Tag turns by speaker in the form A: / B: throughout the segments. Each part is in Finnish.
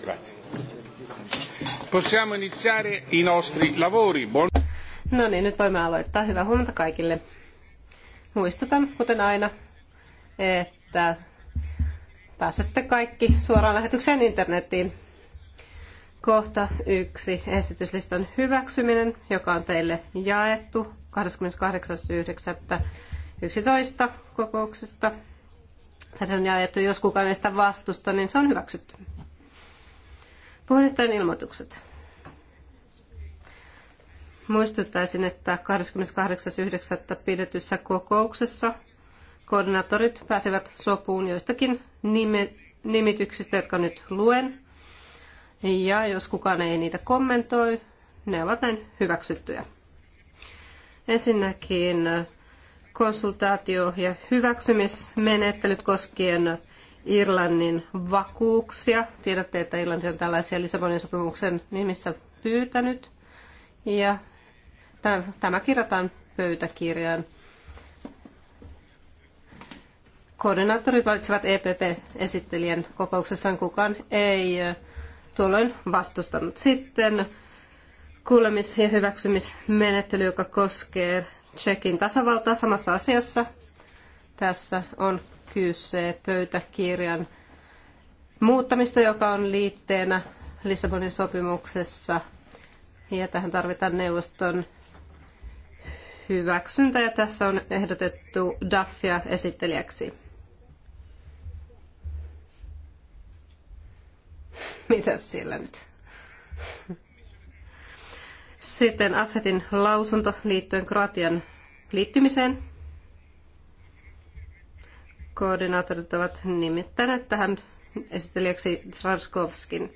A: Grazie. Possiamo iniziare i nostri lavori. Buon...
B: No niin, nyt voimme aloittaa. Hyvää huomenta kaikille. Muistutan, kuten aina, että pääsette kaikki suoraan lähetykseen internetiin. Kohta yksi esityslistan hyväksyminen, joka on teille jaettu 28.9.11 kokouksesta tässä on jaettu, jos kukaan ei sitä vastusta, niin se on hyväksytty. Puheenjohtajan ilmoitukset. Muistuttaisin, että 28.9. pidetyssä kokouksessa koordinaattorit pääsevät sopuun joistakin nime- nimityksistä, jotka nyt luen. Ja jos kukaan ei niitä kommentoi, ne ovat näin hyväksyttyjä. Ensinnäkin konsultaatio- ja hyväksymismenettelyt koskien Irlannin vakuuksia. Tiedätte, että Irlanti on tällaisia Lissabonin sopimuksen nimissä pyytänyt. Ja tämä kirjataan pöytäkirjaan. Koordinaattorit valitsivat EPP-esittelijän kokouksessaan kukaan ei tuolloin vastustanut. Sitten kuulemis- ja hyväksymismenettely, joka koskee Tsekin tasavaltaa samassa asiassa. Tässä on kyse pöytäkirjan muuttamista, joka on liitteenä Lissabonin sopimuksessa. Ja tähän tarvitaan neuvoston hyväksyntä ja tässä on ehdotettu Daffia esittelijäksi. Mitäs siellä nyt? Sitten AFETin lausunto liittyen Kroatian liittymiseen. Koordinaattorit ovat nimittäneet tähän esittelijäksi Transkovskin.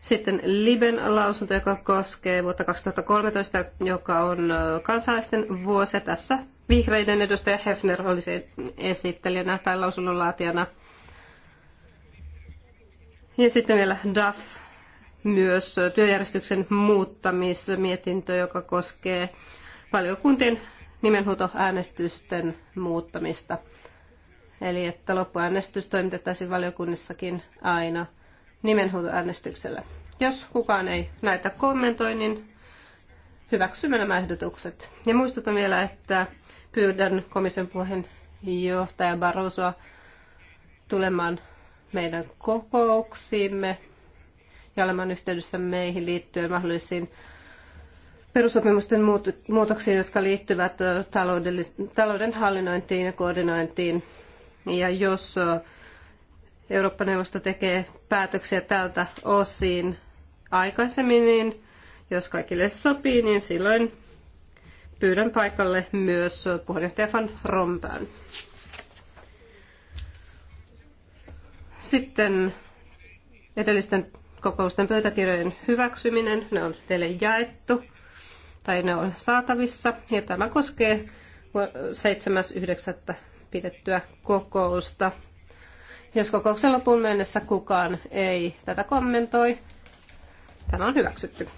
B: Sitten Liben lausunto, joka koskee vuotta 2013, joka on kansalaisten vuosi. Tässä vihreiden edustaja Hefner oli se esittelijänä tai lausunnonlaatijana. Ja sitten vielä DAF myös työjärjestyksen muuttamismietintö, joka koskee valiokuntien nimenhuutoäänestysten muuttamista. Eli että loppuäänestys toimitettaisiin valiokunnissakin aina nimenhuutoäänestyksellä. Jos kukaan ei näitä kommentoi, niin hyväksymme nämä ehdotukset. Ja muistutan vielä, että pyydän komission puheenjohtaja Barrosoa tulemaan meidän kokouksiimme ja olemaan yhteydessä meihin liittyen mahdollisiin perussopimusten muutoksiin, jotka liittyvät talouden hallinnointiin ja koordinointiin. Ja jos Eurooppa-neuvosto tekee päätöksiä tältä osin aikaisemmin, niin jos kaikille sopii, niin silloin pyydän paikalle myös puheenjohtaja Van Rompään. Sitten edellisten kokousten pöytäkirjojen hyväksyminen. Ne on teille jaettu tai ne on saatavissa. Ja tämä koskee 7.9. pidettyä kokousta. Jos kokouksen lopun mennessä kukaan ei tätä kommentoi, tämä on hyväksytty.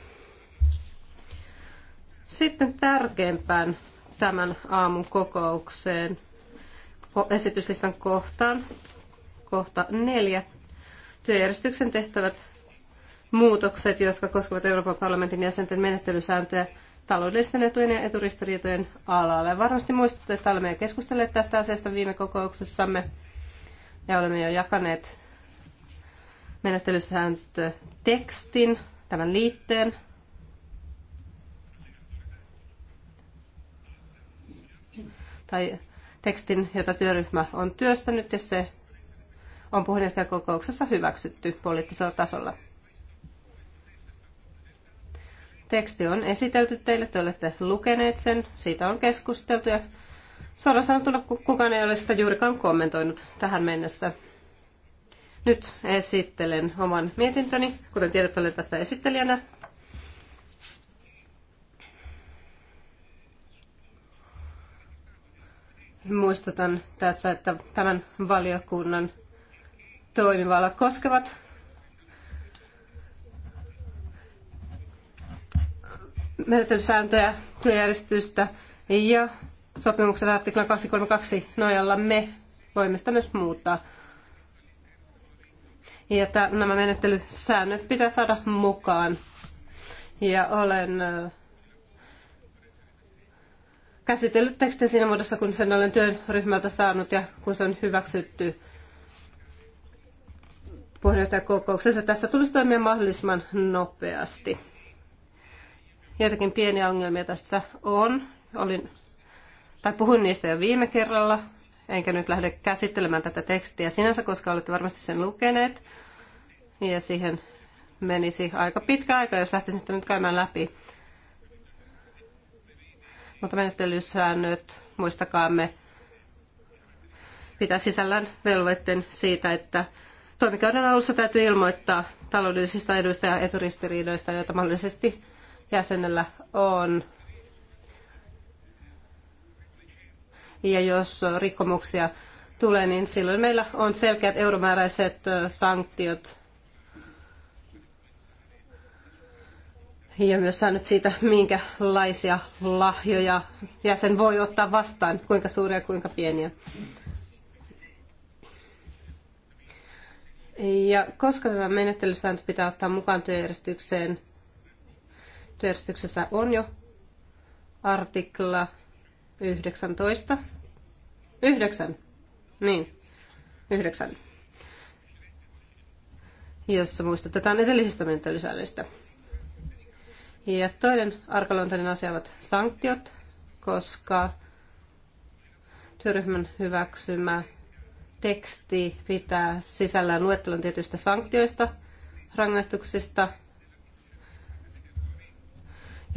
B: Sitten tärkeimpään tämän aamun kokoukseen esityslistan kohtaan, kohta neljä, työjärjestyksen tehtävät muutokset, jotka koskevat Euroopan parlamentin jäsenten menettelysääntöjä taloudellisten etujen ja eturistiriitojen alalle. Varmasti muistatte, että olemme jo keskustelleet tästä asiasta viime kokouksessamme ja olemme jo jakaneet menettelysääntötekstin, tämän liitteen. Tai tekstin, jota työryhmä on työstänyt ja se on puheenjohtajakokouksessa hyväksytty poliittisella tasolla. Teksti on esitelty teille, te olette lukeneet sen, siitä on keskusteltu ja suoraan sanottuna kukaan ei ole sitä juurikaan kommentoinut tähän mennessä. Nyt esittelen oman mietintöni, kuten tiedät, olen tästä esittelijänä. Muistutan tässä, että tämän valiokunnan toimivallat koskevat menettelysääntöjä, työjärjestystä ja sopimuksen artikla 232 nojalla me voimme sitä myös muuttaa. Ja että nämä menettelysäännöt pitää saada mukaan. Ja olen käsitellyt tekstin siinä muodossa, kun sen olen työryhmältä saanut ja kun se on hyväksytty puheenjohtajakokouksessa. Tässä tulisi toimia mahdollisimman nopeasti. Joitakin pieniä ongelmia tässä on. Olin, tai puhuin niistä jo viime kerralla, enkä nyt lähde käsittelemään tätä tekstiä sinänsä, koska olette varmasti sen lukeneet. Ja siihen menisi aika pitkä aika, jos lähtisin sitä nyt käymään läpi. Mutta menettelysäännöt, muistakaamme, pitää sisällään velvoitteen siitä, että toimikauden alussa täytyy ilmoittaa taloudellisista eduista ja eturistiriidoista, joita mahdollisesti jäsenellä on. Ja jos rikkomuksia tulee, niin silloin meillä on selkeät euromääräiset sanktiot ja myös säännöt siitä, minkälaisia lahjoja jäsen voi ottaa vastaan, kuinka suuria ja kuinka pieniä. Ja koska tämä menettelysääntö pitää ottaa mukaan työjärjestykseen, Työjärjestyksessä on jo artikla 19. 9. Niin, 9. Jossa muistutetaan edellisistä menettelysäännöistä. Ja toinen arkaluontainen asia ovat sanktiot, koska työryhmän hyväksymä teksti pitää sisällään luettelon tietyistä sanktioista, rangaistuksista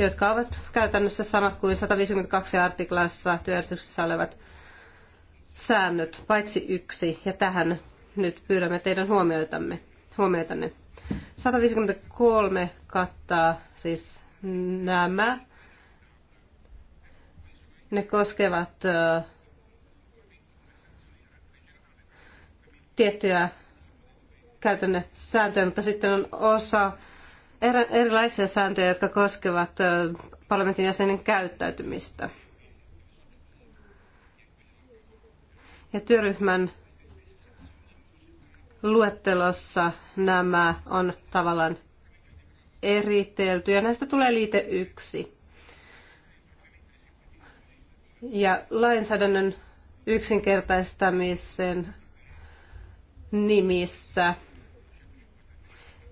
B: jotka ovat käytännössä samat kuin 152 artiklassa työjärjestyksessä olevat säännöt, paitsi yksi, ja tähän nyt pyydämme teidän huomioitamme, huomioitanne. 153 kattaa siis nämä. Ne koskevat tiettyjä käytännön sääntöjä, mutta sitten on osa erilaisia sääntöjä, jotka koskevat parlamentin jäsenen käyttäytymistä. Ja työryhmän luettelossa nämä on tavallaan eritelty ja näistä tulee liite yksi. Ja lainsäädännön yksinkertaistamisen nimissä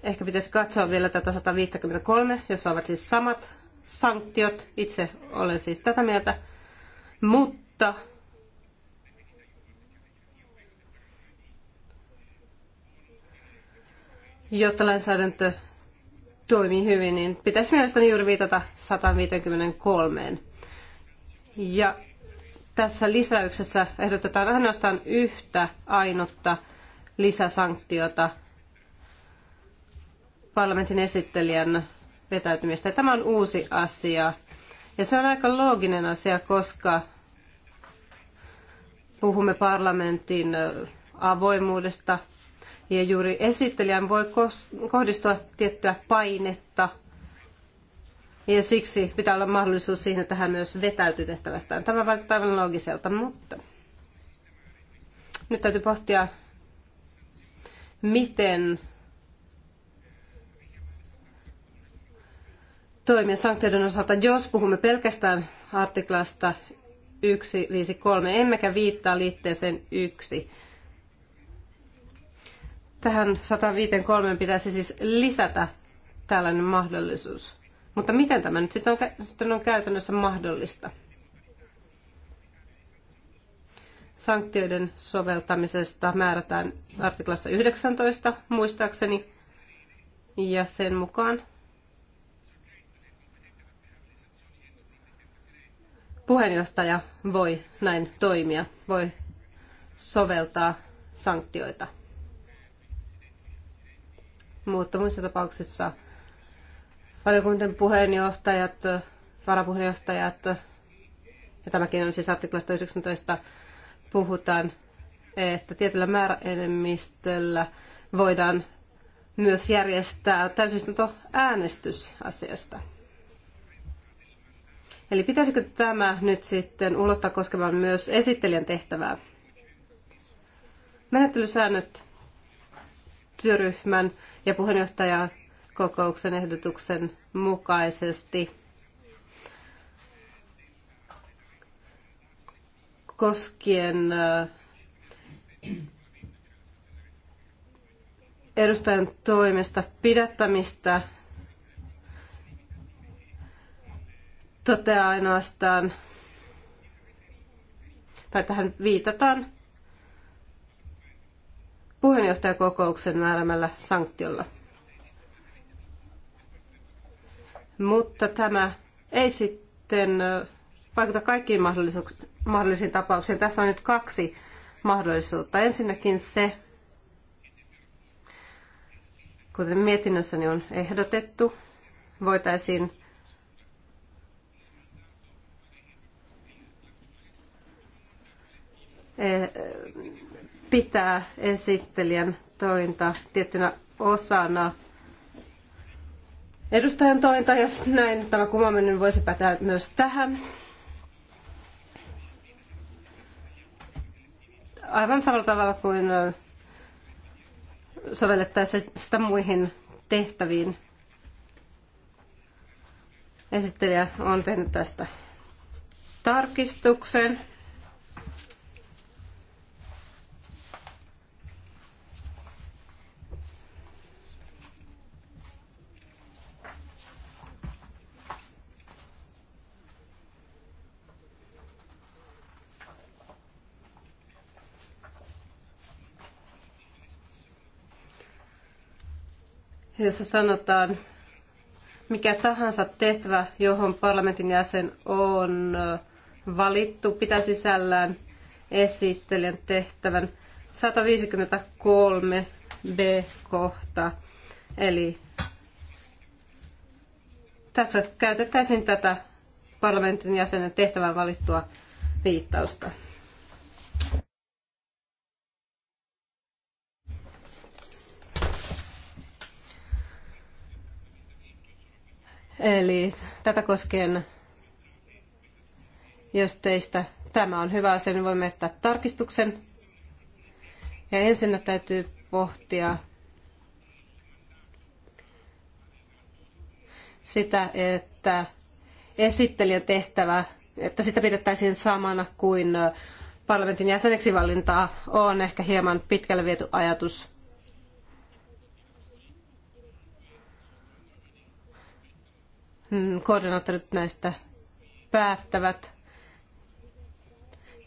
B: Ehkä pitäisi katsoa vielä tätä 153, jos ovat siis samat sanktiot. Itse olen siis tätä mieltä. Mutta jotta lainsäädäntö toimii hyvin, niin pitäisi mielestäni juuri viitata 153. Ja tässä lisäyksessä ehdotetaan ainoastaan yhtä ainutta lisäsanktiota – parlamentin esittelijän vetäytymistä. Tämä on uusi asia. Ja se on aika looginen asia, koska puhumme parlamentin avoimuudesta ja juuri esittelijän voi kohdistua tiettyä painetta ja siksi pitää olla mahdollisuus siihen, että hän myös vetäytyy tehtävästään. Tämä vaikuttaa aivan loogiselta, mutta nyt täytyy pohtia, miten toimia sanktioiden osalta, jos puhumme pelkästään artiklasta 153, emmekä viittaa liitteeseen 1. Tähän 153 pitäisi siis lisätä tällainen mahdollisuus. Mutta miten tämä nyt sitten on, sitten on käytännössä mahdollista? Sanktioiden soveltamisesta määrätään artiklassa 19 muistaakseni, ja sen mukaan puheenjohtaja voi näin toimia, voi soveltaa sanktioita. Mutta muissa tapauksissa valiokunnan puheenjohtajat, varapuheenjohtajat, ja tämäkin on siis artiklasta 19, puhutaan, että tietyllä määräenemmistöllä voidaan myös järjestää täysistunto äänestys asiasta. Eli pitäisikö tämä nyt sitten ulottaa koskemaan myös esittelijän tehtävää? Menettelysäännöt työryhmän ja puheenjohtajakokouksen ehdotuksen mukaisesti koskien äh, edustajan toimesta pidättämistä toteaa ainoastaan, tai tähän viitataan puheenjohtajakokouksen määrämällä sanktiolla. Mutta tämä ei sitten vaikuta kaikkiin mahdollisiin tapauksiin. Tässä on nyt kaksi mahdollisuutta. Ensinnäkin se, kuten mietinnössäni on ehdotettu, voitaisiin Eh, pitää esittelijän tointa tiettynä osana edustajan tointa, ja näin tämä kumoaminen voisi päteä myös tähän. Aivan samalla tavalla kuin eh, sovellettaessa sitä muihin tehtäviin. Esittelijä on tehnyt tästä tarkistuksen. jossa sanotaan, mikä tahansa tehtävä, johon parlamentin jäsen on valittu, pitää sisällään esittelijän tehtävän 153 B-kohta. Eli tässä käytettäisiin tätä parlamentin jäsenen tehtävän valittua viittausta. Eli tätä koskien, jos teistä tämä on hyvä asia, niin voimme jättää tarkistuksen. Ja ensin täytyy pohtia sitä, että esittelijän tehtävä, että sitä pidettäisiin samana kuin äh, parlamentin jäseneksi valintaa, on ehkä hieman pitkälle viety ajatus. Mm, koordinaattorit näistä päättävät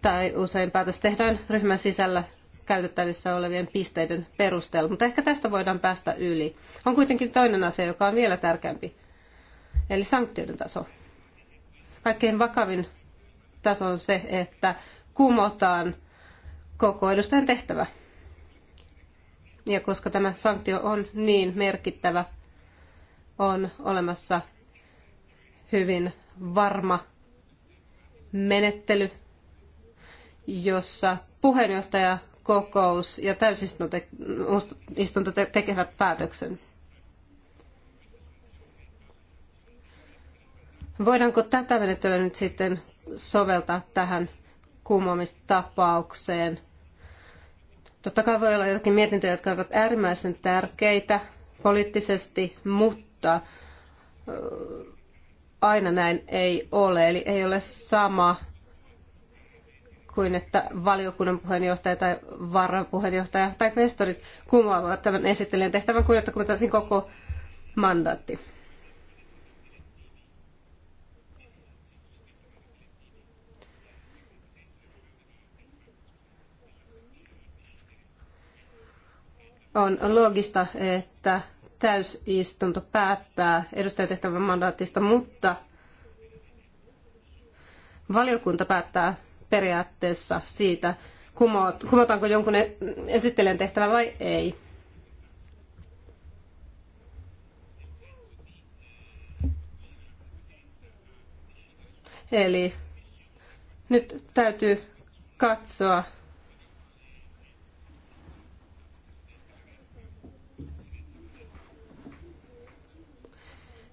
B: tai usein päätös tehdään ryhmän sisällä käytettävissä olevien pisteiden perusteella, mutta ehkä tästä voidaan päästä yli. On kuitenkin toinen asia, joka on vielä tärkeämpi, eli sanktioiden taso. Kaikkein vakavin taso on se, että kumotaan koko edustajan tehtävä. Ja koska tämä sanktio on niin merkittävä, on olemassa hyvin varma menettely, jossa puheenjohtaja, kokous ja täysistunto te- tekevät päätöksen. Voidaanko tätä menettelyä nyt sitten soveltaa tähän kumoamistapaukseen? Totta kai voi olla jotakin mietintöjä, jotka ovat äärimmäisen tärkeitä poliittisesti, mutta aina näin ei ole, eli ei ole sama kuin että valiokunnan puheenjohtaja tai varapuheenjohtaja tai kvestorit kumoavat tämän esittelijän tehtävän kuin että kumotaisiin koko mandaatti. On loogista, että täysistunto päättää edustajatehtävän mandaatista, mutta valiokunta päättää periaatteessa siitä, kumotaanko jonkun e-, esittelijän tehtävä vai ei. Eli nyt täytyy katsoa,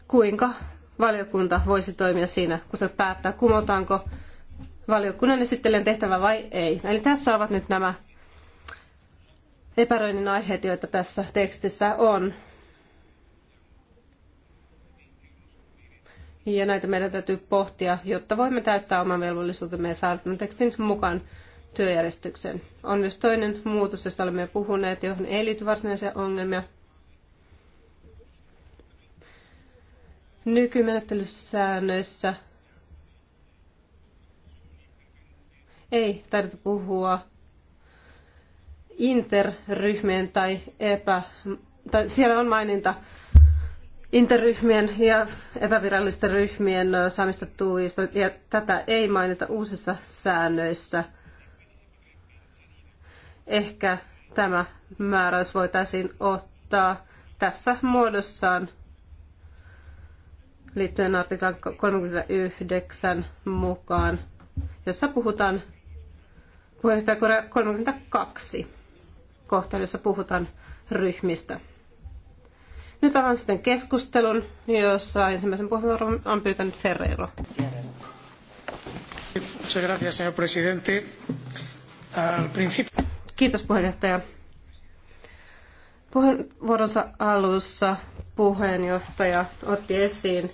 B: kuinka valiokunta voisi toimia siinä, kun se päättää, kumotaanko valiokunnan esittelijän tehtävä vai ei. Eli tässä ovat nyt nämä epäröinnin aiheet, joita tässä tekstissä on. Ja näitä meidän täytyy pohtia, jotta voimme täyttää oman velvollisuutemme ja saada tämän tekstin mukaan työjärjestykseen. On myös toinen muutos, josta olemme jo puhuneet, johon ei liity varsinaisia ongelmia, nykymenettelyssäännöissä ei tarvitse puhua interryhmien tai epä... Tai siellä on maininta interryhmien ja epävirallisten ryhmien äh, saamista tuista, ja tätä ei mainita uusissa säännöissä. Ehkä tämä määräys voitaisiin ottaa tässä muodossaan liittyen artiklan 39 mukaan, jossa puhutaan puheenjohtaja 32 kohtaan, jossa puhutaan ryhmistä. Nyt avaan sitten keskustelun, jossa ensimmäisen puheenvuoron on pyytänyt Ferreiro. Kiitos puheenjohtaja. Puheenvuoronsa alussa puheenjohtaja otti esiin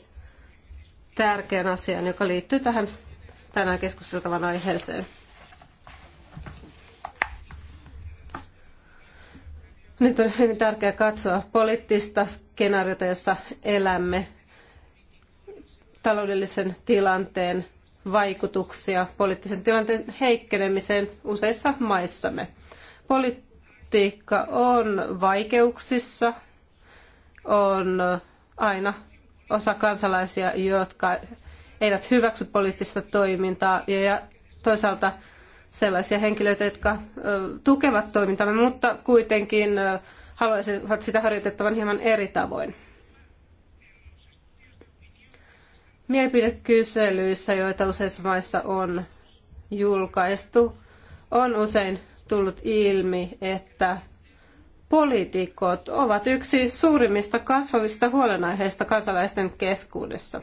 B: tärkeän asian, joka liittyy tähän tänään keskusteltavan aiheeseen. Nyt on hyvin tärkeää katsoa poliittista skenaariota, jossa elämme taloudellisen tilanteen vaikutuksia poliittisen tilanteen heikkenemiseen useissa maissamme. Politiikka on vaikeuksissa on aina osa kansalaisia, jotka eivät hyväksy poliittista toimintaa ja toisaalta sellaisia henkilöitä, jotka tukevat toimintamme, mutta kuitenkin haluaisivat sitä harjoitettavan hieman eri tavoin. Mielipidekyselyissä, joita useissa maissa on julkaistu, on usein tullut ilmi, että poliitikot ovat yksi suurimmista kasvavista huolenaiheista kansalaisten keskuudessa.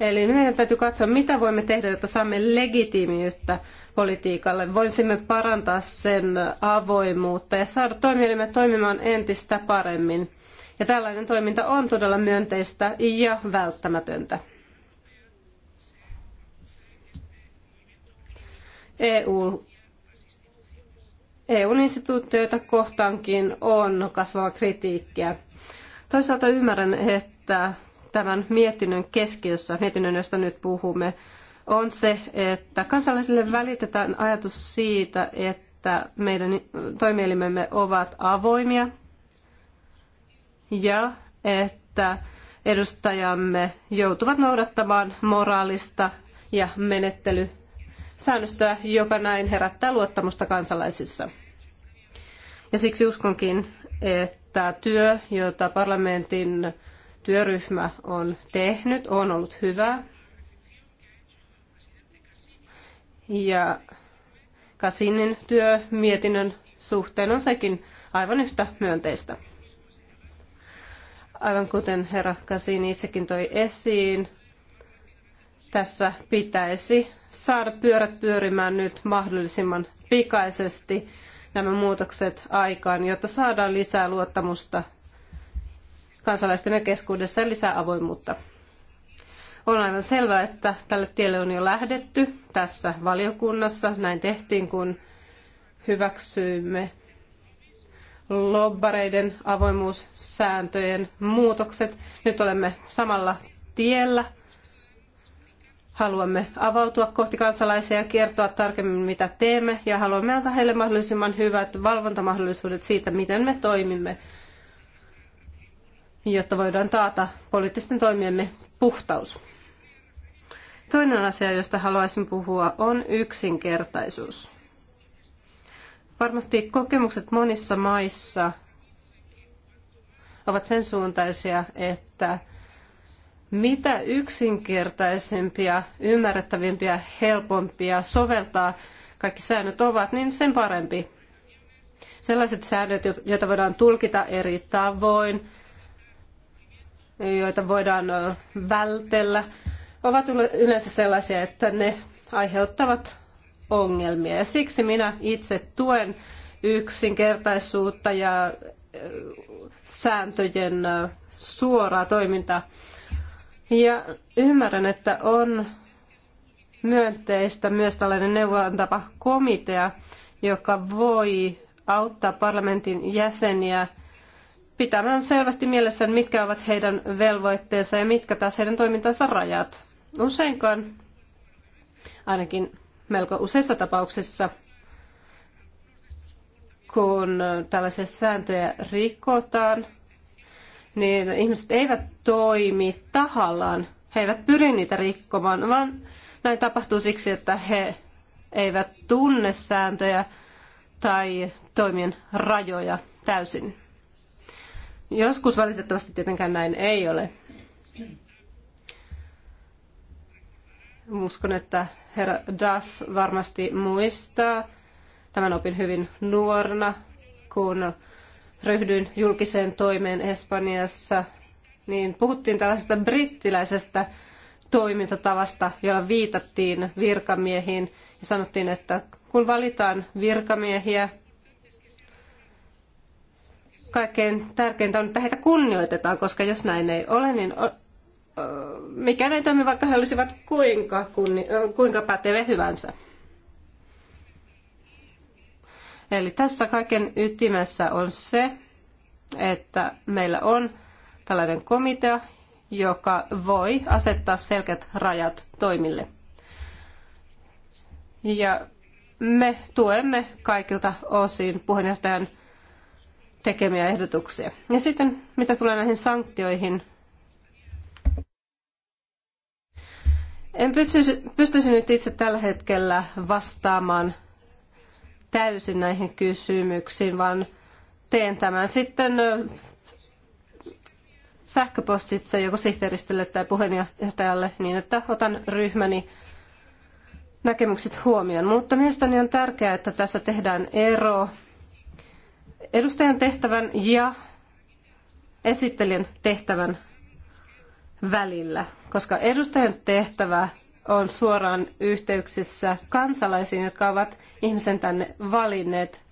B: Eli meidän täytyy katsoa, mitä voimme tehdä, jotta saamme legitiimiyttä politiikalle. Voisimme parantaa sen avoimuutta ja saada toimielimet toimimaan entistä paremmin. Ja tällainen toiminta on todella myönteistä ja välttämätöntä. EU EU-instituutioita kohtaankin on kasvava kritiikkiä. Toisaalta ymmärrän, että tämän mietinnön keskiössä, mietinnön josta nyt puhumme, on se, että kansalaisille välitetään ajatus siitä, että meidän toimielimemme ovat avoimia ja että edustajamme joutuvat noudattamaan moraalista ja menettelyä säännöstöä, joka näin herättää luottamusta kansalaisissa. Ja siksi uskonkin, että työ, jota parlamentin työryhmä on tehnyt, on ollut hyvää. Ja Kasinin työ mietinnön suhteen on sekin aivan yhtä myönteistä. Aivan kuten herra Kasini itsekin toi esiin, tässä pitäisi saada pyörät pyörimään nyt mahdollisimman pikaisesti nämä muutokset aikaan, jotta saadaan lisää luottamusta kansalaistemme keskuudessa ja lisää avoimuutta. On aivan selvää, että tälle tielle on jo lähdetty tässä valiokunnassa. Näin tehtiin, kun hyväksyimme lobbareiden avoimuussääntöjen muutokset. Nyt olemme samalla tiellä Haluamme avautua kohti kansalaisia ja kertoa tarkemmin, mitä teemme, ja haluamme antaa heille mahdollisimman hyvät valvontamahdollisuudet siitä, miten me toimimme, jotta voidaan taata poliittisten toimiemme puhtaus. Toinen asia, josta haluaisin puhua, on yksinkertaisuus. Varmasti kokemukset monissa maissa ovat sen suuntaisia, että mitä yksinkertaisempia, ymmärrettävimpiä, helpompia soveltaa kaikki säännöt ovat, niin sen parempi. Sellaiset säännöt, joita voidaan tulkita eri tavoin, joita voidaan vältellä, ovat yleensä sellaisia, että ne aiheuttavat ongelmia. Ja siksi minä itse tuen yksinkertaisuutta ja sääntöjen suoraa toimintaa ja ymmärrän, että on myönteistä myös tällainen neuvontava komitea, joka voi auttaa parlamentin jäseniä pitämään selvästi mielessään, mitkä ovat heidän velvoitteensa ja mitkä taas heidän toimintansa rajat. Useinkaan, ainakin melko useissa tapauksissa, kun tällaisia sääntöjä rikotaan – niin ihmiset eivät toimi tahallaan. He eivät pyri niitä rikkomaan, vaan näin tapahtuu siksi, että he eivät tunne sääntöjä tai toimien rajoja täysin. Joskus valitettavasti tietenkään näin ei ole. Uskon, että herra Duff varmasti muistaa. Tämän opin hyvin nuorena, kun ryhdyin julkiseen toimeen Espanjassa, niin puhuttiin tällaisesta brittiläisestä toimintatavasta, jolla viitattiin virkamiehiin ja sanottiin, että kun valitaan virkamiehiä, kaikkein tärkeintä on, että heitä kunnioitetaan, koska jos näin ei ole, niin mikään ei toimi, vaikka he olisivat kuinka, kuinka päteviä hyvänsä. Eli tässä kaiken ytimessä on se, että meillä on tällainen komitea, joka voi asettaa selkeät rajat toimille. Ja me tuemme kaikilta osin puheenjohtajan tekemiä ehdotuksia. Ja sitten mitä tulee näihin sanktioihin, en pystyisi, pystyisi nyt itse tällä hetkellä vastaamaan täysin näihin kysymyksiin, vaan teen tämän sitten sähköpostitse joko sihteeristölle tai puheenjohtajalle niin, että otan ryhmäni näkemykset huomioon. Mutta mielestäni on tärkeää, että tässä tehdään ero edustajan tehtävän ja esittelijän tehtävän välillä, koska edustajan tehtävä on suoraan yhteyksissä kansalaisiin, jotka ovat ihmisen tänne valinneet.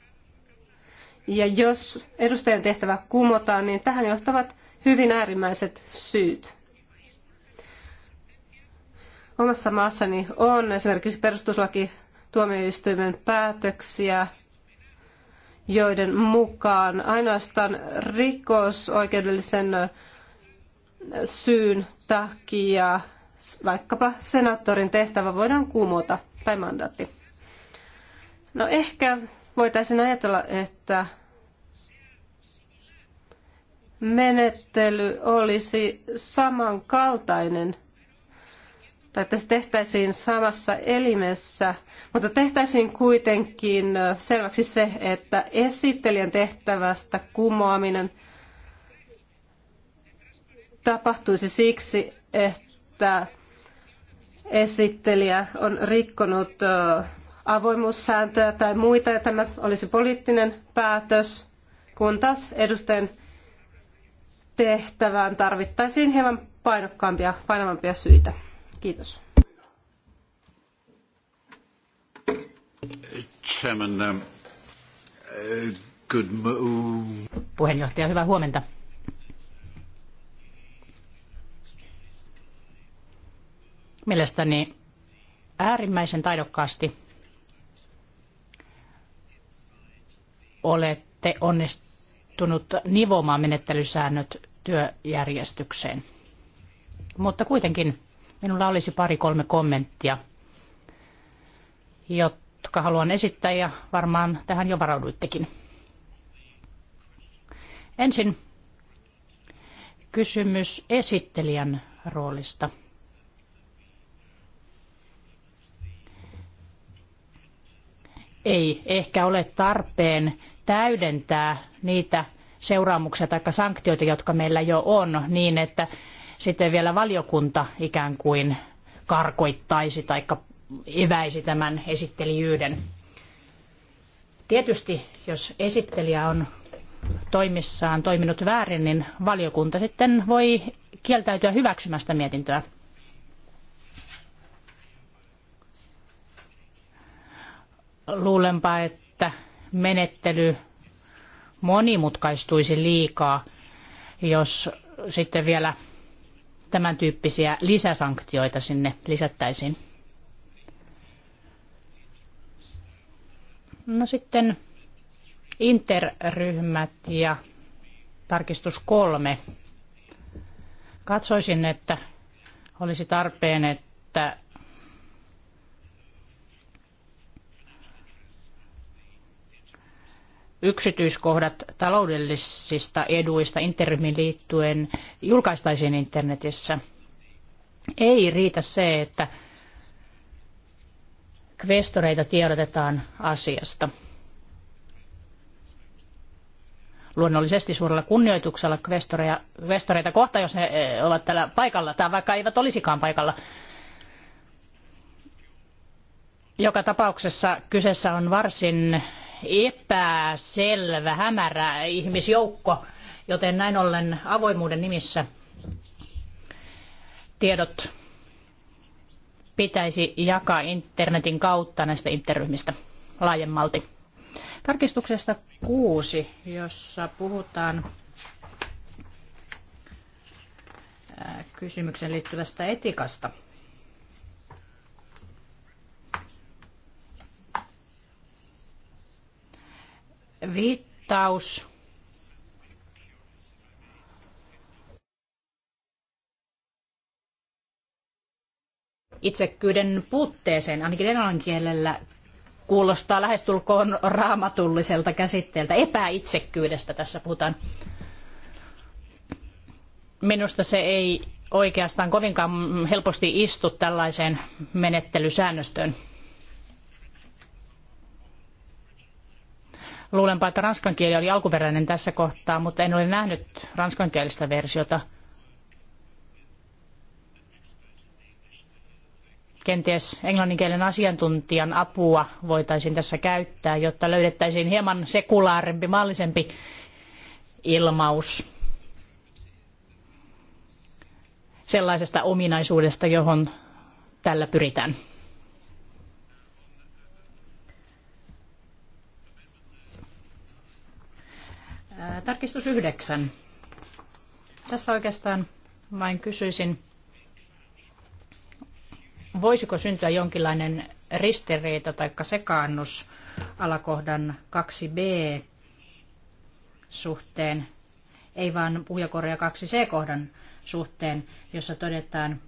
B: Ja jos edustajan tehtävä kumotaan, niin tähän johtavat hyvin äärimmäiset syyt. Omassa maassani on esimerkiksi perustuslaki tuomioistuimen päätöksiä, joiden mukaan ainoastaan rikosoikeudellisen syyn takia vaikkapa senaattorin tehtävä voidaan kumota tai mandaatti. No ehkä voitaisiin ajatella, että menettely olisi samankaltainen tai että se tehtäisiin samassa elimessä, mutta tehtäisiin kuitenkin selväksi se, että esittelijän tehtävästä kumoaminen tapahtuisi siksi, että että esittelijä on rikkonut avoimuussääntöjä tai muita, ja tämä olisi poliittinen päätös, kun taas edustajan tehtävään tarvittaisiin hieman painokkaampia, painavampia syitä. Kiitos.
A: Chairman, um, uh, good
C: Puheenjohtaja, hyvää huomenta. mielestäni äärimmäisen taidokkaasti olette onnistunut nivomaan menettelysäännöt työjärjestykseen. Mutta kuitenkin minulla olisi pari-kolme kommenttia, jotka haluan esittää ja varmaan tähän jo varauduittekin. Ensin kysymys esittelijän roolista – ei ehkä ole tarpeen täydentää niitä seuraamuksia tai sanktioita, jotka meillä jo on, niin että sitten vielä valiokunta ikään kuin karkoittaisi tai eväisi tämän esittelijyyden. Tietysti, jos esittelijä on toimissaan toiminut väärin, niin valiokunta sitten voi kieltäytyä hyväksymästä mietintöä. luulenpa, että menettely monimutkaistuisi liikaa, jos sitten vielä tämän tyyppisiä lisäsanktioita sinne lisättäisiin. No sitten interryhmät ja tarkistus kolme. Katsoisin, että olisi tarpeen, että yksityiskohdat taloudellisista eduista Interryhmiin liittyen julkaistaisiin internetissä. Ei riitä se, että kvestoreita tiedotetaan asiasta. Luonnollisesti suurella kunnioituksella kvestoreita kohtaan, jos he eh, ovat täällä paikalla tai vaikka eivät olisikaan paikalla. Joka tapauksessa kyseessä on varsin epäselvä, hämärä ihmisjoukko, joten näin ollen avoimuuden nimissä tiedot pitäisi jakaa internetin kautta näistä interryhmistä laajemmalti. Tarkistuksesta kuusi, jossa puhutaan äh, kysymykseen liittyvästä etikasta – viittaus itsekkyyden puutteeseen, ainakin kielellä, kuulostaa lähestulkoon raamatulliselta käsitteeltä. Epäitsekkyydestä tässä puhutaan. Minusta se ei oikeastaan kovinkaan helposti istu tällaiseen menettelysäännöstöön. Luulenpa, että ranskan kieli oli alkuperäinen tässä kohtaa, mutta en ole nähnyt ranskankielistä versiota. Kenties englanninkielen asiantuntijan apua voitaisiin tässä käyttää, jotta löydettäisiin hieman sekulaarimpi, mallisempi ilmaus sellaisesta ominaisuudesta, johon tällä pyritään. Tarkistus yhdeksän. Tässä oikeastaan vain kysyisin, voisiko syntyä jonkinlainen ristiriita tai sekaannus alakohdan 2b suhteen, ei vaan puhujakorja 2c-kohdan suhteen, jossa todetaan,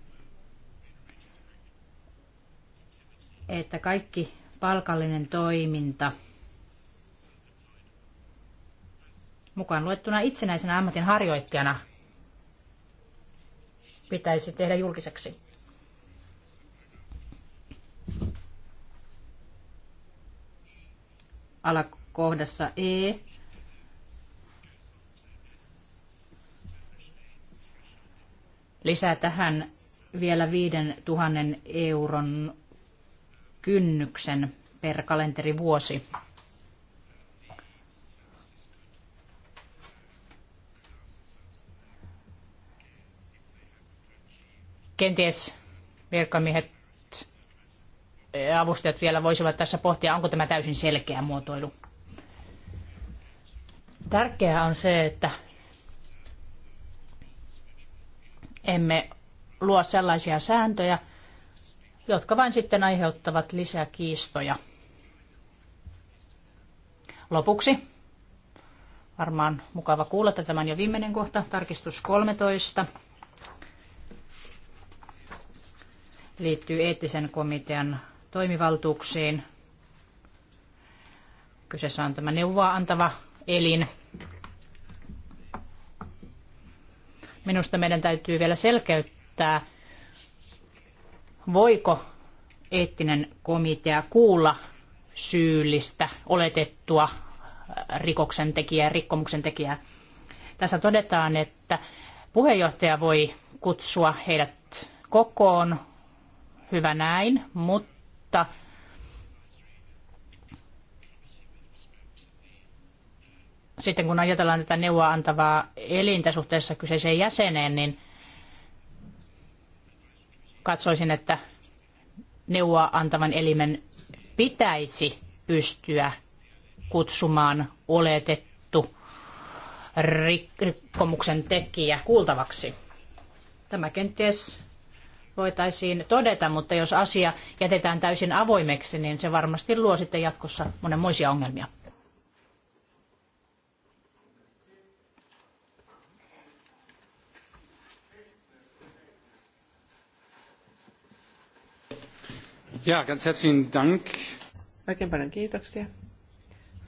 C: että kaikki palkallinen toiminta – mukaan luettuna itsenäisenä ammatin harjoittajana pitäisi tehdä julkiseksi. Alakohdassa E lisää tähän vielä 5000 euron kynnyksen per kalenterivuosi. vuosi. Kenties virkamiehet ja avustajat vielä voisivat tässä pohtia, onko tämä täysin selkeä muotoilu. Tärkeää on se, että emme luo sellaisia sääntöjä, jotka vain sitten aiheuttavat lisää kiistoja. Lopuksi, varmaan mukava kuulla, että tämä on jo viimeinen kohta, tarkistus 13. liittyy eettisen komitean toimivaltuuksiin. Kyseessä on tämä neuvoa antava elin. Minusta meidän täytyy vielä selkeyttää, voiko eettinen komitea kuulla syyllistä oletettua rikoksen tekijää, rikkomuksen tekijää. Tässä todetaan, että puheenjohtaja voi kutsua heidät kokoon hyvä näin, mutta sitten kun ajatellaan tätä neuvoa antavaa elintä suhteessa kyseiseen jäseneen, niin katsoisin, että neuvoa antavan elimen pitäisi pystyä kutsumaan oletettu rikkomuksen tekijä kuultavaksi. Tämä kenties voitaisiin todeta, mutta jos asia jätetään täysin avoimeksi, niin se varmasti luo sitten jatkossa monenmoisia ongelmia.
D: Ja, ganz herzlichen Dank. Oikein paljon kiitoksia.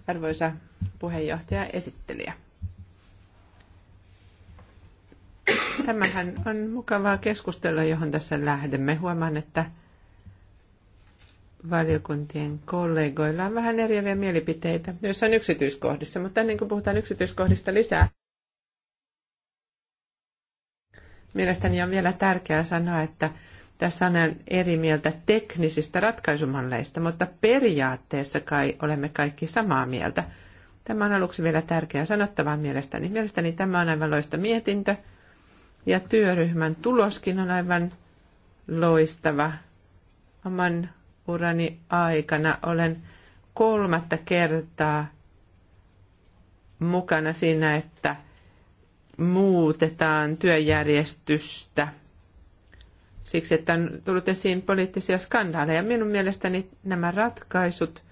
D: Arvoisa puheenjohtaja esittelijä. Tämähän on mukavaa keskustelua, johon tässä lähdemme. Huomaan, että valiokuntien kollegoilla on vähän eriäviä mielipiteitä on yksityiskohdissa, mutta ennen kuin puhutaan yksityiskohdista lisää, mielestäni on vielä tärkeää sanoa, että tässä on eri mieltä teknisistä ratkaisumalleista, mutta periaatteessa kai olemme kaikki samaa mieltä. Tämä on aluksi vielä tärkeää sanottavaa mielestäni. Mielestäni tämä on aivan loista mietintö. Ja työryhmän tuloskin on aivan loistava. Oman urani aikana olen kolmatta kertaa mukana siinä, että muutetaan työjärjestystä siksi, että on tullut esiin poliittisia skandaaleja. Minun mielestäni nämä ratkaisut,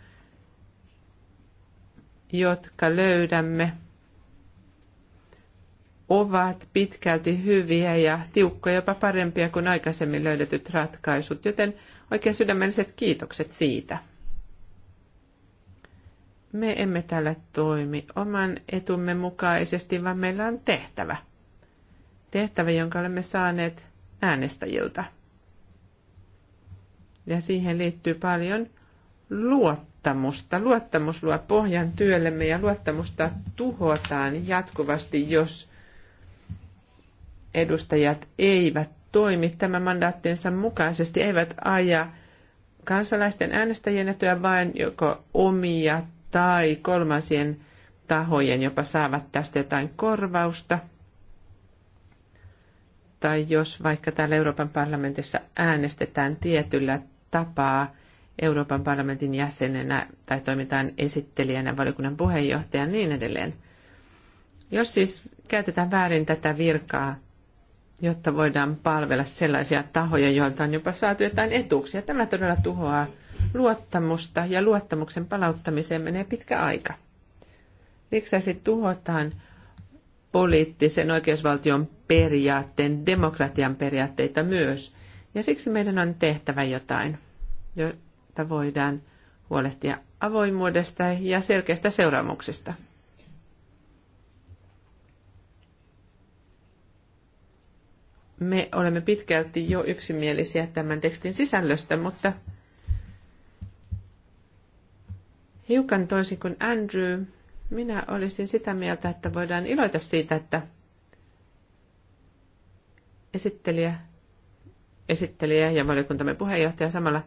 D: jotka löydämme, ovat pitkälti hyviä ja tiukkoja, jopa parempia kuin aikaisemmin löydetyt ratkaisut, joten oikein sydämelliset kiitokset siitä. Me emme täällä toimi oman etumme mukaisesti, vaan meillä on tehtävä. Tehtävä, jonka olemme saaneet äänestäjiltä. Ja siihen liittyy paljon luottamusta. Luottamus luo pohjan työllemme ja luottamusta tuhotaan jatkuvasti, jos edustajat eivät toimi tämän mandaattinsa mukaisesti, eivät aja kansalaisten äänestäjien etuja, vaan joko omia tai kolmansien tahojen, jopa saavat tästä jotain korvausta. Tai jos vaikka täällä Euroopan parlamentissa äänestetään tietyllä tapaa Euroopan parlamentin jäsenenä tai toimitaan esittelijänä, valiokunnan puheenjohtajana ja niin edelleen. Jos siis käytetään väärin tätä virkaa, jotta voidaan palvella sellaisia tahoja, joilta on jopa saatu jotain etuuksia. Tämä todella tuhoaa luottamusta ja luottamuksen palauttamiseen menee pitkä aika. Lisäksi tuhotaan poliittisen oikeusvaltion periaatteen, demokratian periaatteita myös. Ja siksi meidän on tehtävä jotain, jotta voidaan huolehtia avoimuudesta ja selkeistä seuraamuksista. me olemme pitkälti jo yksimielisiä tämän tekstin sisällöstä, mutta hiukan toisin kuin Andrew, minä olisin sitä mieltä, että voidaan iloita siitä, että esittelijä, esittelijä ja valiokuntamme puheenjohtaja samalla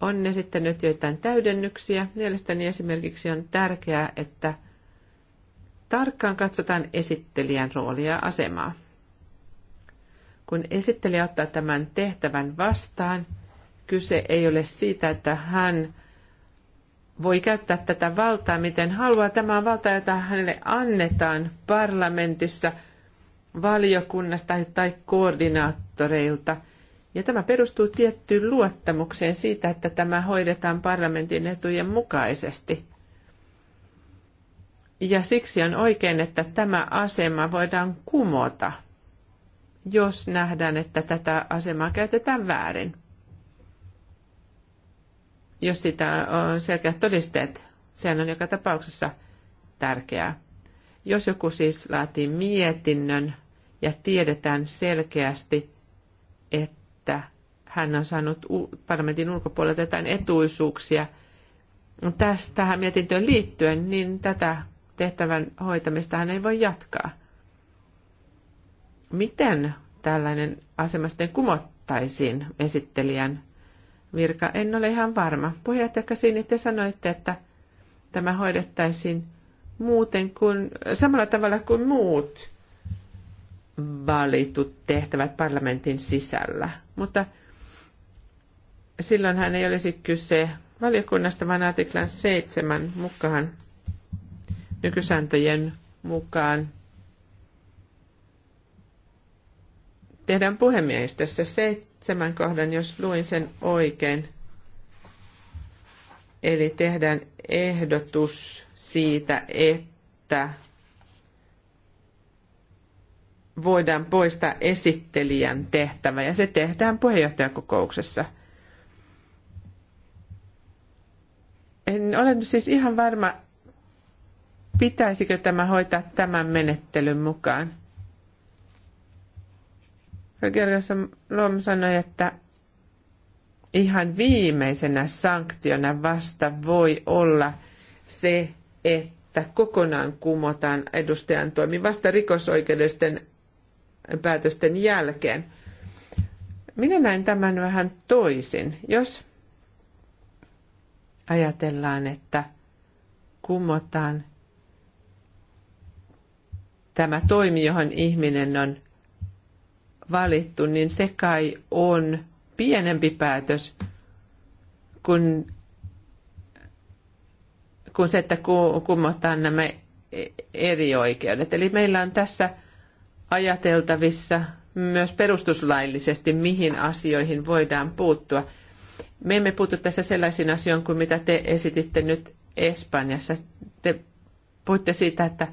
D: on esittänyt joitain täydennyksiä. Mielestäni esimerkiksi on tärkeää, että tarkkaan katsotaan esittelijän roolia ja asemaa. Kun esittelijä ottaa tämän tehtävän vastaan, kyse ei ole siitä, että hän voi käyttää tätä valtaa, miten haluaa. Tämä on valta, jota hänelle annetaan parlamentissa, valiokunnasta tai koordinaattoreilta. Ja tämä perustuu tiettyyn luottamukseen siitä, että tämä hoidetaan parlamentin etujen mukaisesti. Ja siksi on oikein, että tämä asema voidaan kumota – jos nähdään, että tätä asemaa käytetään väärin. Jos sitä on selkeät todisteet, sehän on joka tapauksessa tärkeää. Jos joku siis laatii mietinnön ja tiedetään selkeästi, että hän on saanut parlamentin ulkopuolelta jotain etuisuuksia tähän mietintöön liittyen, niin tätä tehtävän hoitamista hän ei voi jatkaa. Miten tällainen asema sitten kumottaisiin esittelijän virka? En ole ihan varma. Puheenjohtaja Kasini, te sanoitte, että tämä hoidettaisiin muuten kuin, samalla tavalla kuin muut valitut tehtävät parlamentin sisällä. Mutta silloin hän ei olisi kyse valiokunnasta, vaan artiklan 7 mukaan nykysääntöjen mukaan tehdään puhemiehistössä seitsemän kohdan, jos luin sen oikein. Eli tehdään ehdotus siitä, että voidaan poistaa esittelijän tehtävä ja se tehdään puheenjohtajakokouksessa. En ole siis ihan varma, pitäisikö tämä hoitaa tämän menettelyn mukaan. Georgiassa Lom sanoi, että ihan viimeisenä sanktiona vasta voi olla se, että kokonaan kumotaan edustajan toimi vasta rikosoikeudellisten päätösten jälkeen. Minä näen tämän vähän toisin. Jos ajatellaan, että kumotaan tämä toimi, johon ihminen on valittu, niin se kai on pienempi päätös kuin, kuin se, että kumotaan nämä eri oikeudet. Eli meillä on tässä ajateltavissa myös perustuslaillisesti, mihin asioihin voidaan puuttua. Me emme puutu tässä sellaisiin asioihin kuin mitä te esititte nyt Espanjassa. Te puhutte siitä, että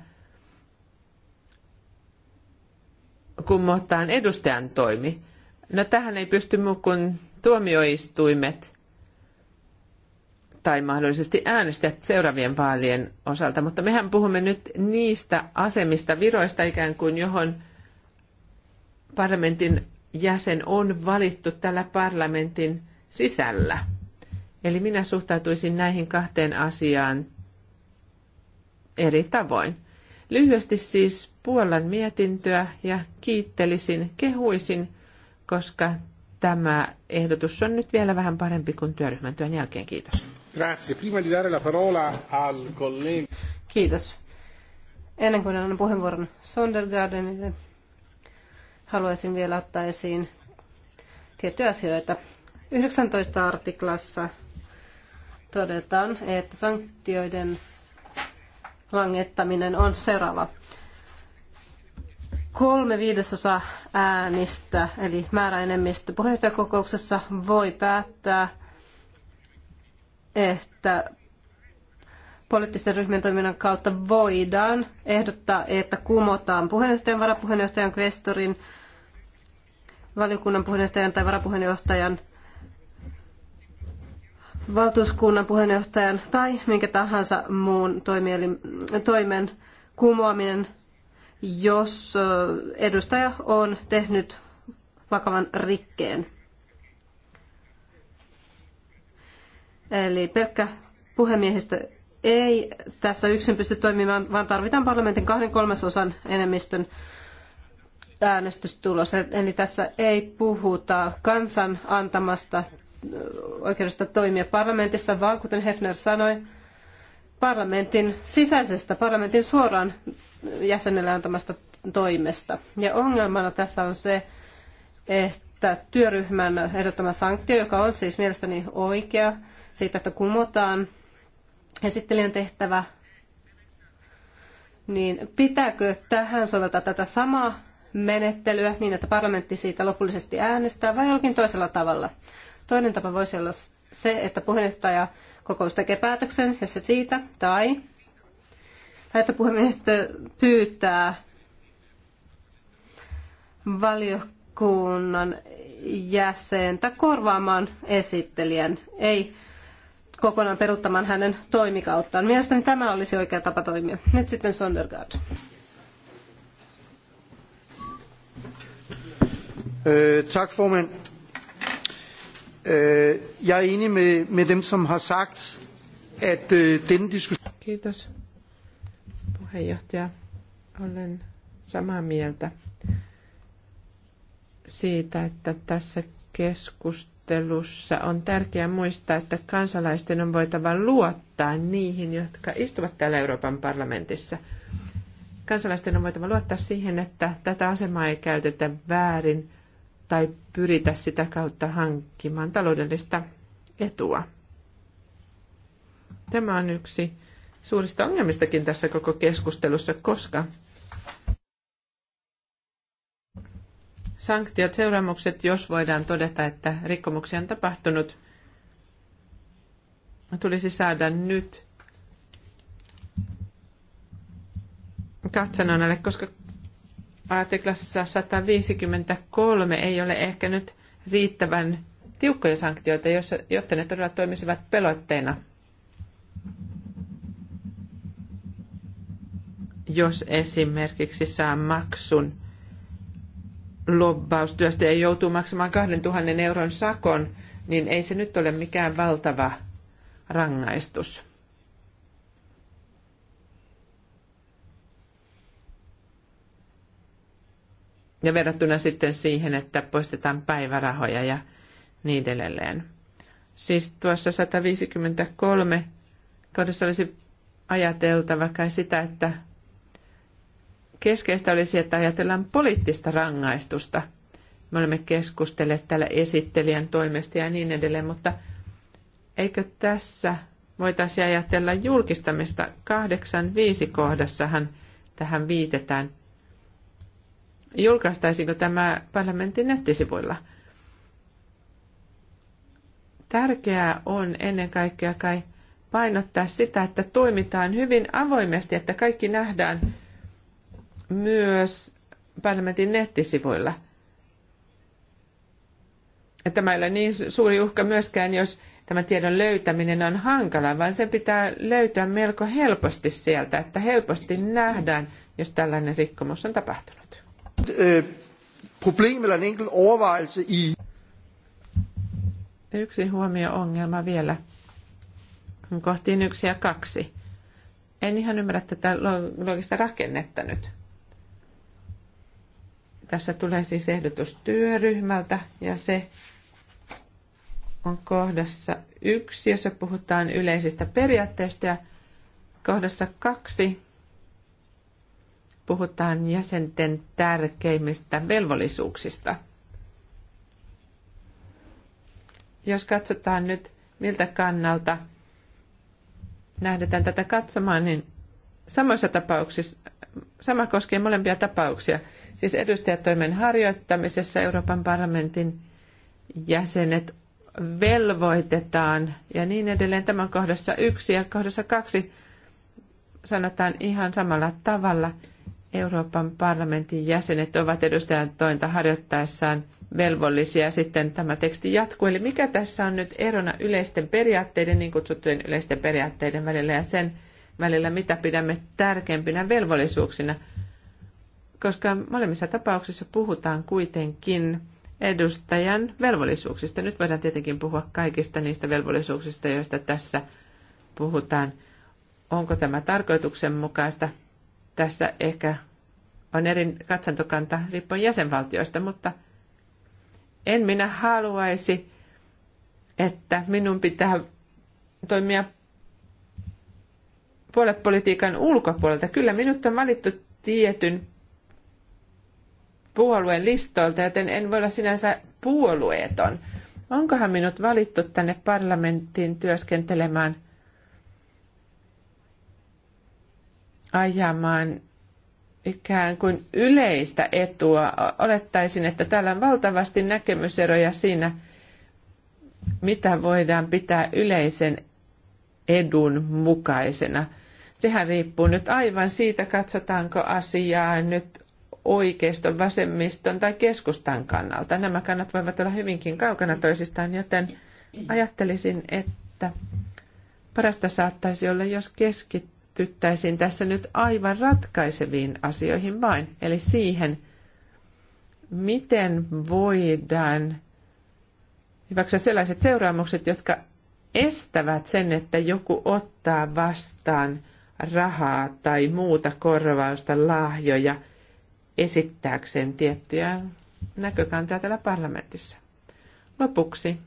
D: kumotaan edustajan toimi. No tähän ei pysty muu kuin tuomioistuimet tai mahdollisesti äänestäjät seuraavien vaalien osalta, mutta mehän puhumme nyt niistä asemista, viroista ikään kuin, johon parlamentin jäsen on valittu tällä parlamentin sisällä. Eli minä suhtautuisin näihin kahteen asiaan eri tavoin. Lyhyesti siis Puolan mietintöä ja kiittelisin, kehuisin, koska tämä ehdotus on nyt vielä vähän parempi kuin työryhmän työn jälkeen. Kiitos.
B: Grazie. Prima di dare la parola al collega. Kiitos. Ennen kuin annan puheenvuoron Sondergardenille, haluaisin vielä ottaa esiin tiettyjä asioita. 19 artiklassa todetaan, että sanktioiden langettaminen on seuraava. Kolme viidesosa äänistä, eli määräenemmistö puheenjohtajakokouksessa voi päättää, että poliittisten ryhmien toiminnan kautta voidaan ehdottaa, että kumotaan puheenjohtajan, varapuheenjohtajan, kvestorin, valiokunnan puheenjohtajan tai varapuheenjohtajan – valtuuskunnan puheenjohtajan tai minkä tahansa muun toimen kumoaminen, jos edustaja on tehnyt vakavan rikkeen. Eli pelkkä puhemiehistö ei tässä yksin pysty toimimaan, vaan tarvitaan parlamentin kahden kolmasosan enemmistön äänestystulos. Eli tässä ei puhuta kansan antamasta oikeudesta toimia parlamentissa, vaan kuten Hefner sanoi, parlamentin sisäisestä, parlamentin suoraan jäsenelle antamasta toimesta. Ja ongelmana tässä on se, että työryhmän ehdottama sanktio, joka on siis mielestäni oikea, siitä, että kumotaan esittelijän tehtävä, niin pitääkö tähän soveltaa tätä samaa menettelyä niin, että parlamentti siitä lopullisesti äänestää vai jollakin toisella tavalla? Toinen tapa voisi olla se, että puheenjohtaja kokous tekee päätöksen ja se siitä, tai, tai että puhemiehistö pyytää valiokunnan jäsentä korvaamaan esittelijän, ei kokonaan peruuttamaan hänen toimikauttaan. Mielestäni tämä olisi oikea tapa toimia. Nyt sitten Sondergaard.
D: Eh,
A: tak formand. Øh, jeg er enig med, med dem, som har
D: sagt,
A: at øh, denne diskussion...
D: Kiitos, puheenjohtaja. Olen samaa mieltä siitä, että tässä keskustelussa on tärkeää muistaa, että kansalaisten on voitava luottaa niihin, jotka istuvat täällä Euroopan parlamentissa. Kansalaisten on voitava luottaa siihen, että tätä asemaa ei käytetä väärin – tai pyritä sitä kautta hankkimaan taloudellista etua. Tämä on yksi suurista ongelmistakin tässä koko keskustelussa, koska sanktiot, seuraamukset, jos voidaan todeta, että rikkomuksia on tapahtunut, tulisi saada nyt katsannon koska artiklassa 153 ei ole ehkä nyt riittävän tiukkoja sanktioita, jotta ne todella toimisivat pelotteena. Jos esimerkiksi saa maksun lobbaustyöstä ja joutuu maksamaan 2000 euron sakon, niin ei se nyt ole mikään valtava rangaistus. ja verrattuna sitten siihen, että poistetaan päivärahoja ja niin edelleen. Siis tuossa 153 kohdassa olisi ajateltava kai sitä, että keskeistä olisi, että ajatellaan poliittista rangaistusta. Me olemme keskustelleet täällä esittelijän toimesta ja niin edelleen, mutta eikö tässä voitaisiin ajatella julkistamista? 8.5 kohdassahan tähän viitetään – julkaistaisiinko tämä parlamentin nettisivuilla. Tärkeää on ennen kaikkea kai painottaa sitä, että toimitaan hyvin avoimesti, että kaikki nähdään myös parlamentin nettisivuilla. Tämä ei ole niin suuri uhka myöskään, jos tämä tiedon löytäminen on hankala, vaan sen pitää löytyä melko helposti sieltä, että helposti nähdään, jos tällainen rikkomus on tapahtunut.
A: Øh, problem eller en enkel overvejelse i...
D: Yksi huomio ongelma vielä. Kohtiin yksi ja kaksi. En ihan ymmärrä tätä logista rakennetta nyt. Tässä tulee siis ehdotus työryhmältä ja se on kohdassa yksi, jossa puhutaan yleisistä periaatteista ja kohdassa kaksi puhutaan jäsenten tärkeimmistä velvollisuuksista. Jos katsotaan nyt, miltä kannalta lähdetään tätä katsomaan, niin samoissa tapauksissa, sama koskee molempia tapauksia, siis edustajatoimen harjoittamisessa Euroopan parlamentin jäsenet velvoitetaan ja niin edelleen. Tämän kohdassa yksi ja kohdassa kaksi sanotaan ihan samalla tavalla – Euroopan parlamentin jäsenet ovat tointa harjoittaessaan velvollisia. Sitten tämä teksti jatkuu. Eli mikä tässä on nyt erona yleisten periaatteiden, niin kutsuttujen yleisten periaatteiden välillä ja sen välillä, mitä pidämme tärkeimpinä velvollisuuksina? Koska molemmissa tapauksissa puhutaan kuitenkin edustajan velvollisuuksista. Nyt voidaan tietenkin puhua kaikista niistä velvollisuuksista, joista tässä puhutaan. Onko tämä tarkoituksenmukaista? Tässä ehkä on eri katsantokanta riippuen jäsenvaltioista, mutta en minä haluaisi, että minun pitää toimia puolepolitiikan ulkopuolelta. Kyllä minut on valittu tietyn puolueen listoilta, joten en voi olla sinänsä puolueeton. Onkohan minut valittu tänne parlamenttiin työskentelemään – ajamaan ikään kuin yleistä etua. Olettaisin, että täällä on valtavasti näkemyseroja siinä, mitä voidaan pitää yleisen edun mukaisena. Sehän riippuu nyt aivan siitä, katsotaanko asiaa nyt oikeiston, vasemmiston tai keskustan kannalta. Nämä kannat voivat olla hyvinkin kaukana toisistaan, joten ajattelisin, että parasta saattaisi olla, jos keskittyy keskityttäisiin tässä nyt aivan ratkaiseviin asioihin vain, eli siihen, miten voidaan hyväksyä sellaiset seuraamukset, jotka estävät sen, että joku ottaa vastaan rahaa tai muuta korvausta, lahjoja, esittääkseen tiettyjä näkökantaa täällä parlamentissa. Lopuksi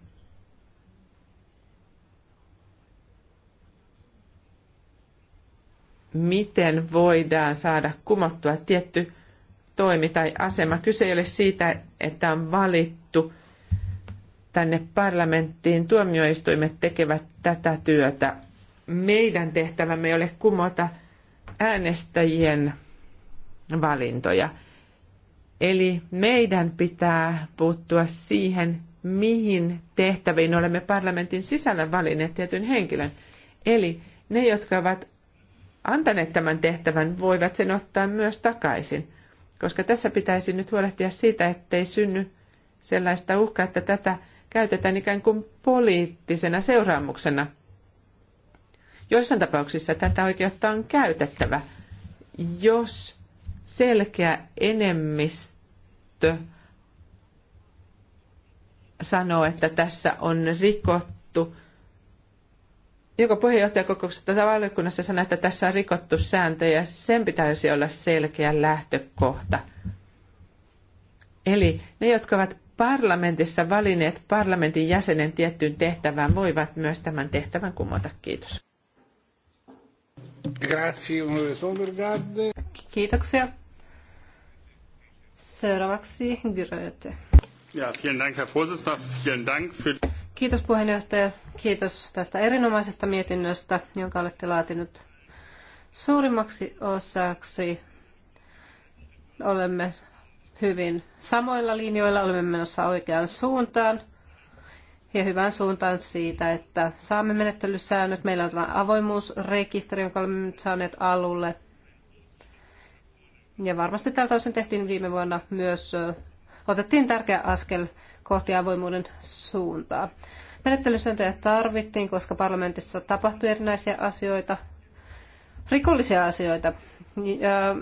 D: miten voidaan saada kumottua tietty toimi tai asema. Kyse ei ole siitä, että on valittu tänne parlamenttiin. Tuomioistuimet tekevät tätä työtä. Meidän tehtävämme ei ole kumota äänestäjien valintoja. Eli meidän pitää puuttua siihen, mihin tehtäviin olemme parlamentin sisällä valinneet tietyn henkilön. Eli ne, jotka ovat antaneet tämän tehtävän, voivat sen ottaa myös takaisin. Koska tässä pitäisi nyt huolehtia siitä, ettei synny sellaista uhkaa, että tätä käytetään ikään kuin poliittisena seuraamuksena. Joissain tapauksissa tätä oikeutta on käytettävä, jos selkeä enemmistö sanoo, että tässä on rikottu joko kokouksessa tätä valiokunnassa sanoi, että tässä on rikottu sääntöjä, sen pitäisi olla selkeä lähtökohta. Eli ne, jotka ovat parlamentissa valinneet parlamentin jäsenen tiettyyn tehtävään, voivat myös tämän tehtävän kumota. Kiitos.
B: Kiitoksia. Seuraavaksi Gröte. Ja, vielen
D: Dank, Herr Vorsitzender. Vielen Dank für...
B: Kiitos puheenjohtaja. Kiitos tästä erinomaisesta mietinnöstä, jonka olette laatinut suurimmaksi osaksi. Olemme hyvin samoilla linjoilla, olemme menossa oikeaan suuntaan ja hyvään suuntaan siitä, että saamme menettelysäännöt. Meillä on tämä avoimuusrekisteri, jonka olemme nyt saaneet alulle. Ja varmasti tältä osin tehtiin viime vuonna myös otettiin tärkeä askel kohti avoimuuden suuntaa. Menettelysääntöjä tarvittiin, koska parlamentissa tapahtui erinäisiä asioita, rikollisia asioita. Ja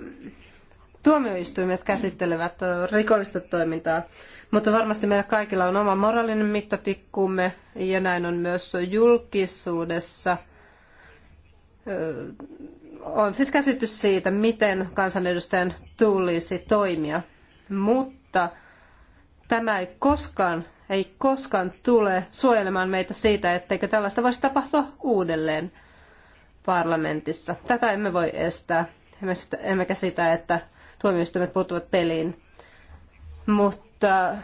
B: tuomioistuimet käsittelevät rikollista toimintaa, mutta varmasti meillä kaikilla on oma moraalinen mittatikkumme ja näin on myös julkisuudessa. On siis käsitys siitä, miten kansanedustajan tulisi toimia, mutta Tämä ei koskaan, ei koskaan tule suojelemaan meitä siitä, etteikö tällaista voisi tapahtua uudelleen parlamentissa. Tätä emme voi estää, emmekä sitä, että tuomioistuimet puuttuvat peliin. Mutta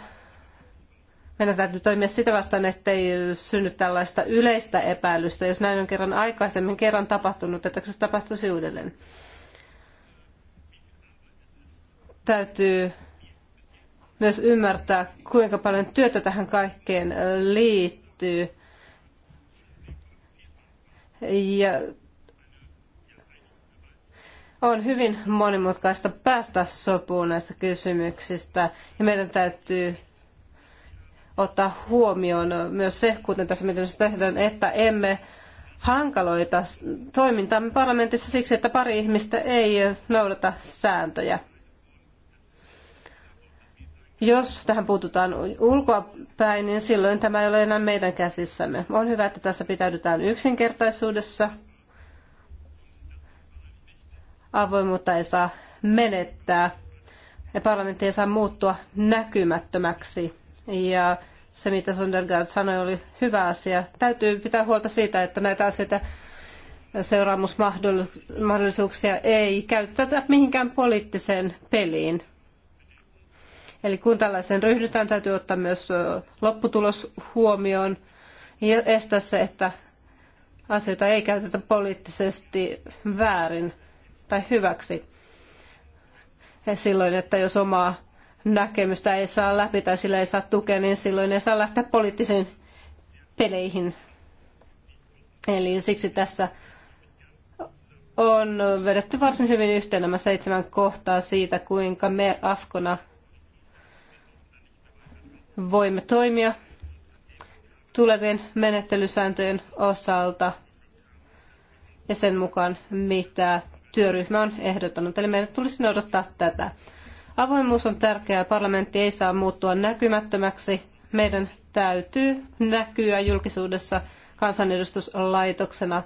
B: meidän täytyy toimia sitä vastaan, ettei synny tällaista yleistä epäilystä, jos näin on kerran aikaisemmin kerran tapahtunut, että se tapahtuisi uudelleen. Täytyy myös ymmärtää, kuinka paljon työtä tähän kaikkeen liittyy. Ja on hyvin monimutkaista päästä sopuun näistä kysymyksistä ja meidän täytyy ottaa huomioon myös se, kuten tässä mietinnössä tehdään, että emme hankaloita toimintaamme parlamentissa siksi, että pari ihmistä ei noudata sääntöjä. Jos tähän puututaan ulkoapäin, niin silloin tämä ei ole enää meidän käsissämme. On hyvä, että tässä pitäydytään yksinkertaisuudessa. Avoimuutta ei saa menettää ja parlamentti ei saa muuttua näkymättömäksi. Ja se, mitä Sondergaard sanoi, oli hyvä asia. Täytyy pitää huolta siitä, että näitä asioita seuraamusmahdollisuuksia ei käytetä mihinkään poliittiseen peliin. Eli kun tällaiseen ryhdytään, täytyy ottaa myös lopputulos huomioon ja estää se, että asioita ei käytetä poliittisesti väärin tai hyväksi. Ja silloin, että jos omaa näkemystä ei saa läpi tai sillä ei saa tukea, niin silloin ei saa lähteä poliittisiin peleihin. Eli siksi tässä on vedetty varsin hyvin yhteen nämä seitsemän kohtaa siitä, kuinka me Afkona voimme toimia tulevien menettelysääntöjen osalta ja sen mukaan, mitä työryhmä on ehdottanut. Eli meidän tulisi noudattaa tätä. Avoimuus on tärkeää. Parlamentti ei saa muuttua näkymättömäksi. Meidän täytyy näkyä julkisuudessa kansanedustuslaitoksena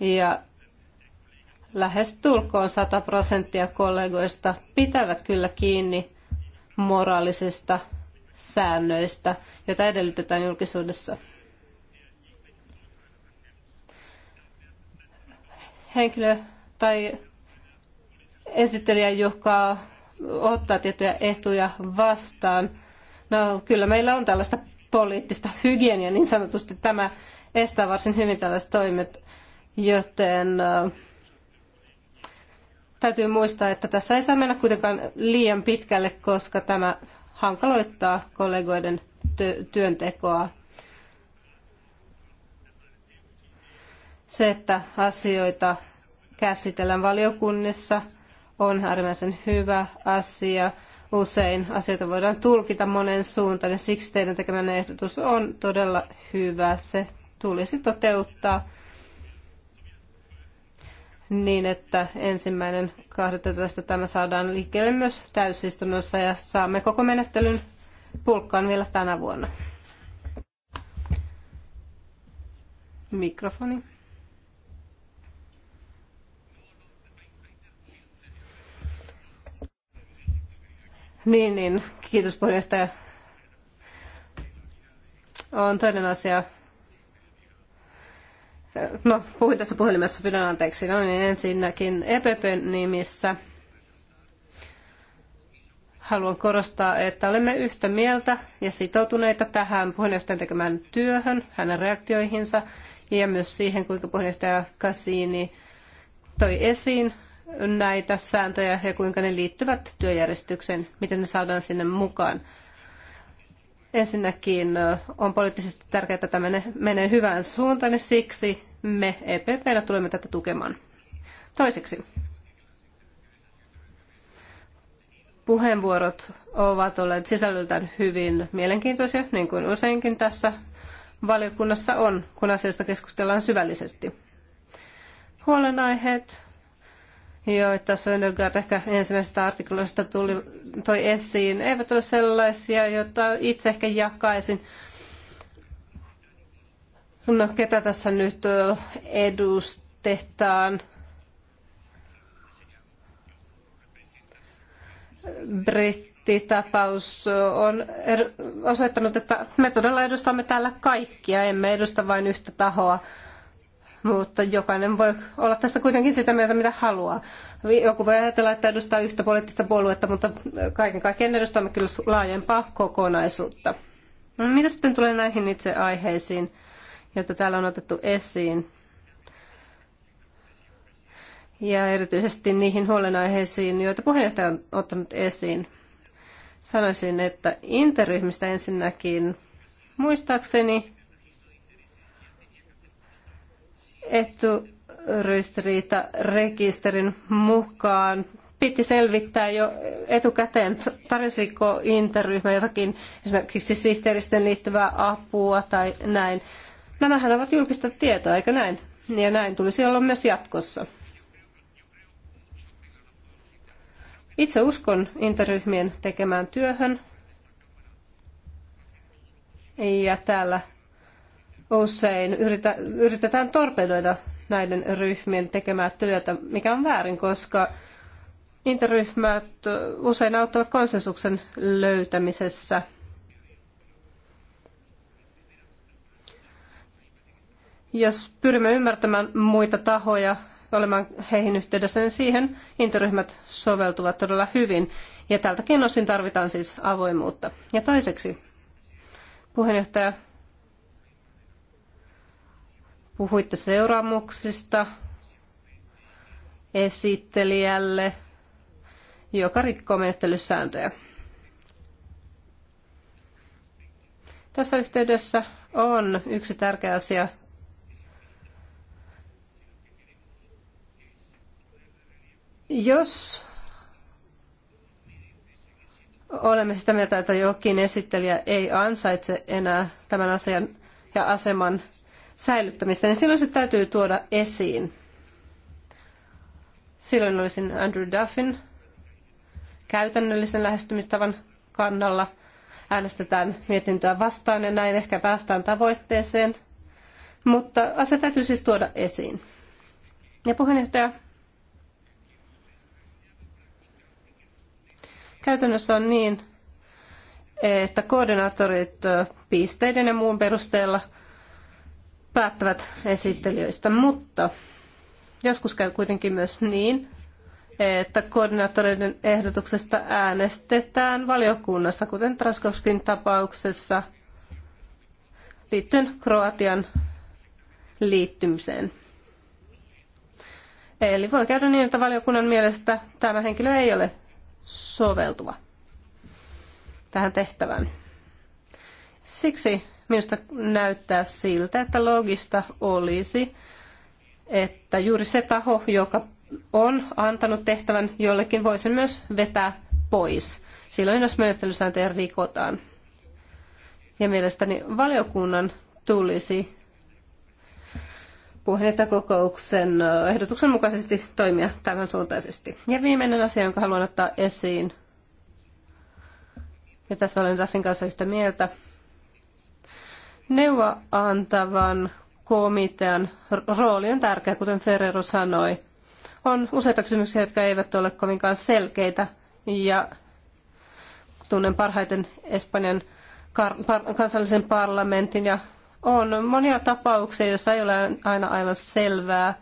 B: ja lähes tulkoon 100 prosenttia kollegoista pitävät kyllä kiinni moraalisesta säännöistä, joita edellytetään julkisuudessa. Henkilö tai esittelijä, joka ottaa tiettyjä etuja vastaan. No kyllä meillä on tällaista poliittista hygieniaa niin sanotusti. Tämä estää varsin hyvin tällaiset toimet, joten täytyy muistaa, että tässä ei saa mennä kuitenkaan liian pitkälle, koska tämä hankaloittaa kollegoiden työntekoa. Se, että asioita käsitellään valiokunnissa, on äärimmäisen hyvä asia. Usein asioita voidaan tulkita monen suuntaan ja siksi teidän tekemänne ehdotus on todella hyvä. Se tulisi toteuttaa niin, että ensimmäinen 12. tämä saadaan liikkeelle myös täysistunnossa ja saamme koko menettelyn pulkkaan vielä tänä vuonna. Mikrofoni. Niin, niin. Kiitos puheenjohtaja. On toinen asia, No, puhuin tässä puhelimessa, pyydän anteeksi. No niin, ensinnäkin EPPn nimissä haluan korostaa, että olemme yhtä mieltä ja sitoutuneita tähän puheenjohtajan tekemään työhön, hänen reaktioihinsa ja myös siihen, kuinka puheenjohtaja Cassini toi esiin näitä sääntöjä ja kuinka ne liittyvät työjärjestykseen, miten ne saadaan sinne mukaan. Ensinnäkin on poliittisesti tärkeää, että tämä menee hyvään suuntaan ja siksi me EPPllä tulemme tätä tukemaan. Toiseksi, puheenvuorot ovat olleet sisällöltään hyvin mielenkiintoisia, niin kuin useinkin tässä valiokunnassa on, kun asiasta keskustellaan syvällisesti. Huolenaiheet, joita Sönergaard ehkä ensimmäisestä artikloista tuli, toi esiin, eivät ole sellaisia, joita itse ehkä jakaisin, No ketä tässä nyt edustetaan? brittitapaus on er, osoittanut, että me todella edustamme täällä kaikkia, emme edusta vain yhtä tahoa, mutta jokainen voi olla tästä kuitenkin sitä mieltä, mitä haluaa. Joku voi ajatella, että edustaa yhtä poliittista puoluetta, mutta kaiken kaikkiaan edustamme kyllä laajempaa kokonaisuutta. No, mitä sitten tulee näihin itse aiheisiin? jota täällä on otettu esiin. Ja erityisesti niihin huolenaiheisiin, joita puheenjohtaja on ottanut esiin. Sanoisin, että interryhmistä ensinnäkin muistaakseni rekisterin mukaan piti selvittää jo etukäteen, tarjosiko interryhmä jotakin esimerkiksi sihteeristön liittyvää apua tai näin. Nämähän ovat julkista tietoa, eikö näin? Ja näin tulisi olla myös jatkossa. Itse uskon interryhmien tekemään työhön. Ja täällä usein yritä, yritetään torpedoida näiden ryhmien tekemää työtä, mikä on väärin, koska interryhmät usein auttavat konsensuksen löytämisessä – Jos pyrimme ymmärtämään muita tahoja, olemaan heihin yhteydessä, niin siihen interryhmät soveltuvat todella hyvin. Ja tältäkin osin tarvitaan siis avoimuutta. Ja toiseksi puheenjohtaja, puhuitte seuraamuksista esittelijälle, joka rikkoo menettelysääntöjä. Tässä yhteydessä on yksi tärkeä asia, Jos olemme sitä mieltä, että jokin esittelijä ei ansaitse enää tämän asian ja aseman säilyttämistä, niin silloin se täytyy tuoda esiin. Silloin olisin Andrew Duffin käytännöllisen lähestymistavan kannalla. Äänestetään mietintöä vastaan ja näin ehkä päästään tavoitteeseen. Mutta asia täytyy siis tuoda esiin. Ja puheenjohtaja, Käytännössä on niin, että koordinaattorit pisteiden ja muun perusteella päättävät esittelijöistä, mutta joskus käy kuitenkin myös niin, että koordinaattoreiden ehdotuksesta äänestetään valiokunnassa, kuten Traskovskin tapauksessa liittyen Kroatian liittymiseen. Eli voi käydä niin, että valiokunnan mielestä tämä henkilö ei ole soveltuva tähän tehtävään. Siksi minusta näyttää siltä, että logista olisi, että juuri se taho, joka on antanut tehtävän jollekin, voisi myös vetää pois. Silloin, jos menettelysääntöjä rikotaan. Ja mielestäni valiokunnan tulisi kokouksen ehdotuksen mukaisesti toimia tämän suuntaisesti. Ja viimeinen asia, jonka haluan ottaa esiin, ja tässä olen Daffin kanssa yhtä mieltä, neuvoa antavan komitean rooli on tärkeä, kuten Ferrero sanoi. On useita kysymyksiä, jotka eivät ole kovinkaan selkeitä, ja tunnen parhaiten Espanjan kansallisen parlamentin ja on monia tapauksia, joissa ei ole aina aivan selvää,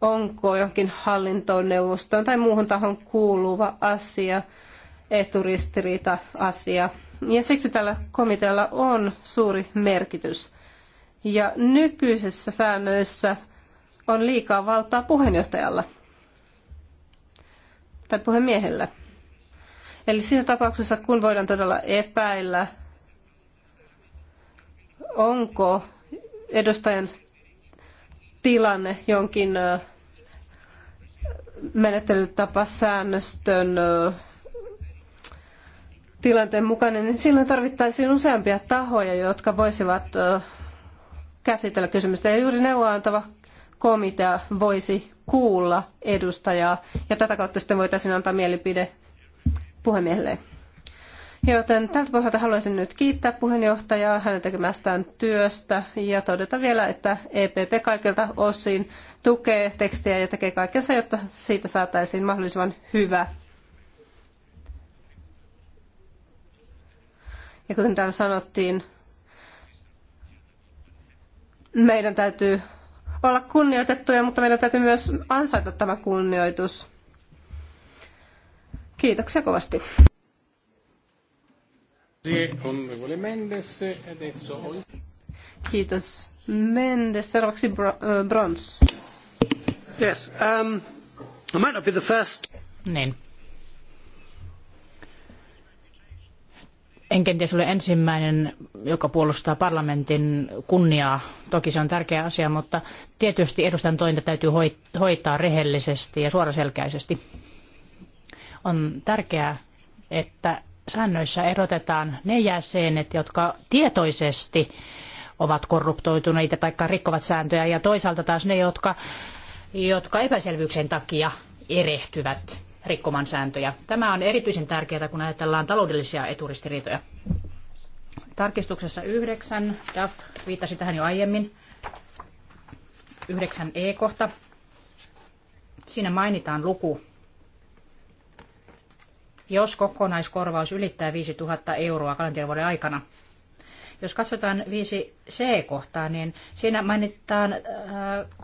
B: onko johonkin hallintoneuvostoon tai muuhun tahon kuuluva asia eturistiriita-asia. Ja siksi tällä komitealla on suuri merkitys. Ja nykyisissä säännöissä on liikaa valtaa puheenjohtajalla tai puhemiehellä. Eli siinä tapauksessa, kun voidaan todella epäillä onko edustajan tilanne jonkin menettelytapasäännöstön tilanteen mukainen, niin silloin tarvittaisiin useampia tahoja, jotka voisivat käsitellä kysymystä. Ja juuri antava komitea voisi kuulla edustajaa, ja tätä kautta sitten voitaisiin antaa mielipide puhemiehelle. Joten tältä pohjalta haluaisin nyt kiittää puheenjohtajaa hänen tekemästään työstä ja todeta vielä, että EPP kaikilta osin tukee tekstiä ja tekee kaikkensa, jotta siitä saataisiin mahdollisimman hyvä. Ja kuten täällä sanottiin, meidän täytyy olla kunnioitettuja, mutta meidän täytyy myös ansaita tämä kunnioitus. Kiitoksia kovasti. Kiitos. Mendes, seuraavaksi äh, Brons.
A: Yes, um, I might not be the first.
C: Niin. En kenties ole ensimmäinen, joka puolustaa parlamentin kunniaa. Toki se on tärkeä asia, mutta tietysti edustan tointa täytyy hoitaa rehellisesti ja suoraselkäisesti. On tärkeää, että säännöissä erotetaan ne jäsenet, jotka tietoisesti ovat korruptoituneita tai rikkovat sääntöjä, ja toisaalta taas ne, jotka, jotka epäselvyyksen takia erehtyvät rikkomaan sääntöjä. Tämä on erityisen tärkeää, kun ajatellaan taloudellisia eturistiriitoja. Tarkistuksessa yhdeksän, DAF viittasi tähän jo aiemmin, yhdeksän E-kohta. Siinä mainitaan luku jos kokonaiskorvaus ylittää 5000 euroa kalenterivuoden aikana. Jos katsotaan 5C-kohtaa, niin siinä mainitaan äh,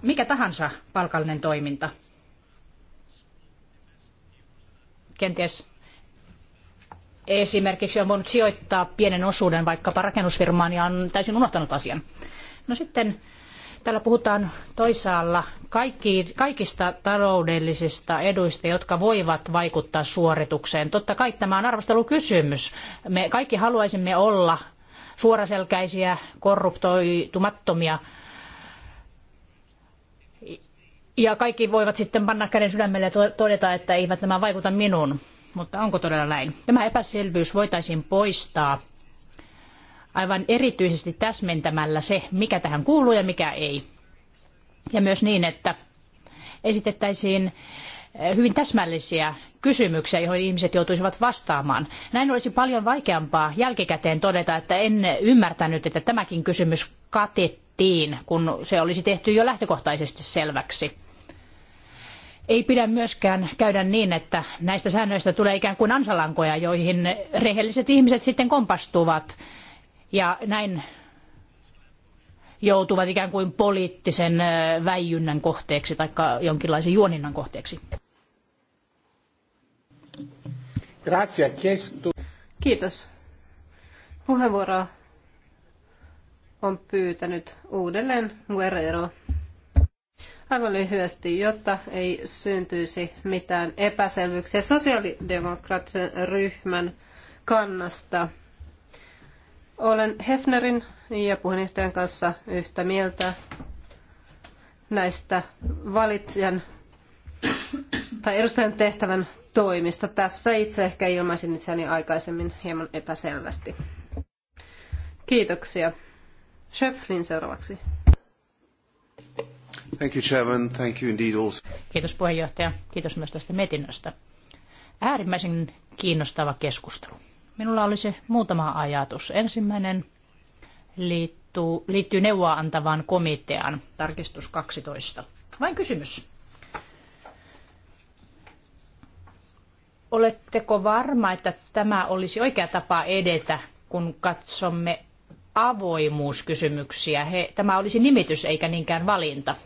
C: mikä tahansa palkallinen toiminta. Kenties esimerkiksi on voinut sijoittaa pienen osuuden vaikkapa rakennusfirmaan ja on täysin unohtanut asian. No sitten Täällä puhutaan toisaalla kaikki, kaikista taloudellisista eduista, jotka voivat vaikuttaa suoritukseen. Totta kai tämä on arvostelukysymys. Me kaikki haluaisimme olla suoraselkäisiä, korruptoitumattomia. Ja kaikki voivat sitten panna käden sydämelle ja todeta, että eivät nämä vaikuta minuun. Mutta onko todella näin? Tämä epäselvyys voitaisiin poistaa aivan erityisesti täsmentämällä se, mikä tähän kuuluu ja mikä ei. Ja myös niin, että esitettäisiin eh, hyvin täsmällisiä kysymyksiä, joihin ihmiset joutuisivat vastaamaan. Näin olisi paljon vaikeampaa jälkikäteen todeta, että en ymmärtänyt, että tämäkin kysymys katettiin, kun se olisi tehty jo lähtökohtaisesti selväksi. Ei pidä myöskään käydä niin, että näistä säännöistä tulee ikään kuin ansalankoja, joihin rehelliset ihmiset sitten kompastuvat ja näin joutuvat ikään kuin poliittisen väijynnän kohteeksi tai jonkinlaisen juoninnan kohteeksi.
B: Kiitos. Puheenvuoroa on pyytänyt uudelleen Guerrero. Aivan lyhyesti, jotta ei syntyisi mitään epäselvyyksiä sosiaalidemokraattisen ryhmän kannasta – olen Hefnerin ja puheenjohtajan kanssa yhtä mieltä näistä valitsijan tai edustajan tehtävän toimista. Tässä itse ehkä ilmaisin itseäni aikaisemmin hieman epäselvästi.
C: Kiitoksia. Schöpflin seuraavaksi. Thank you,
B: Chairman. Thank you indeed also.
C: Kiitos puheenjohtaja. Kiitos myös tästä mietinnöstä. Äärimmäisen kiinnostava keskustelu. Minulla olisi muutama ajatus. Ensimmäinen liittyy, liittyy neuvoa antavaan komiteaan, tarkistus 12. Vain kysymys. Oletteko varma, että tämä olisi oikea tapa edetä, kun katsomme avoimuuskysymyksiä? He, tämä olisi nimitys eikä niinkään valinta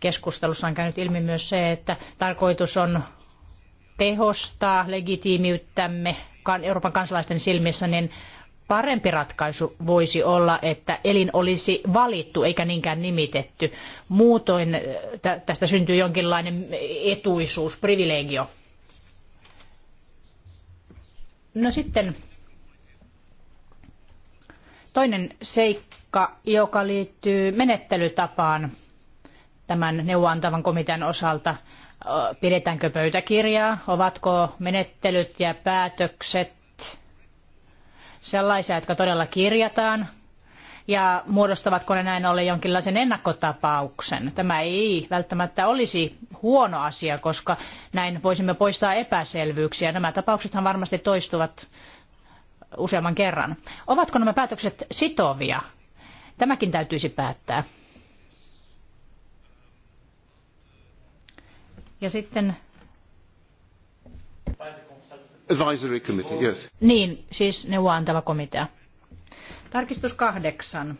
C: keskustelussa on käynyt ilmi myös se, että tarkoitus on tehostaa legitiimiyttämme Euroopan kansalaisten silmissä, niin parempi ratkaisu voisi olla, että elin olisi valittu eikä niinkään nimitetty. Muutoin äh, tästä syntyy jonkinlainen etuisuus, privilegio. No sitten toinen seikka, joka liittyy menettelytapaan tämän neuvoantavan komitean osalta – Pidetäänkö pöytäkirjaa? Ovatko menettelyt ja päätökset sellaisia, jotka todella kirjataan? Ja muodostavatko ne näin ollen jonkinlaisen ennakkotapauksen? Tämä ei välttämättä olisi huono asia, koska näin voisimme poistaa epäselvyyksiä. Nämä tapauksethan varmasti toistuvat useamman kerran. Ovatko nämä päätökset sitovia? Tämäkin täytyisi päättää. Ja sitten...
B: Advisory committee, yes.
C: Niin, siis neuvoantava komitea. Tarkistus kahdeksan.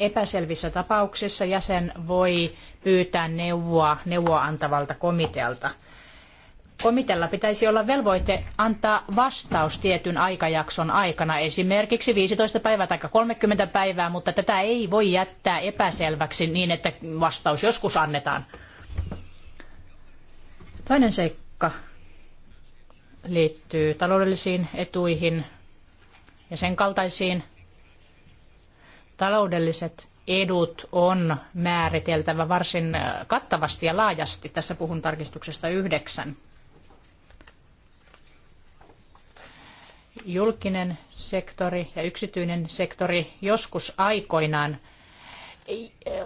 C: Epäselvissä tapauksissa jäsen voi pyytää neuvoa neuvoa antavalta komitealta. Komitella pitäisi olla velvoite antaa vastaus tietyn aikajakson aikana, esimerkiksi 15 päivää tai 30 päivää, mutta tätä ei voi jättää epäselväksi niin, että vastaus joskus annetaan. Toinen seikka liittyy taloudellisiin etuihin ja sen kaltaisiin. Taloudelliset edut on määriteltävä varsin äh, kattavasti ja laajasti. Tässä puhun tarkistuksesta yhdeksän. Julkinen sektori ja yksityinen sektori joskus aikoinaan –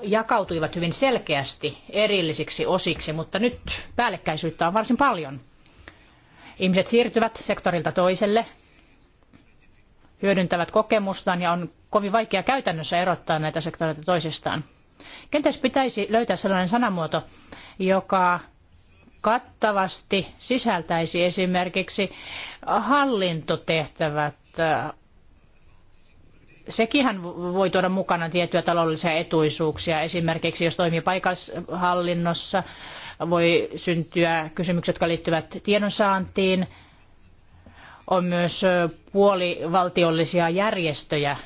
C: jakautuivat hyvin selkeästi erillisiksi osiksi, mutta nyt päällekkäisyyttä on varsin paljon. Ihmiset siirtyvät sektorilta toiselle, hyödyntävät kokemustaan ja on kovin vaikea käytännössä erottaa näitä sektoreita toisistaan. Kenties pitäisi löytää sellainen sanamuoto, joka kattavasti sisältäisi esimerkiksi hallintotehtävät, sekinhän voi tuoda mukana tiettyjä taloudellisia etuisuuksia. Esimerkiksi jos toimii paikallishallinnossa, voi syntyä kysymyksiä, jotka liittyvät tiedonsaantiin. On myös puolivaltiollisia järjestöjä,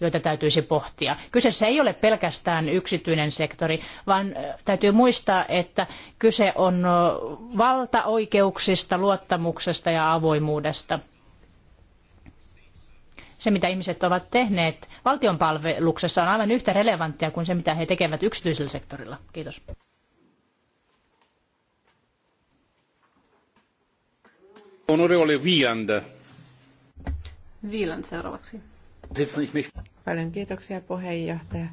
C: joita täytyisi pohtia. Kyseessä ei ole pelkästään yksityinen sektori, vaan täytyy muistaa, että kyse on valtaoikeuksista, luottamuksesta ja avoimuudesta – se, mitä ihmiset ovat tehneet valtionpalveluksessa on aivan yhtä relevanttia kuin se, mitä he tekevät yksityisellä sektorilla. Kiitos.
A: Honorable Wieland.
D: Wieland seuraavaksi. Paljon kiitoksia puheenjohtaja.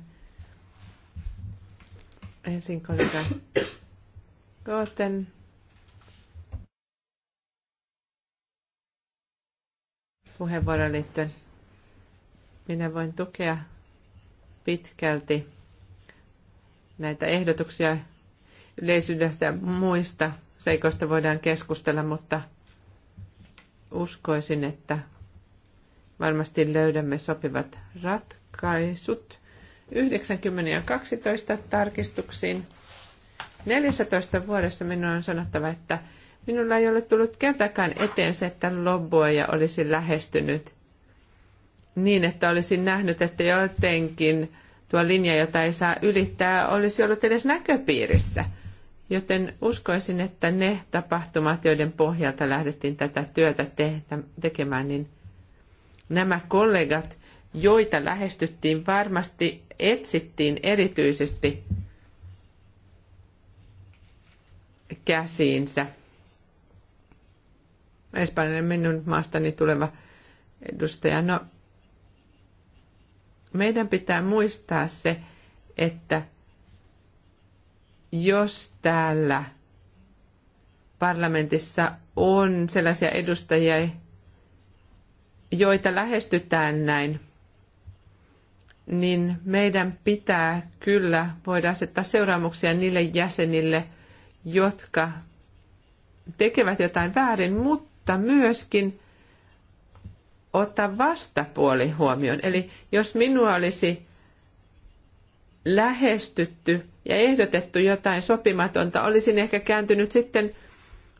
D: Ensin kollega Gooten. puheenvuoron liittyen. Minä voin tukea pitkälti näitä ehdotuksia yleisyydestä ja muista seikoista voidaan keskustella, mutta uskoisin, että varmasti löydämme sopivat ratkaisut. 90 ja 12 tarkistuksiin. 14 vuodessa minun on sanottava, että minulla ei ole tullut kertakaan eteen se, että lobboja olisi lähestynyt – niin, että olisin nähnyt, että jotenkin tuo linja, jota ei saa ylittää, olisi ollut edes näköpiirissä. Joten uskoisin, että ne tapahtumat, joiden pohjalta lähdettiin tätä työtä te- tekemään, niin nämä kollegat, joita lähestyttiin, varmasti etsittiin erityisesti käsiinsä. Espanjan minun maastani tuleva edustaja, no meidän pitää muistaa se, että jos täällä parlamentissa on sellaisia edustajia, joita lähestytään näin, niin meidän pitää kyllä voida asettaa seuraamuksia niille jäsenille, jotka tekevät jotain väärin, mutta myöskin ottaa vastapuoli huomioon. Eli jos minua olisi lähestytty ja ehdotettu jotain sopimatonta, olisin ehkä kääntynyt sitten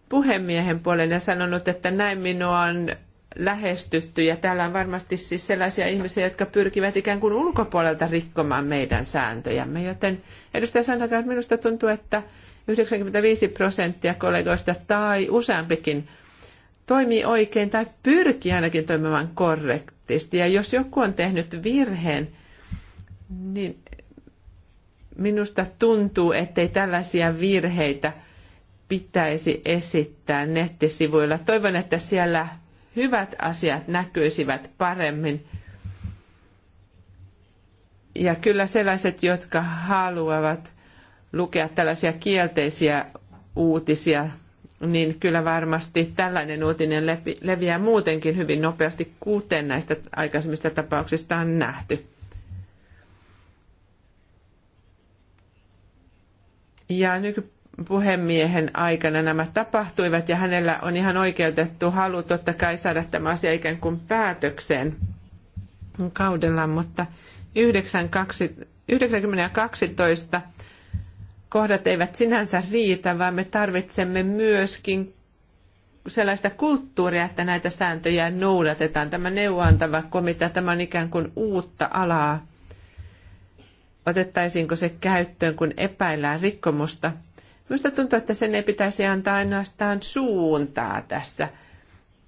D: puhemiehen puolelle ja sanonut, että näin minua on lähestytty ja täällä on varmasti siis sellaisia ihmisiä, jotka pyrkivät ikään kuin ulkopuolelta rikkomaan meidän sääntöjämme, joten edustaja Sanakaan minusta tuntuu, että 95 prosenttia kollegoista tai useampikin toimii oikein tai pyrkii ainakin toimimaan korrektisti. Ja jos joku on tehnyt virheen, niin minusta tuntuu, ettei tällaisia virheitä pitäisi esittää nettisivuilla. Toivon, että siellä hyvät asiat näkyisivät paremmin. Ja kyllä sellaiset, jotka haluavat lukea tällaisia kielteisiä uutisia niin kyllä varmasti tällainen uutinen leviää muutenkin hyvin nopeasti, kuten näistä aikaisemmista tapauksista on nähty. Ja nykypuhemiehen aikana nämä tapahtuivat ja hänellä on ihan oikeutettu halu totta kai saada tämä asia ikään kuin päätökseen kaudella, mutta 9, 92 90 12 kohdat eivät sinänsä riitä, vaan me tarvitsemme myöskin sellaista kulttuuria, että näitä sääntöjä noudatetaan. Tämä neuvoantava komitea, tämä on ikään kuin uutta alaa. Otettaisiinko se käyttöön, kun epäillään rikkomusta? Minusta tuntuu, että sen ei pitäisi antaa ainoastaan suuntaa tässä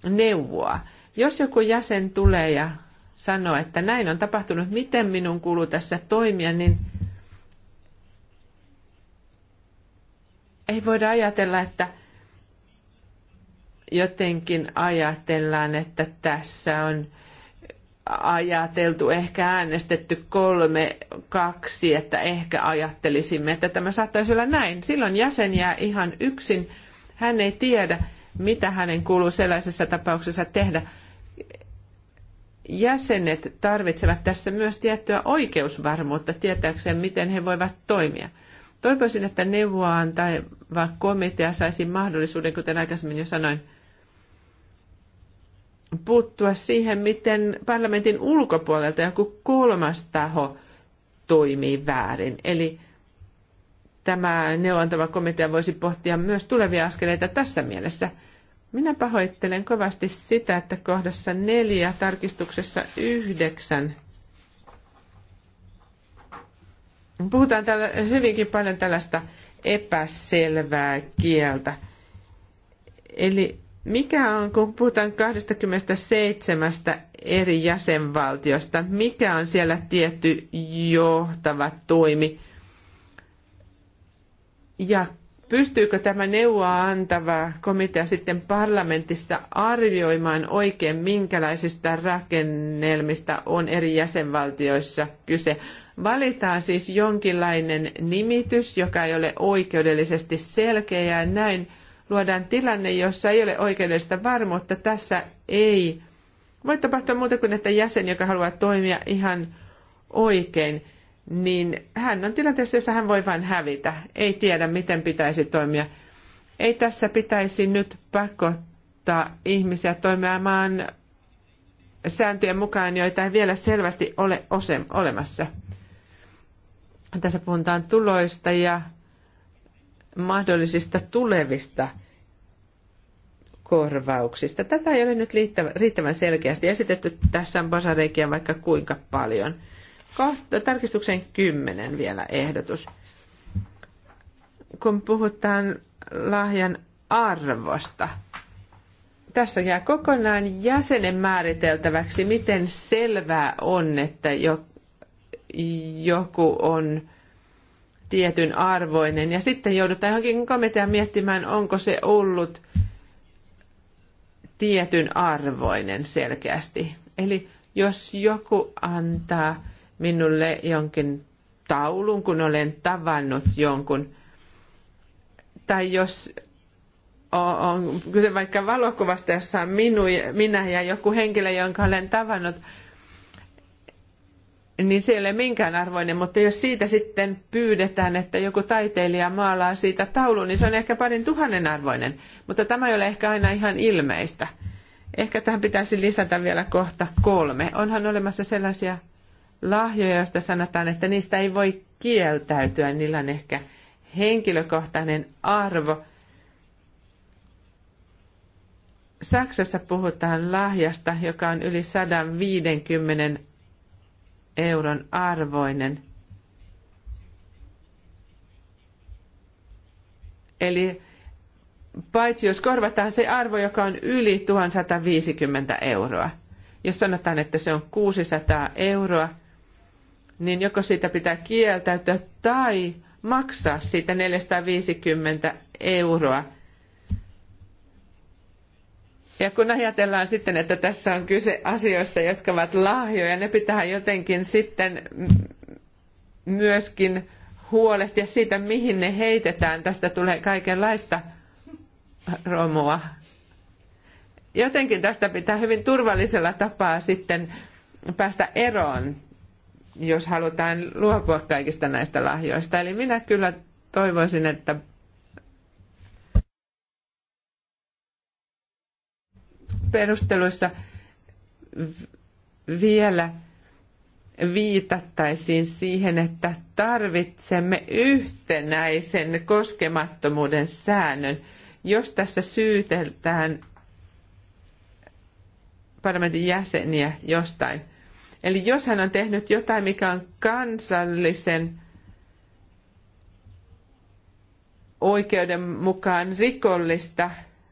D: neuvoa. Jos joku jäsen tulee ja sanoo, että näin on tapahtunut, miten minun kuuluu tässä toimia, niin – ei voida ajatella, että jotenkin ajatellaan, että tässä on ajateltu, ehkä äänestetty kolme, kaksi, että ehkä ajattelisimme, että tämä saattaisi olla näin. Silloin jäsen jää ihan yksin. Hän ei tiedä, mitä hänen kuuluu sellaisessa tapauksessa tehdä. Jäsenet tarvitsevat tässä myös tiettyä oikeusvarmuutta tietääkseen, miten he voivat toimia. Toivoisin, että neuvoaan tai komitea saisi mahdollisuuden, kuten aikaisemmin jo sanoin, puuttua siihen, miten parlamentin ulkopuolelta joku kolmas taho toimii väärin. Eli tämä neuvontava komitea voisi pohtia myös tulevia askeleita tässä mielessä. Minä pahoittelen kovasti sitä, että kohdassa neljä tarkistuksessa yhdeksän Puhutaan täällä hyvinkin paljon tällaista epäselvää kieltä. Eli mikä on, kun puhutaan 27 eri jäsenvaltiosta, mikä on siellä tietty johtava toimi? Ja pystyykö tämä neuvoa antava komitea sitten parlamentissa arvioimaan oikein, minkälaisista rakennelmista on eri jäsenvaltioissa kyse? Valitaan siis jonkinlainen nimitys, joka ei ole oikeudellisesti selkeä ja näin luodaan tilanne, jossa ei ole oikeudellista varmuutta. Tässä ei voi tapahtua muuta kuin, että jäsen, joka haluaa toimia ihan oikein, niin hän on tilanteessa, jossa hän voi vain hävitä. Ei tiedä, miten pitäisi toimia. Ei tässä pitäisi nyt pakottaa ihmisiä toimimaan sääntöjen mukaan, joita ei vielä selvästi ole olemassa. Tässä puhutaan tuloista ja mahdollisista tulevista korvauksista. Tätä ei ole nyt riittävän selkeästi esitetty. Tässä on basareikiä vaikka kuinka paljon. Kohta, tarkistuksen 10 vielä ehdotus. Kun puhutaan lahjan arvosta, tässä jää kokonaan jäsenen määriteltäväksi, miten selvää on, että jo joku on tietyn arvoinen. Ja sitten joudutaan johonkin komitean miettimään, onko se ollut tietyn arvoinen selkeästi. Eli jos joku antaa minulle jonkin taulun, kun olen tavannut jonkun, tai jos on kyse vaikka valokuvasta, jossa on minu, minä ja joku henkilö, jonka olen tavannut, niin se ei ole minkään arvoinen, mutta jos siitä sitten pyydetään, että joku taiteilija maalaa siitä taulun, niin se on ehkä parin tuhannen arvoinen, mutta tämä ei ole ehkä aina ihan ilmeistä. Ehkä tähän pitäisi lisätä vielä kohta kolme. Onhan olemassa sellaisia lahjoja, joista sanotaan, että niistä ei voi kieltäytyä, niillä on ehkä henkilökohtainen arvo. Saksassa puhutaan lahjasta, joka on yli 150 euron arvoinen. Eli paitsi jos korvataan se arvo, joka on yli 1150 euroa. Jos sanotaan, että se on 600 euroa, niin joko siitä pitää kieltäytyä tai maksaa siitä 450 euroa ja kun ajatellaan sitten, että tässä on kyse asioista, jotka ovat lahjoja, ne pitää jotenkin sitten myöskin huolehtia siitä, mihin ne heitetään. Tästä tulee kaikenlaista romua. Jotenkin tästä pitää hyvin turvallisella tapaa sitten päästä eroon, jos halutaan luopua kaikista näistä lahjoista. Eli minä kyllä toivoisin, että perusteluissa vielä viitattaisiin siihen, että tarvitsemme yhtenäisen koskemattomuuden säännön. Jos tässä syytetään parlamentin jäseniä jostain, eli jos hän on tehnyt jotain, mikä on kansallisen oikeuden mukaan rikollista,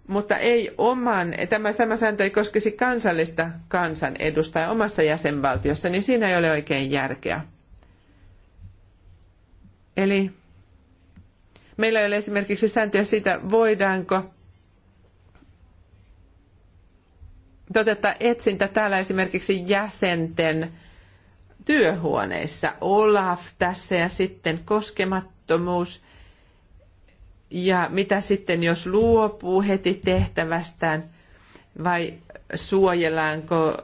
D: mutta ei oman, tämä sama sääntö ei koskisi kansallista kansanedustajaa omassa jäsenvaltiossa, niin siinä ei ole oikein järkeä. Eli meillä ei ole esimerkiksi sääntöjä siitä, voidaanko toteuttaa etsintä täällä esimerkiksi jäsenten työhuoneissa. Olaf tässä ja sitten koskemattomuus – ja mitä sitten, jos luopuu heti tehtävästään vai suojellaanko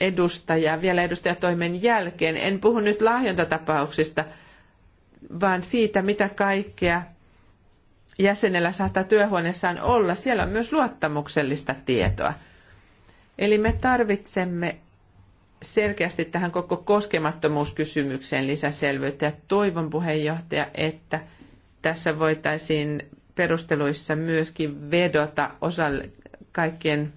D: edustajaa vielä edustajatoimen jälkeen? En puhu nyt lahjontatapauksista, vaan siitä, mitä kaikkea jäsenellä saattaa työhuoneessaan olla. Siellä on myös luottamuksellista tietoa. Eli me tarvitsemme selkeästi tähän koko koskemattomuuskysymykseen lisäselvyyttä. Ja toivon puheenjohtaja, että – tässä voitaisiin perusteluissa myöskin vedota osalle, kaikkien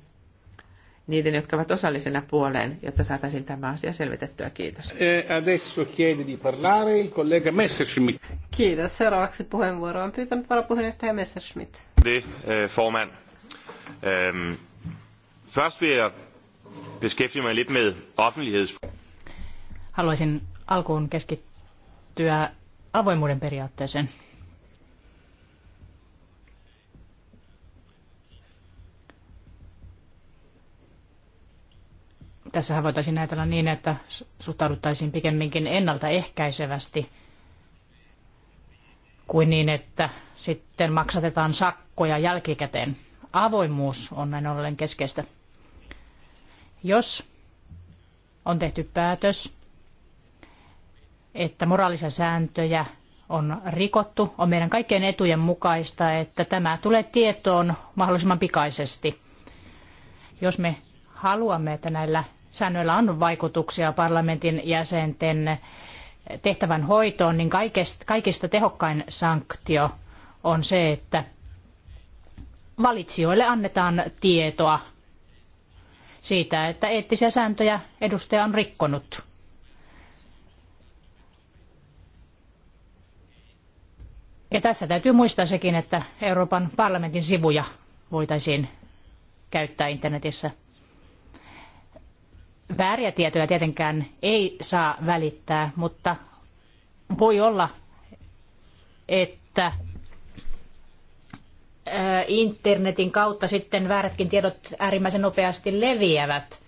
D: niiden, jotka ovat osallisena puoleen, jotta saataisiin tämä asia selvitettyä. Kiitos. E adesso
B: chiede di parlare il collega Messerschmidt.
D: Kiitos. Seuraavaksi puheenvuoro on pyytänyt varapuheenjohtaja
B: Messerschmidt.
A: Det, e, formand. Øhm, først vil mig med
C: Haluaisin alkuun keskittyä avoimuuden periaatteeseen. Tässähän voitaisiin ajatella niin, että suhtauduttaisiin pikemminkin ennaltaehkäisevästi kuin niin, että sitten maksatetaan sakkoja jälkikäteen. Avoimuus on näin ollen keskeistä. Jos on tehty päätös, että moraalisia sääntöjä on rikottu, on meidän kaikkien etujen mukaista, että tämä tulee tietoon mahdollisimman pikaisesti. Jos me haluamme, että näillä säännöillä on vaikutuksia parlamentin jäsenten tehtävän hoitoon, niin kaikista, kaikista tehokkain sanktio on se, että valitsijoille annetaan tietoa siitä, että eettisiä sääntöjä edustaja on rikkonut. Ja tässä täytyy muistaa sekin, että Euroopan parlamentin sivuja voitaisiin käyttää internetissä Vääriä tietoja tietenkään ei saa välittää, mutta voi olla, että internetin kautta sitten väärätkin tiedot äärimmäisen nopeasti leviävät.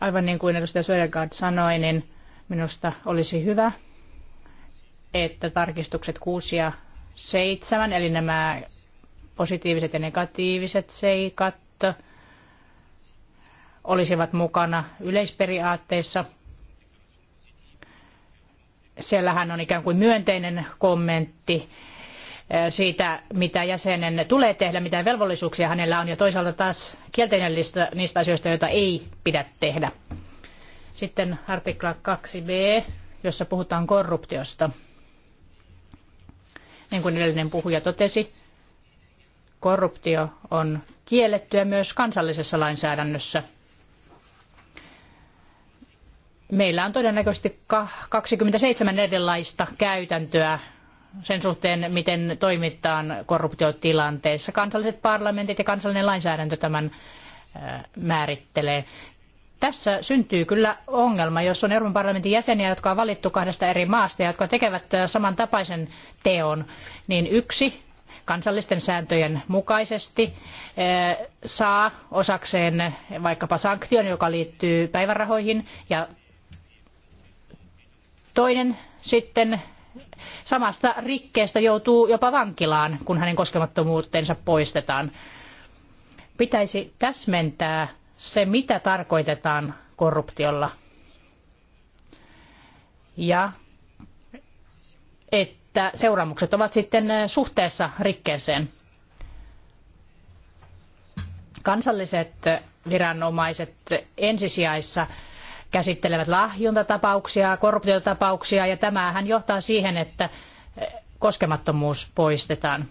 C: Aivan niin kuin edustaja Södergaard sanoi, niin minusta olisi hyvä, että tarkistukset 6 ja 7, eli nämä positiiviset ja negatiiviset seikat, olisivat mukana yleisperiaatteissa. Siellähän on ikään kuin myönteinen kommentti eh, siitä, mitä jäsenen tulee tehdä, mitä velvollisuuksia hänellä on, ja toisaalta taas kielteinen lista niistä asioista, joita ei pidä tehdä. Sitten artikla 2b, jossa puhutaan korruptiosta. Niin kuin edellinen puhuja totesi, korruptio on kiellettyä myös kansallisessa lainsäädännössä. Meillä on todennäköisesti 27 erilaista käytäntöä sen suhteen, miten toimitaan korruptiotilanteessa. Kansalliset parlamentit ja kansallinen lainsäädäntö tämän määrittelee. Tässä syntyy kyllä ongelma, jos on Euroopan parlamentin jäseniä, jotka on valittu kahdesta eri maasta ja jotka tekevät samantapaisen teon, niin yksi kansallisten sääntöjen mukaisesti eh, saa osakseen vaikkapa sanktion, joka liittyy päivärahoihin ja toinen sitten samasta rikkeestä joutuu jopa vankilaan, kun hänen koskemattomuutensa poistetaan. Pitäisi täsmentää se, mitä tarkoitetaan korruptiolla. Ja että että seuraamukset ovat sitten eh, suhteessa rikkeeseen. Kansalliset viranomaiset ensisijaissa käsittelevät lahjontatapauksia, korruptiotapauksia ja tämähän johtaa siihen, että eh, koskemattomuus poistetaan.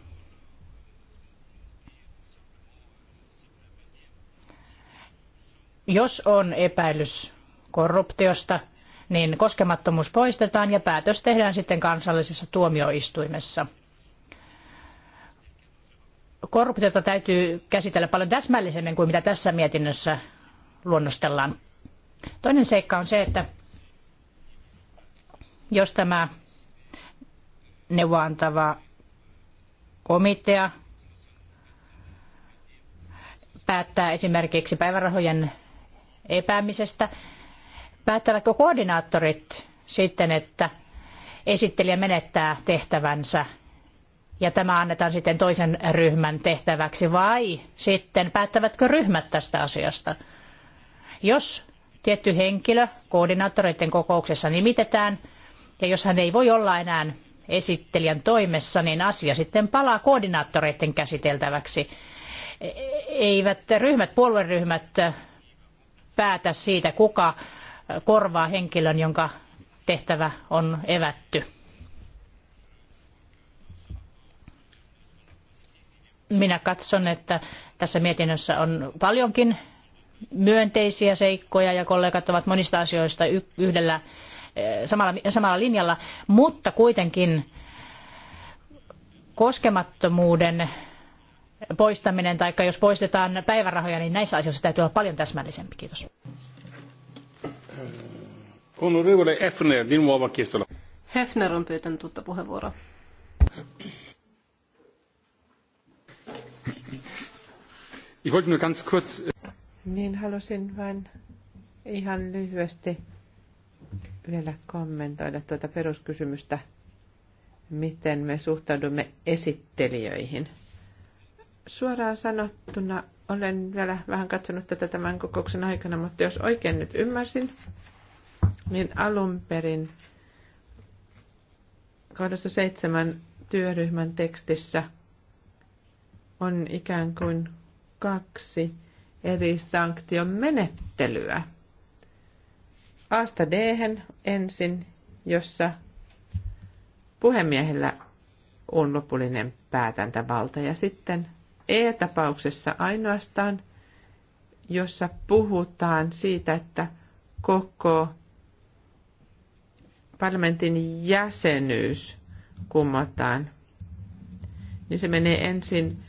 C: Jos on epäilys korruptiosta, niin koskemattomuus poistetaan ja päätös tehdään sitten kansallisessa tuomioistuimessa. Korruptiota täytyy käsitellä paljon täsmällisemmin kuin mitä tässä mietinnössä luonnostellaan. Toinen seikka on se, että jos tämä neuvoantava komitea päättää esimerkiksi päivärahojen epäämisestä, Päättävätkö koordinaattorit sitten, että esittelijä menettää tehtävänsä ja tämä annetaan sitten toisen ryhmän tehtäväksi vai sitten päättävätkö ryhmät tästä asiasta? Jos tietty henkilö koordinaattoreiden kokouksessa nimitetään ja jos hän ei voi olla enää esittelijän toimessa, niin asia sitten palaa koordinaattoreiden käsiteltäväksi. E-, e-, eivät ryhmät, puolueryhmät päätä siitä, kuka korvaa henkilön, jonka tehtävä on evätty. Minä katson, että tässä mietinnössä on paljonkin myönteisiä seikkoja ja kollegat ovat monista asioista yhdellä eh, samalla, samalla linjalla, mutta kuitenkin koskemattomuuden poistaminen tai jos poistetaan päivärahoja, niin näissä asioissa täytyy olla paljon täsmällisempi. Kiitos.
B: Onorevole Hefner, di nuovo chiesto
C: Hefner on pyytänyt uutta
A: puheenvuoroa. Ich wollte nur ganz kurz... Äh,
D: niin halusin vain ihan lyhyesti vielä kommentoida tuota peruskysymystä, miten me suhtaudumme esittelijöihin. Suoraan sanottuna olen vielä vähän katsonut tätä tämän kokouksen aikana, mutta jos oikein nyt ymmärsin, niin alun perin kohdassa seitsemän työryhmän tekstissä on ikään kuin kaksi eri sanktion menettelyä. Asta d ensin, jossa puhemiehellä on lopullinen päätäntävalta ja sitten E-tapauksessa ainoastaan, jossa puhutaan siitä, että koko parlamentin jäsenyys kumotaan, niin se menee ensin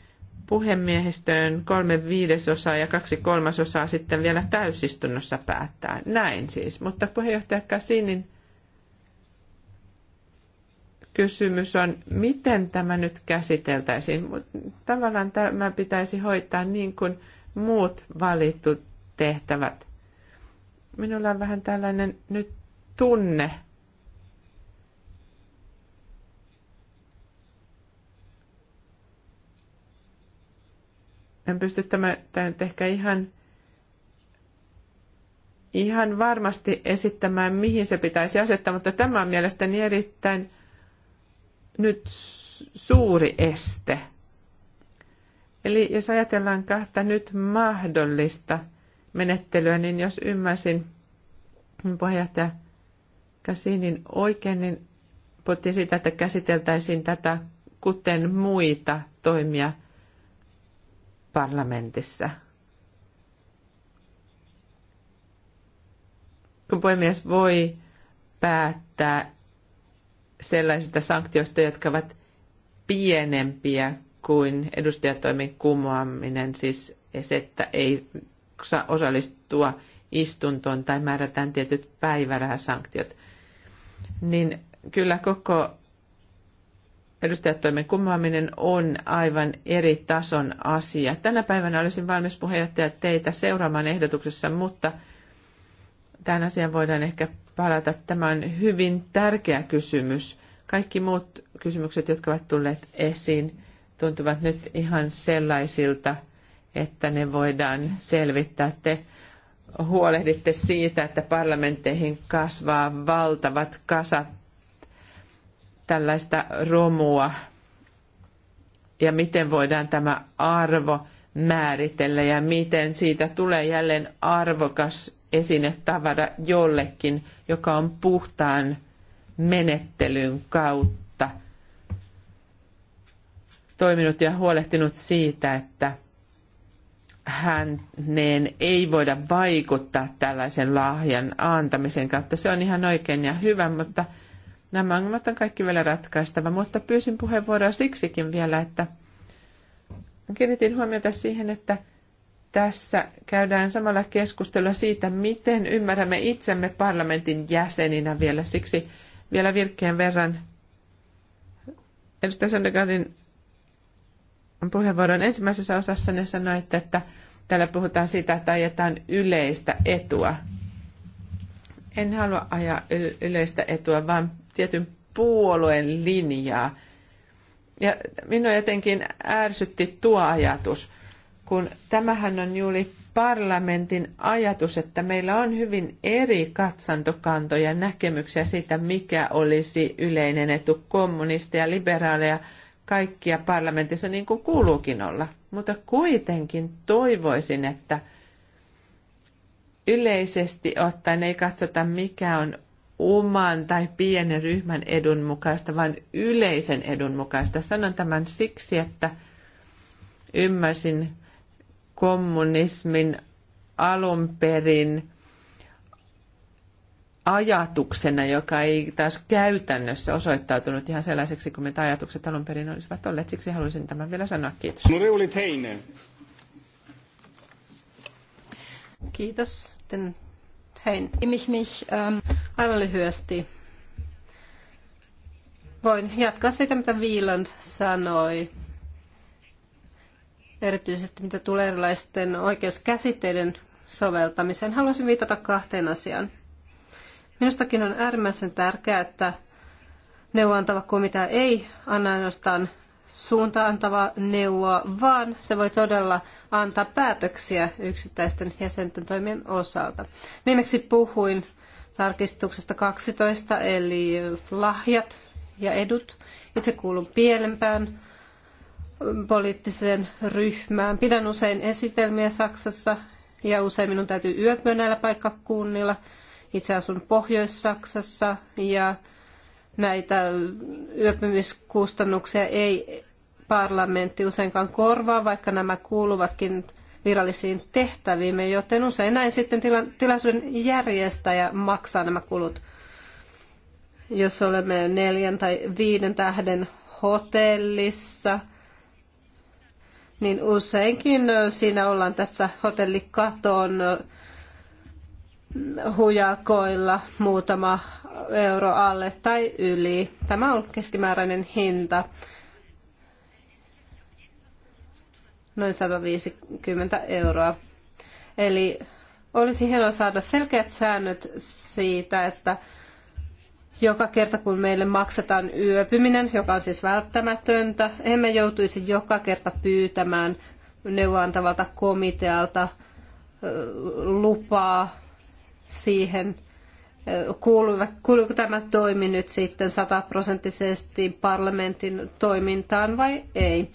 D: puhemiehistöön kolme viidesosaa ja kaksi kolmasosaa sitten vielä täysistunnossa päättää. Näin siis, mutta puheenjohtaja Kasinin kysymys on, miten tämä nyt käsiteltäisiin. Tavallaan tämä pitäisi hoitaa niin kuin muut valitut tehtävät. Minulla on vähän tällainen nyt tunne, en pysty tämän tämän ehkä ihan, ihan varmasti esittämään, mihin se pitäisi asettaa, mutta tämä on mielestäni erittäin nyt suuri este. Eli jos ajatellaan kahta nyt mahdollista menettelyä, niin jos ymmärsin puheenjohtaja Kasinin oikein, niin puhuttiin siitä, että käsiteltäisiin tätä kuten muita toimia parlamentissa. Kun puhemies voi päättää sellaisista sanktioista, jotka ovat pienempiä kuin edustajatoimen kumoaminen, siis se, että ei saa osallistua istuntoon tai määrätään tietyt päivärahasanktiot, niin kyllä koko edustajatoimen kumoaminen on aivan eri tason asia. Tänä päivänä olisin valmis puheenjohtaja teitä seuraamaan ehdotuksessa, mutta tämän asian voidaan ehkä palata. Tämä on hyvin tärkeä kysymys. Kaikki muut kysymykset, jotka ovat tulleet esiin, tuntuvat nyt ihan sellaisilta, että ne voidaan selvittää. Te huolehditte siitä, että parlamentteihin kasvaa valtavat kasat tällaista romua ja miten voidaan tämä arvo määritellä ja miten siitä tulee jälleen arvokas esinetavara jollekin, joka on puhtaan menettelyn kautta toiminut ja huolehtinut siitä, että häneen ei voida vaikuttaa tällaisen lahjan antamisen kautta. Se on ihan oikein ja hyvä, mutta nämä ongelmat on kaikki vielä ratkaistava. Mutta pyysin puheenvuoroa siksikin vielä, että kiinnitin huomiota siihen, että tässä käydään samalla keskustelua siitä, miten ymmärrämme itsemme parlamentin jäseninä vielä. Siksi vielä virkkeen verran edustaja Söndergaardin puheenvuoron ensimmäisessä osassa ne sanoitte, että täällä puhutaan siitä, että ajetaan yleistä etua. En halua ajaa yleistä etua, vaan tietyn puolueen linjaa. Ja minua jotenkin ärsytti tuo ajatus – kun tämähän on juuri parlamentin ajatus, että meillä on hyvin eri katsantokantoja näkemyksiä siitä, mikä olisi yleinen etu kommunisteja, liberaaleja, kaikkia parlamentissa niin kuin kuuluukin olla. Mutta kuitenkin toivoisin, että yleisesti ottaen ei katsota, mikä on oman tai pienen ryhmän edun mukaista, vaan yleisen edun mukaista. Sanon tämän siksi, että ymmärsin kommunismin alun perin ajatuksena, joka ei taas käytännössä osoittautunut ihan sellaiseksi kun mitä ajatukset alun perin olisivat olleet. Siksi haluaisin tämän vielä sanoa. Kiitos. Kiitos.
B: Ähm, Aivan lyhyesti. Voin jatkaa sitä, mitä Wieland sanoi erityisesti mitä tulee erilaisten oikeuskäsitteiden soveltamiseen, haluaisin viitata kahteen asiaan. Minustakin on äärimmäisen tärkeää, että neuvoantava komitea ei anna ainoastaan suuntaan antavaa neuvoa, vaan se voi todella antaa päätöksiä yksittäisten jäsenten toimien osalta. Viimeksi puhuin tarkistuksesta 12, eli lahjat ja edut. Itse kuulun pienempään poliittiseen ryhmään. Pidän usein esitelmiä Saksassa ja usein minun täytyy yöpyä näillä paikkakunnilla. Itse asun Pohjois-Saksassa ja näitä yöpymiskustannuksia ei parlamentti useinkaan korvaa, vaikka nämä kuuluvatkin virallisiin tehtäviimme, joten usein näin sitten tila- tilaisuuden järjestäjä maksaa nämä kulut. Jos olemme neljän tai viiden tähden hotellissa – niin useinkin siinä ollaan tässä hotellikaton hujakoilla muutama euro alle tai yli. Tämä on keskimääräinen hinta. Noin 150 euroa. Eli olisi hienoa saada selkeät säännöt siitä, että joka kerta kun meille maksetaan yöpyminen, joka on siis välttämätöntä, emme joutuisi joka kerta pyytämään neuvoantavalta komitealta lupaa siihen, kuuluuko tämä toimi nyt sitten sataprosenttisesti parlamentin toimintaan vai ei.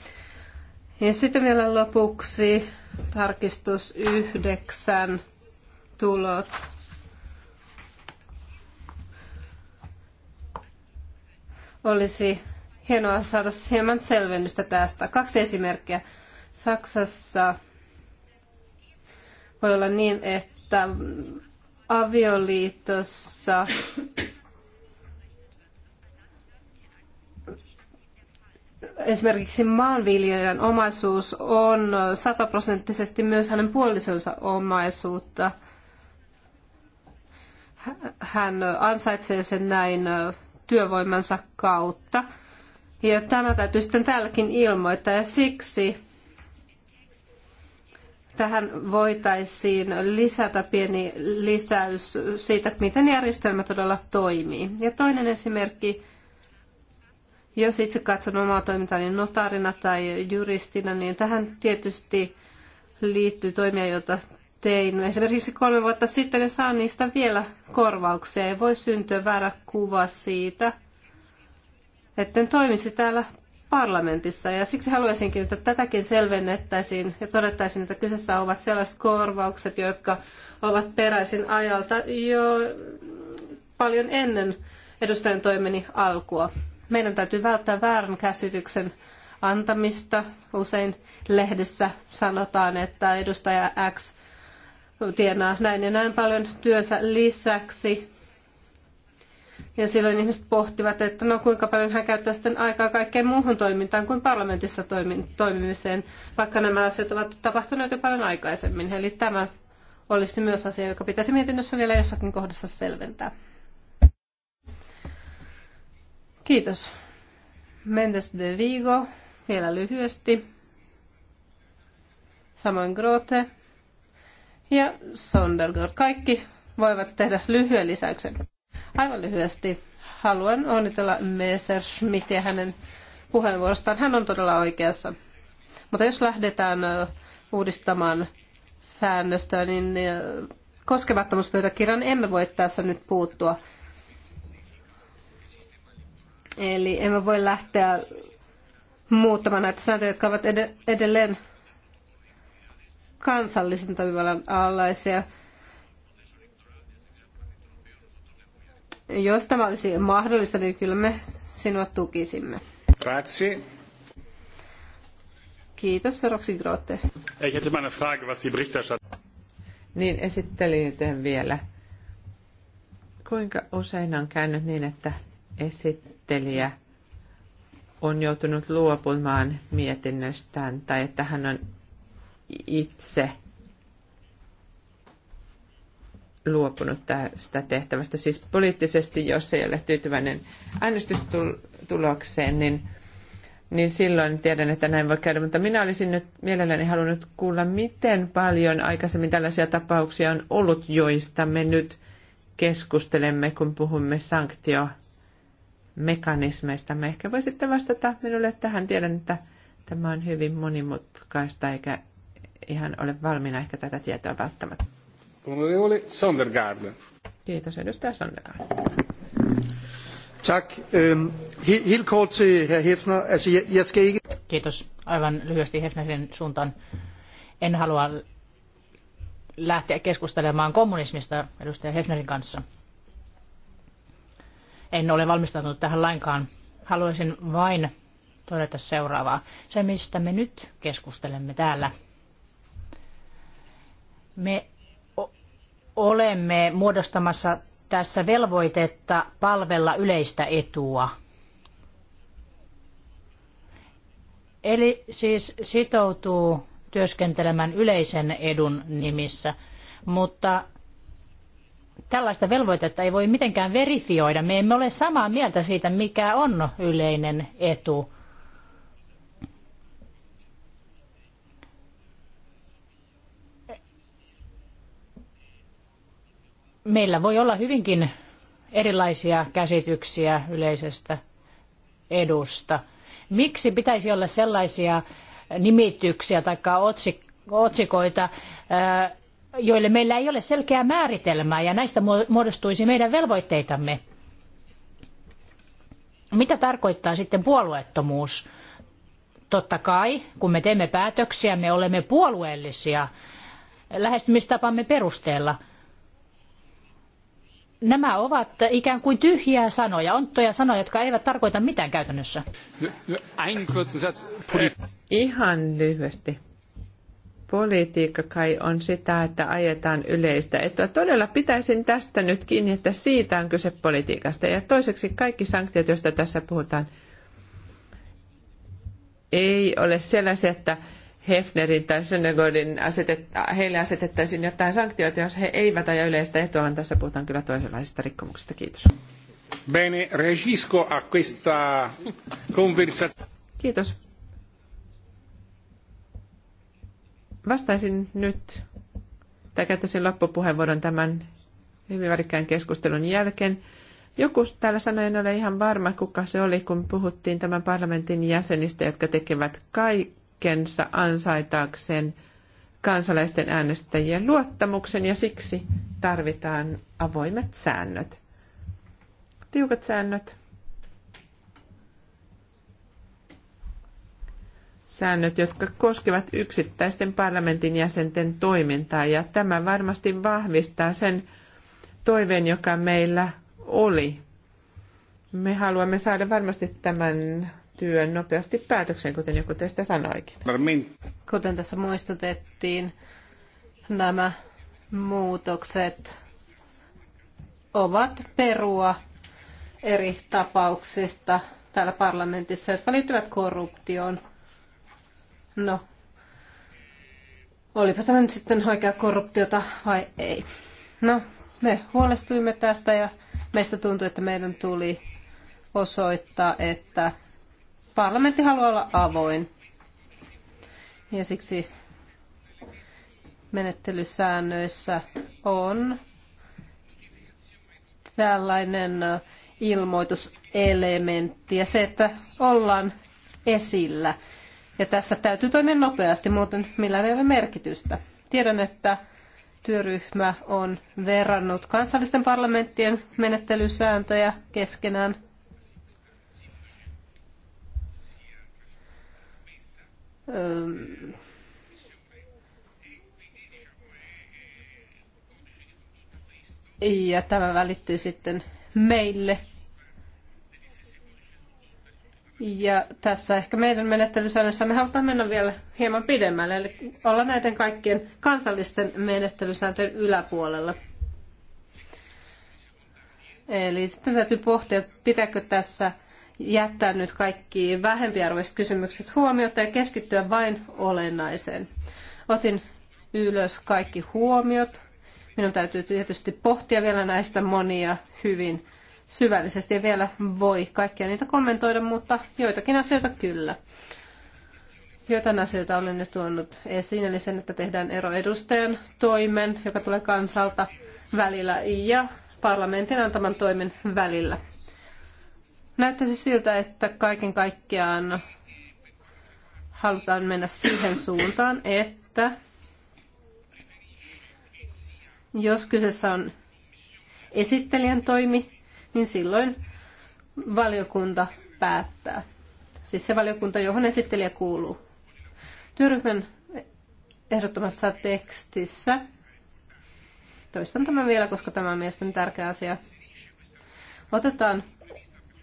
B: Ja sitten vielä lopuksi tarkistus yhdeksän tulot Olisi hienoa saada hieman selvennystä tästä. Kaksi esimerkkiä. Saksassa voi olla niin, että avioliitossa esimerkiksi maanviljelijän omaisuus on sataprosenttisesti myös hänen puolisonsa omaisuutta. Hän ansaitsee sen näin työvoimansa kautta. Ja tämä täytyy sitten täälläkin ilmoittaa ja siksi tähän voitaisiin lisätä pieni lisäys siitä, miten järjestelmä todella toimii. Ja toinen esimerkki, jos itse katson omaa toimintaani niin notaarina tai juristina, niin tähän tietysti liittyy toimia, joita tein esimerkiksi kolme vuotta sitten ja saan niistä vielä korvauksia. Ei voi syntyä väärä kuva siitä, etten toimisi täällä parlamentissa. Ja siksi haluaisinkin, että tätäkin selvennettäisiin ja todettaisiin, että kyseessä ovat sellaiset korvaukset, jotka ovat peräisin ajalta jo paljon ennen edustajan toimeni alkua. Meidän täytyy välttää väärän käsityksen antamista. Usein lehdessä sanotaan, että edustaja X tienaa näin ja näin paljon työnsä lisäksi. Ja silloin ihmiset pohtivat, että no kuinka paljon hän käyttää sitten aikaa kaikkeen muuhun toimintaan kuin parlamentissa toimimiseen, vaikka nämä asiat ovat tapahtuneet jo paljon aikaisemmin. Eli tämä olisi myös asia, joka pitäisi mietinnössä vielä jossakin kohdassa selventää. Kiitos. Mendes de Vigo, vielä lyhyesti. Samoin Grote, ja Sondergaard. Kaikki voivat tehdä lyhyen lisäyksen. Aivan lyhyesti haluan onnitella Messer ja hänen puheenvuorostaan. Hän on todella oikeassa. Mutta jos lähdetään uudistamaan säännöstöä, niin koskemattomuuspöytäkirjan emme voi tässä nyt puuttua. Eli emme voi lähteä muuttamaan näitä sääntöjä, jotka ovat edelleen kansallisen toimivallan alaisia. Jos tämä olisi mahdollista, niin kyllä me sinua tukisimme. Grazie.
D: Kiitos, Roxy Grote.
B: Ich hätte mal Frage, was die Berichterstattung...
D: Niin, esittelin vielä. Kuinka usein on käynyt niin, että esittelijä on joutunut luopumaan mietinnöstään tai että hän on itse luopunut tästä tehtävästä. Siis poliittisesti, jos ei ole tyytyväinen äänestystulokseen, niin, niin silloin tiedän, että näin voi käydä. Mutta minä olisin nyt mielelläni halunnut kuulla, miten paljon aikaisemmin tällaisia tapauksia on ollut, joista me nyt keskustelemme, kun puhumme sanktio mekanismeista. Me ehkä voisitte vastata minulle tähän. Tiedän, että tämä on hyvin monimutkaista eikä ihan ole valmiina ehkä tätä tietoa välttämättä. Honorevole Sondergaard.
C: Kiitos, edustaja Sondergaard.
D: Tack. Helt kort
A: herr Hefner. Altså, jeg, ikke...
C: Kiitos. Aivan lyhyesti Hefnerin suuntaan. En halua lähteä keskustelemaan kommunismista edustaja Hefnerin kanssa. En ole valmistautunut tähän lainkaan. Haluaisin vain todeta seuraavaa. Se, mistä me nyt keskustelemme täällä, me olemme muodostamassa tässä velvoitetta palvella yleistä etua. Eli siis sitoutuu työskentelemään yleisen edun nimissä, mutta tällaista velvoitetta ei voi mitenkään verifioida. Me emme ole samaa mieltä siitä, mikä on yleinen etu. meillä voi olla hyvinkin erilaisia käsityksiä yleisestä edusta. Miksi pitäisi olla sellaisia nimityksiä tai otsikoita, joille meillä ei ole selkeää määritelmää ja näistä muodostuisi meidän velvoitteitamme? Mitä tarkoittaa sitten puolueettomuus? Totta kai, kun me teemme päätöksiä, me olemme puolueellisia lähestymistapamme perusteella – nämä ovat ikään kuin tyhjiä sanoja, onttoja sanoja, jotka eivät tarkoita mitään käytännössä. Äh. Ihan lyhyesti.
D: Politiikka kai on sitä, että ajetaan yleistä etua. Todella pitäisin tästä nyt kiinni, että siitä on kyse politiikasta. Ja toiseksi kaikki sanktiot, joista tässä puhutaan, ei ole sellaisia, että Hefnerin tai Sönnegodin asetet, heille asetettaisiin jotain sanktioita, jos he eivät aja yleistä etua, vaan tässä puhutaan kyllä toisenlaisista rikkomuksista. Kiitos. Bene, reagisco a questa conversazione. Kiitos. Vastaisin nyt, tai käyttäisin loppupuheenvuoron tämän hyvin värikkään keskustelun jälkeen. Joku täällä sanoi, en ole ihan varma, kuka se oli, kun puhuttiin tämän parlamentin jäsenistä, jotka tekevät kaikki kaikkensa ansaitakseen kansalaisten äänestäjien luottamuksen ja siksi tarvitaan avoimet säännöt. Tiukat säännöt. Säännöt, jotka koskevat yksittäisten parlamentin jäsenten toimintaa ja tämä varmasti vahvistaa sen toiveen, joka meillä oli. Me haluamme saada varmasti tämän työn nopeasti päätökseen, kuten joku teistä sanoikin. Kuten tässä muistutettiin,
B: nämä muutokset ovat perua eri tapauksista täällä parlamentissa, jotka liittyvät korruptioon. No, olipa tämä nyt sitten oikea korruptiota vai ei. No, me huolestuimme tästä ja meistä tuntui, että meidän tuli osoittaa, että parlamentti haluaa olla avoin. Ja siksi menettelysäännöissä on tällainen ilmoituselementti ja se, että ollaan esillä. Ja tässä täytyy toimia nopeasti, muuten millään ei ole merkitystä. Tiedän, että työryhmä on verrannut kansallisten parlamenttien menettelysääntöjä keskenään – Ja tämä välittyy sitten meille. Ja tässä ehkä meidän menettelysäännössä me halutaan mennä vielä hieman pidemmälle, eli olla näiden kaikkien kansallisten menettelysääntöjen yläpuolella. Eli sitten täytyy pohtia, pitääkö tässä jättää nyt kaikki vähempiarvoiset kysymykset huomiota ja keskittyä vain olennaiseen. Otin ylös kaikki huomiot. Minun täytyy tietysti pohtia vielä näistä monia hyvin syvällisesti. ja vielä voi kaikkia niitä kommentoida, mutta joitakin asioita kyllä. Joitain asioita olen jo tuonut esiin, eli sen, että tehdään ero edustajan toimen, joka tulee kansalta välillä, ja parlamentin antaman toimen välillä. Näyttäisi siltä, että kaiken kaikkiaan halutaan mennä siihen suuntaan, että jos kyseessä on esittelijän toimi, niin silloin valiokunta päättää. Siis se valiokunta, johon esittelijä kuuluu. Työryhmän ehdottomassa tekstissä, toistan tämän vielä, koska tämä on mielestäni tärkeä asia, otetaan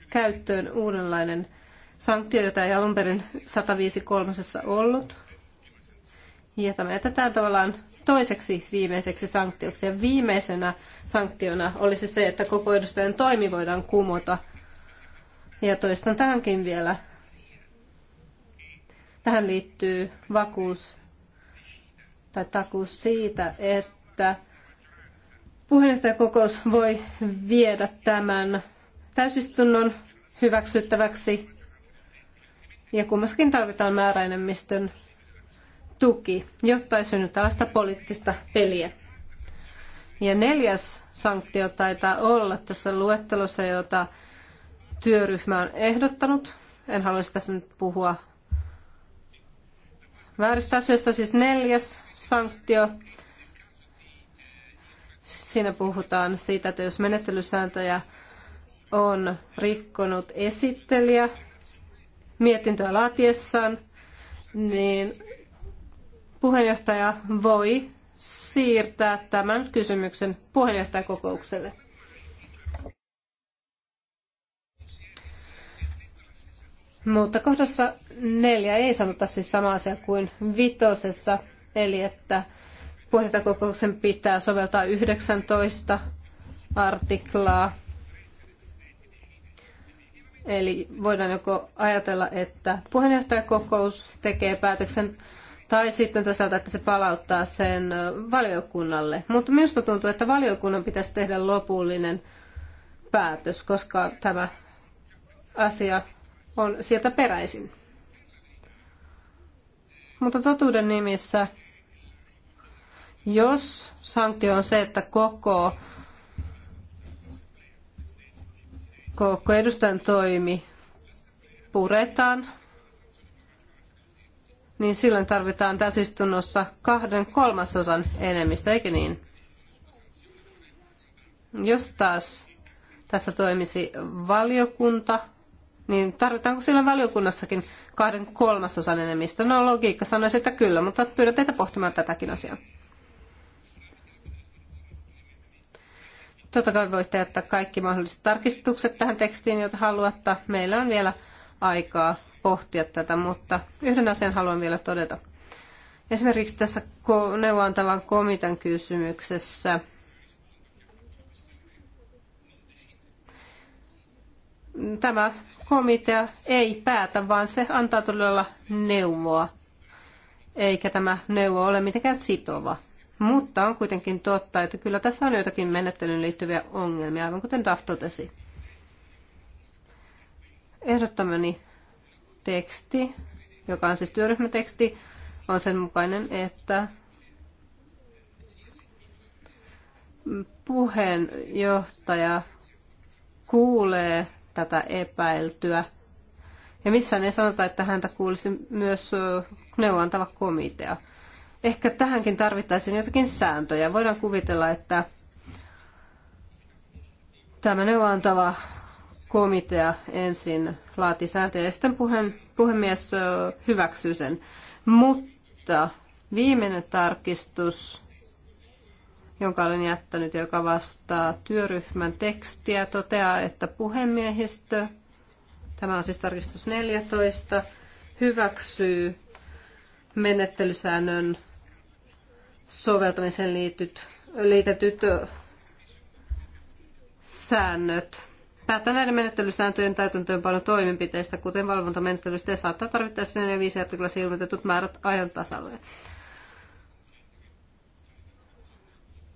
B: käyttöön uudenlainen sanktio, jota ei alun perin 153. ollut. Ja tämä jätetään tavallaan toiseksi viimeiseksi sanktioksi. Ja viimeisenä sanktiona olisi se, että koko edustajan toimi voidaan kumota. Ja toistan tämänkin vielä. Tähän liittyy vakuus tai takuus siitä, että puheenjohtajakokous voi viedä tämän täysistunnon hyväksyttäväksi ja kummassakin tarvitaan määräenemmistön tuki, jotta ei synny tällaista poliittista peliä. Ja neljäs sanktio taitaa olla tässä luettelossa, jota työryhmä on ehdottanut. En haluaisi tässä nyt puhua vääristä asioista, siis neljäs sanktio. Siinä puhutaan siitä, että jos menettelysääntöjä on rikkonut esittelijä mietintöä laatiessaan, niin puheenjohtaja voi siirtää tämän kysymyksen puheenjohtajakokoukselle. Mutta kohdassa neljä ei sanota siis sama asia kuin vitosessa, eli että puheenjohtajakokouksen pitää soveltaa 19 artiklaa Eli voidaan joko ajatella, että puheenjohtajakokous tekee päätöksen, tai sitten toisaalta, että se palauttaa sen valiokunnalle. Mutta minusta tuntuu, että valiokunnan pitäisi tehdä lopullinen päätös, koska tämä asia on sieltä peräisin. Mutta totuuden nimissä, jos sanktio on se, että koko koko edustajan toimi puretaan, niin silloin tarvitaan täysistunnossa kahden kolmasosan enemmistö, eikö niin? Jos taas tässä toimisi valiokunta, niin tarvitaanko silloin valiokunnassakin kahden kolmasosan enemmistö? No logiikka sanoisi, että kyllä, mutta pyydän teitä pohtimaan tätäkin asiaa. Totta kai voitte jättää kaikki mahdolliset tarkistukset tähän tekstiin, jota haluatte. Meillä on vielä aikaa pohtia tätä, mutta yhden asian haluan vielä todeta. Esimerkiksi tässä neuvontavan komitean kysymyksessä tämä komitea ei päätä, vaan se antaa todella neuvoa, eikä tämä neuvo ole mitenkään sitova. Mutta on kuitenkin totta, että kyllä tässä on joitakin menettelyyn liittyviä ongelmia, aivan kuten Daft totesi. Ehdottamani teksti, joka on siis työryhmäteksti, on sen mukainen, että puheenjohtaja kuulee tätä epäiltyä. Ja missään ei sanota, että häntä kuulisi myös neuvontava komitea. Ehkä tähänkin tarvittaisiin jotakin sääntöjä. Voidaan kuvitella, että tämä neuvontava komitea ensin laati sääntöjä ja sitten puhe, puhemies hyväksyy sen. Mutta viimeinen tarkistus, jonka olen jättänyt ja joka vastaa työryhmän tekstiä, toteaa, että puhemiehistö, tämä on siis tarkistus 14, hyväksyy menettelysäännön soveltamiseen liityt, liitetyt säännöt. Päättää näiden menettelysääntöjen täytäntöönpanon toimenpiteistä, kuten valvontamenettelystä, ja saattaa tarvittaessa 4 ja 5 artiklassa ilmoitetut määrät ajan tasalle.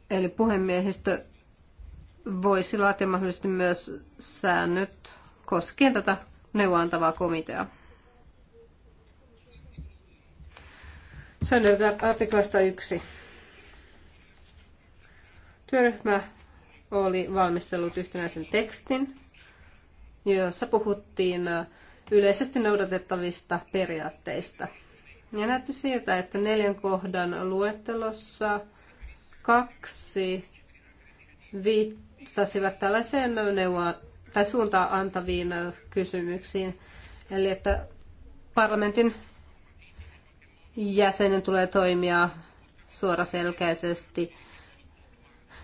B: Eli puhemiehistö voisi laatia mahdollisesti myös säännöt koskien tätä neuvoantavaa komiteaa. on artiklasta yksi Työryhmä oli valmistellut yhtenäisen tekstin, jossa puhuttiin yleisesti noudatettavista periaatteista. Ja näytti siltä, että neljän kohdan luettelossa kaksi viittasivat tällaiseen neuvoa tai suuntaa antaviin kysymyksiin. Eli että parlamentin jäsenen tulee toimia suoraselkäisesti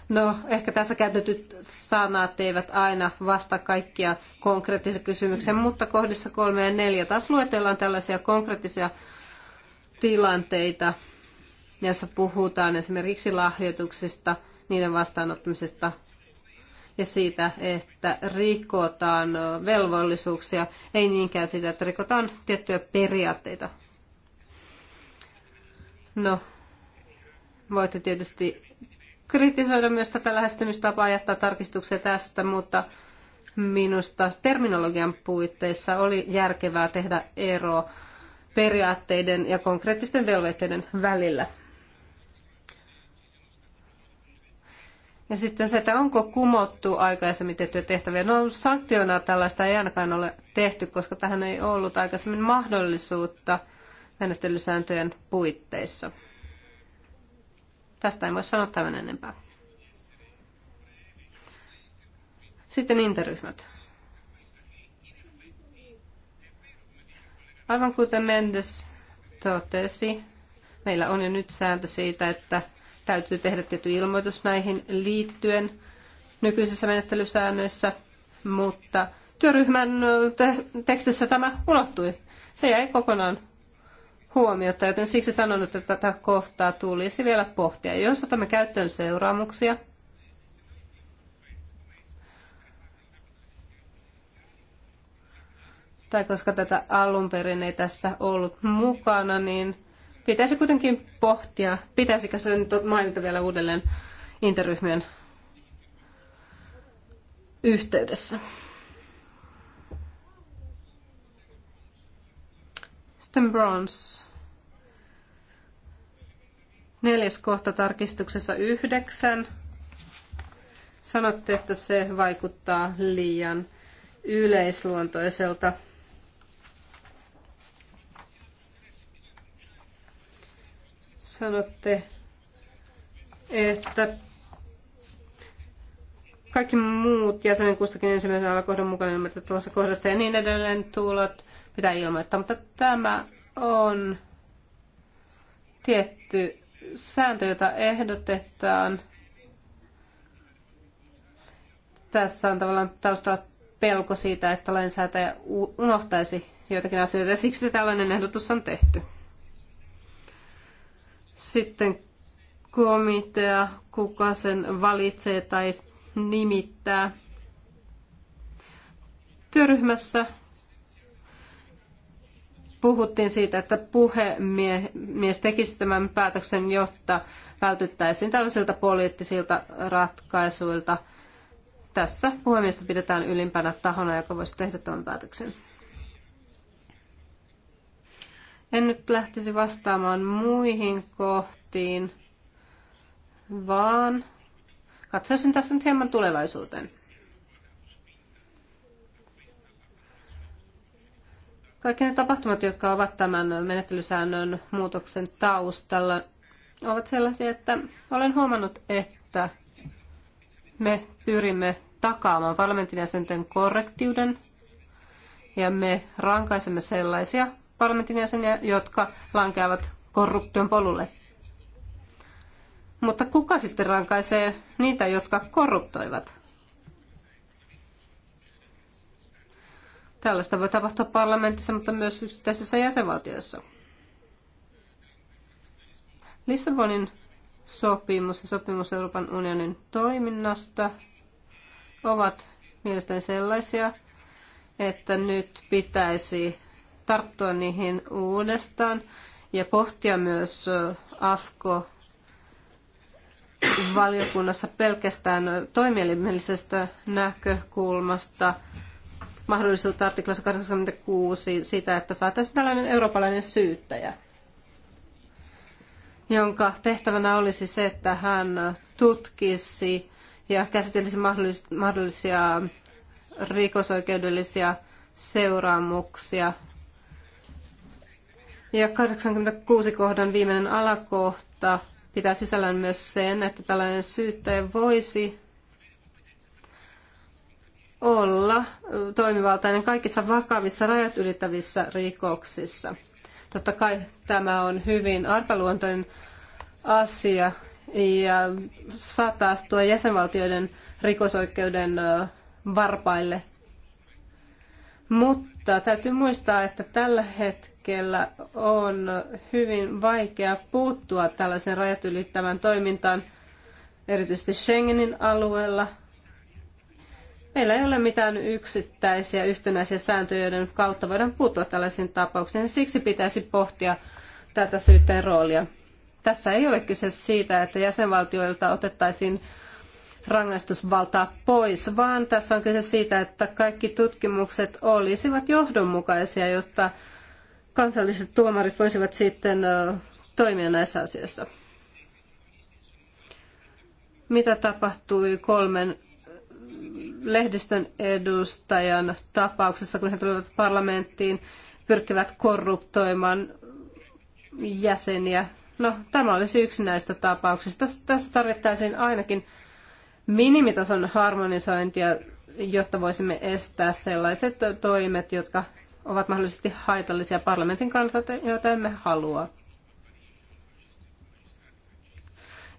B: No, ehkä tässä käytetyt sanat eivät aina vastaa kaikkia konkreettisia kysymyksiä, mutta kohdissa kolme ja neljä taas luetellaan tällaisia konkreettisia tilanteita, joissa puhutaan esimerkiksi lahjoituksista, niiden vastaanottamisesta ja siitä, että rikotaan velvollisuuksia, ei niinkään siitä, että rikotaan tiettyjä periaatteita. No, voitte tietysti kritisoida myös tätä lähestymistapaa jättää tarkistuksia tästä, mutta minusta terminologian puitteissa oli järkevää tehdä ero periaatteiden ja konkreettisten velvoitteiden välillä. Ja sitten se, että onko kumottu aikaisemmin tehtyjä tehtäviä. No sanktiona tällaista ei ainakaan ole tehty, koska tähän ei ollut aikaisemmin mahdollisuutta menettelysääntöjen puitteissa. Tästä en voi sanoa tämän enempää. Sitten interryhmät. Aivan kuten Mendes totesi, meillä on jo nyt sääntö siitä, että täytyy tehdä tietty ilmoitus näihin liittyen nykyisissä menettelysäännöissä, mutta työryhmän tekstissä tämä unohtui. Se jäi kokonaan huomiota, joten siksi sanon, että tätä kohtaa tulisi vielä pohtia. Jos otamme käyttöön seuraamuksia, tai koska tätä alun perin ei tässä ollut mukana, niin pitäisi kuitenkin pohtia, pitäisikö se nyt mainita vielä uudelleen interryhmien yhteydessä. Sitten Bronze. Neljäs kohta tarkistuksessa yhdeksän. Sanotte, että se vaikuttaa liian yleisluontoiselta. Sanotte, että kaikki muut jäsenen kustakin ensimmäisen alakohdan mukana ilmoitettavassa kohdasta ja niin edelleen tulot pitää ilmoittaa, mutta tämä on tietty sääntö, jota ehdotetaan. Tässä on tavallaan taustalla pelko siitä, että lainsäätäjä unohtaisi joitakin asioita, ja siksi tällainen ehdotus on tehty. Sitten komitea, kuka sen valitsee tai nimittää. Työryhmässä puhuttiin siitä, että puhemies tekisi tämän päätöksen, jotta vältyttäisiin tällaisilta poliittisilta ratkaisuilta. Tässä puhemiestä pidetään ylimpänä tahona, joka voisi tehdä tämän päätöksen. En nyt lähtisi vastaamaan muihin kohtiin, vaan katsoisin tässä nyt hieman tulevaisuuteen. Kaikki ne tapahtumat, jotka ovat tämän menettelysäännön muutoksen taustalla, ovat sellaisia, että olen huomannut, että me pyrimme takaamaan parlamentin jäsenten korrektiuden ja me rankaisemme sellaisia parlamentin jäseniä, jotka lankeavat korruption polulle. Mutta kuka sitten rankaisee niitä, jotka korruptoivat? Tällaista voi tapahtua parlamentissa, mutta myös yksittäisissä jäsenvaltioissa. Lissabonin sopimus ja sopimus Euroopan unionin toiminnasta ovat mielestäni sellaisia, että nyt pitäisi tarttua niihin uudestaan ja pohtia myös AFKO valiokunnassa pelkästään toimielimellisestä näkökulmasta – mahdollisuutta artiklassa 86 sitä, että saataisiin tällainen eurooppalainen syyttäjä, jonka tehtävänä olisi se, että hän tutkisi ja käsittelisi mahdollisia rikosoikeudellisia seuraamuksia. Ja 86 kohdan viimeinen alakohta pitää sisällään myös sen, että tällainen syyttäjä voisi olla toimivaltainen kaikissa vakavissa rajat ylittävissä rikoksissa. Totta kai tämä on hyvin arkaluontoinen asia ja saattaa astua jäsenvaltioiden rikosoikeuden varpaille. Mutta täytyy muistaa, että tällä hetkellä on hyvin vaikea puuttua tällaisen rajat ylittävän toimintaan, erityisesti Schengenin alueella – Meillä ei ole mitään yksittäisiä yhtenäisiä sääntöjä, joiden kautta voidaan puuttua tällaisiin tapauksiin. Siksi pitäisi pohtia tätä syytteen roolia. Tässä ei ole kyse siitä, että jäsenvaltioilta otettaisiin rangaistusvaltaa pois, vaan tässä on kyse siitä, että kaikki tutkimukset olisivat johdonmukaisia, jotta kansalliset tuomarit voisivat sitten toimia näissä asioissa. Mitä tapahtui kolmen lehdistön edustajan tapauksessa, kun he tulevat parlamenttiin, pyrkivät korruptoimaan jäseniä. No, tämä olisi yksi näistä tapauksista. Tässä tarvittaisiin ainakin minimitason harmonisointia, jotta voisimme estää sellaiset toimet, jotka ovat mahdollisesti haitallisia parlamentin kannalta, joita emme halua.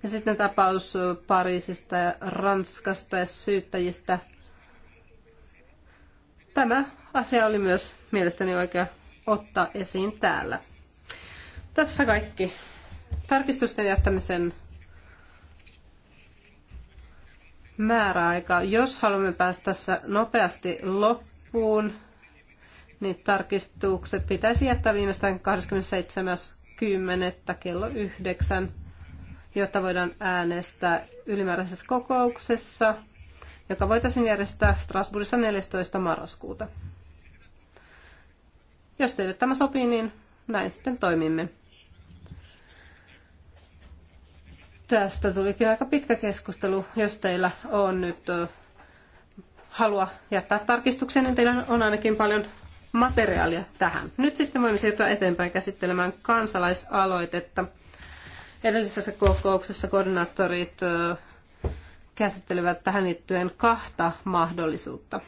B: Ja sitten tapaus Pariisista ja Ranskasta ja syyttäjistä – Tämä asia oli myös mielestäni oikea ottaa esiin täällä. Tässä kaikki. Tarkistusten jättämisen määräaika. Jos haluamme päästä tässä nopeasti loppuun, niin tarkistukset pitäisi jättää viimeistään 27.10. kello 9, jotta voidaan äänestää ylimääräisessä kokouksessa – joka voitaisiin järjestää Strasbourgissa 14. marraskuuta. Jos teille tämä sopii, niin näin sitten toimimme. Tästä tulikin aika pitkä keskustelu. Jos teillä on nyt halua jättää tarkistuksen, niin teillä on ainakin paljon materiaalia tähän. Nyt sitten voimme siirtyä eteenpäin käsittelemään kansalaisaloitetta. Edellisessä kokouksessa koordinaattorit käsittelevät tähän liittyen kahta mahdollisuutta.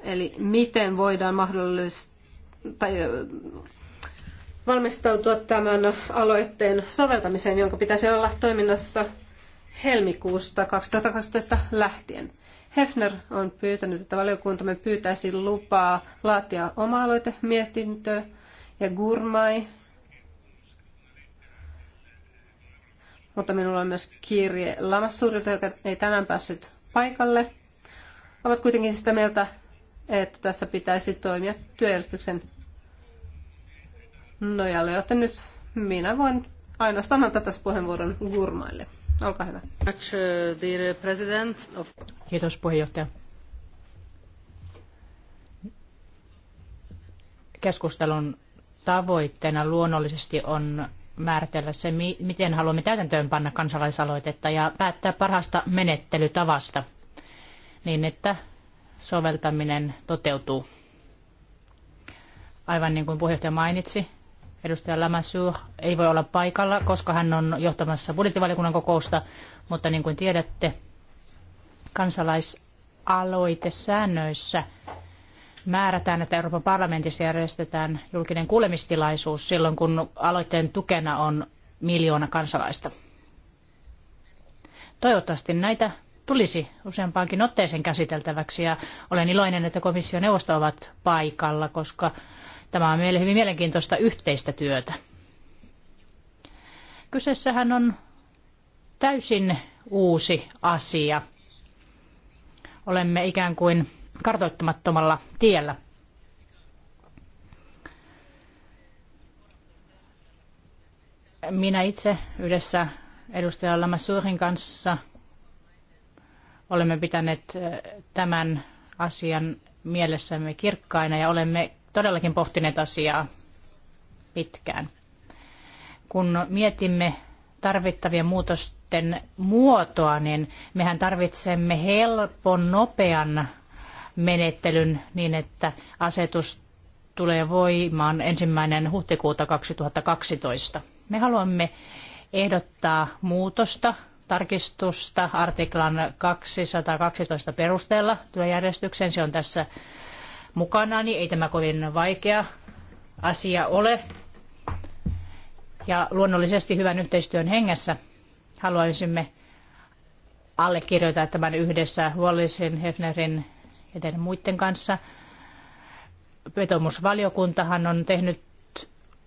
B: Eli miten voidaan mahdollista tai valmistautua tämän aloitteen soveltamiseen, jonka pitäisi olla toiminnassa helmikuusta 2012 lähtien. Hefner on pyytänyt, että valiokuntamme pyytäisi lupaa laatia oma-aloitemietintöä ja Gurmai mutta minulla on myös kirje Lamassuurilta, joka ei tänään päässyt paikalle. Ovat kuitenkin sitä mieltä, että tässä pitäisi toimia työjärjestyksen nojalla, joten nyt minä voin ainoastaan antaa tässä puheenvuoron Gurmaille. Olkaa hyvä.
C: Kiitos puheenjohtaja. Keskustelun tavoitteena luonnollisesti on määritellä se, miten haluamme täytäntöön panna kansalaisaloitetta ja päättää parhaasta menettelytavasta niin, että soveltaminen toteutuu. Aivan niin kuin puheenjohtaja mainitsi, edustaja Lamassu ei voi olla paikalla, koska hän on johtamassa budjettivaliokunnan kokousta, mutta niin kuin tiedätte, kansalaisaloitesäännöissä säännöissä määrätään, että Euroopan parlamentissa järjestetään julkinen kuulemistilaisuus silloin, kun aloitteen tukena on miljoona kansalaista. Toivottavasti näitä tulisi useampaankin otteeseen käsiteltäväksi ja olen iloinen, että komission neuvosto ovat paikalla, koska tämä on meille hyvin mielenkiintoista yhteistä työtä. Kyseessähän on täysin uusi asia. Olemme ikään kuin kartoittamattomalla tiellä. Minä itse yhdessä edustaja Lamassuurin kanssa olemme pitäneet tämän asian mielessämme kirkkaina ja olemme todellakin pohtineet asiaa pitkään. Kun mietimme tarvittavien muutosten muotoa, niin mehän tarvitsemme helpon, nopean menettelyn niin, että asetus tulee voimaan ensimmäinen huhtikuuta 2012. Me haluamme ehdottaa muutosta, tarkistusta artiklan 212 perusteella työjärjestykseen. Se on tässä mukana, niin ei tämä kovin vaikea asia ole. Ja luonnollisesti hyvän yhteistyön hengessä haluaisimme allekirjoittaa tämän yhdessä Wallisin, Hefnerin, ja teidän muiden kanssa. Vetomusvaliokuntahan on tehnyt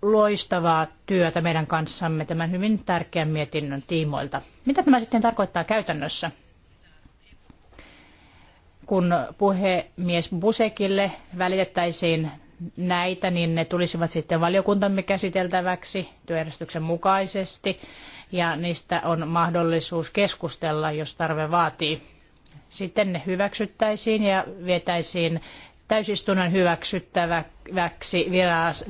C: loistavaa työtä meidän kanssamme tämän hyvin tärkeän mietinnön tiimoilta. Mitä tämä sitten tarkoittaa käytännössä? Kun puhemies Busekille välitettäisiin näitä, niin ne tulisivat sitten valiokuntamme käsiteltäväksi työjärjestyksen mukaisesti ja niistä on mahdollisuus keskustella, jos tarve vaatii. Sitten ne hyväksyttäisiin ja vietäisiin täysistunnon hyväksyttäväksi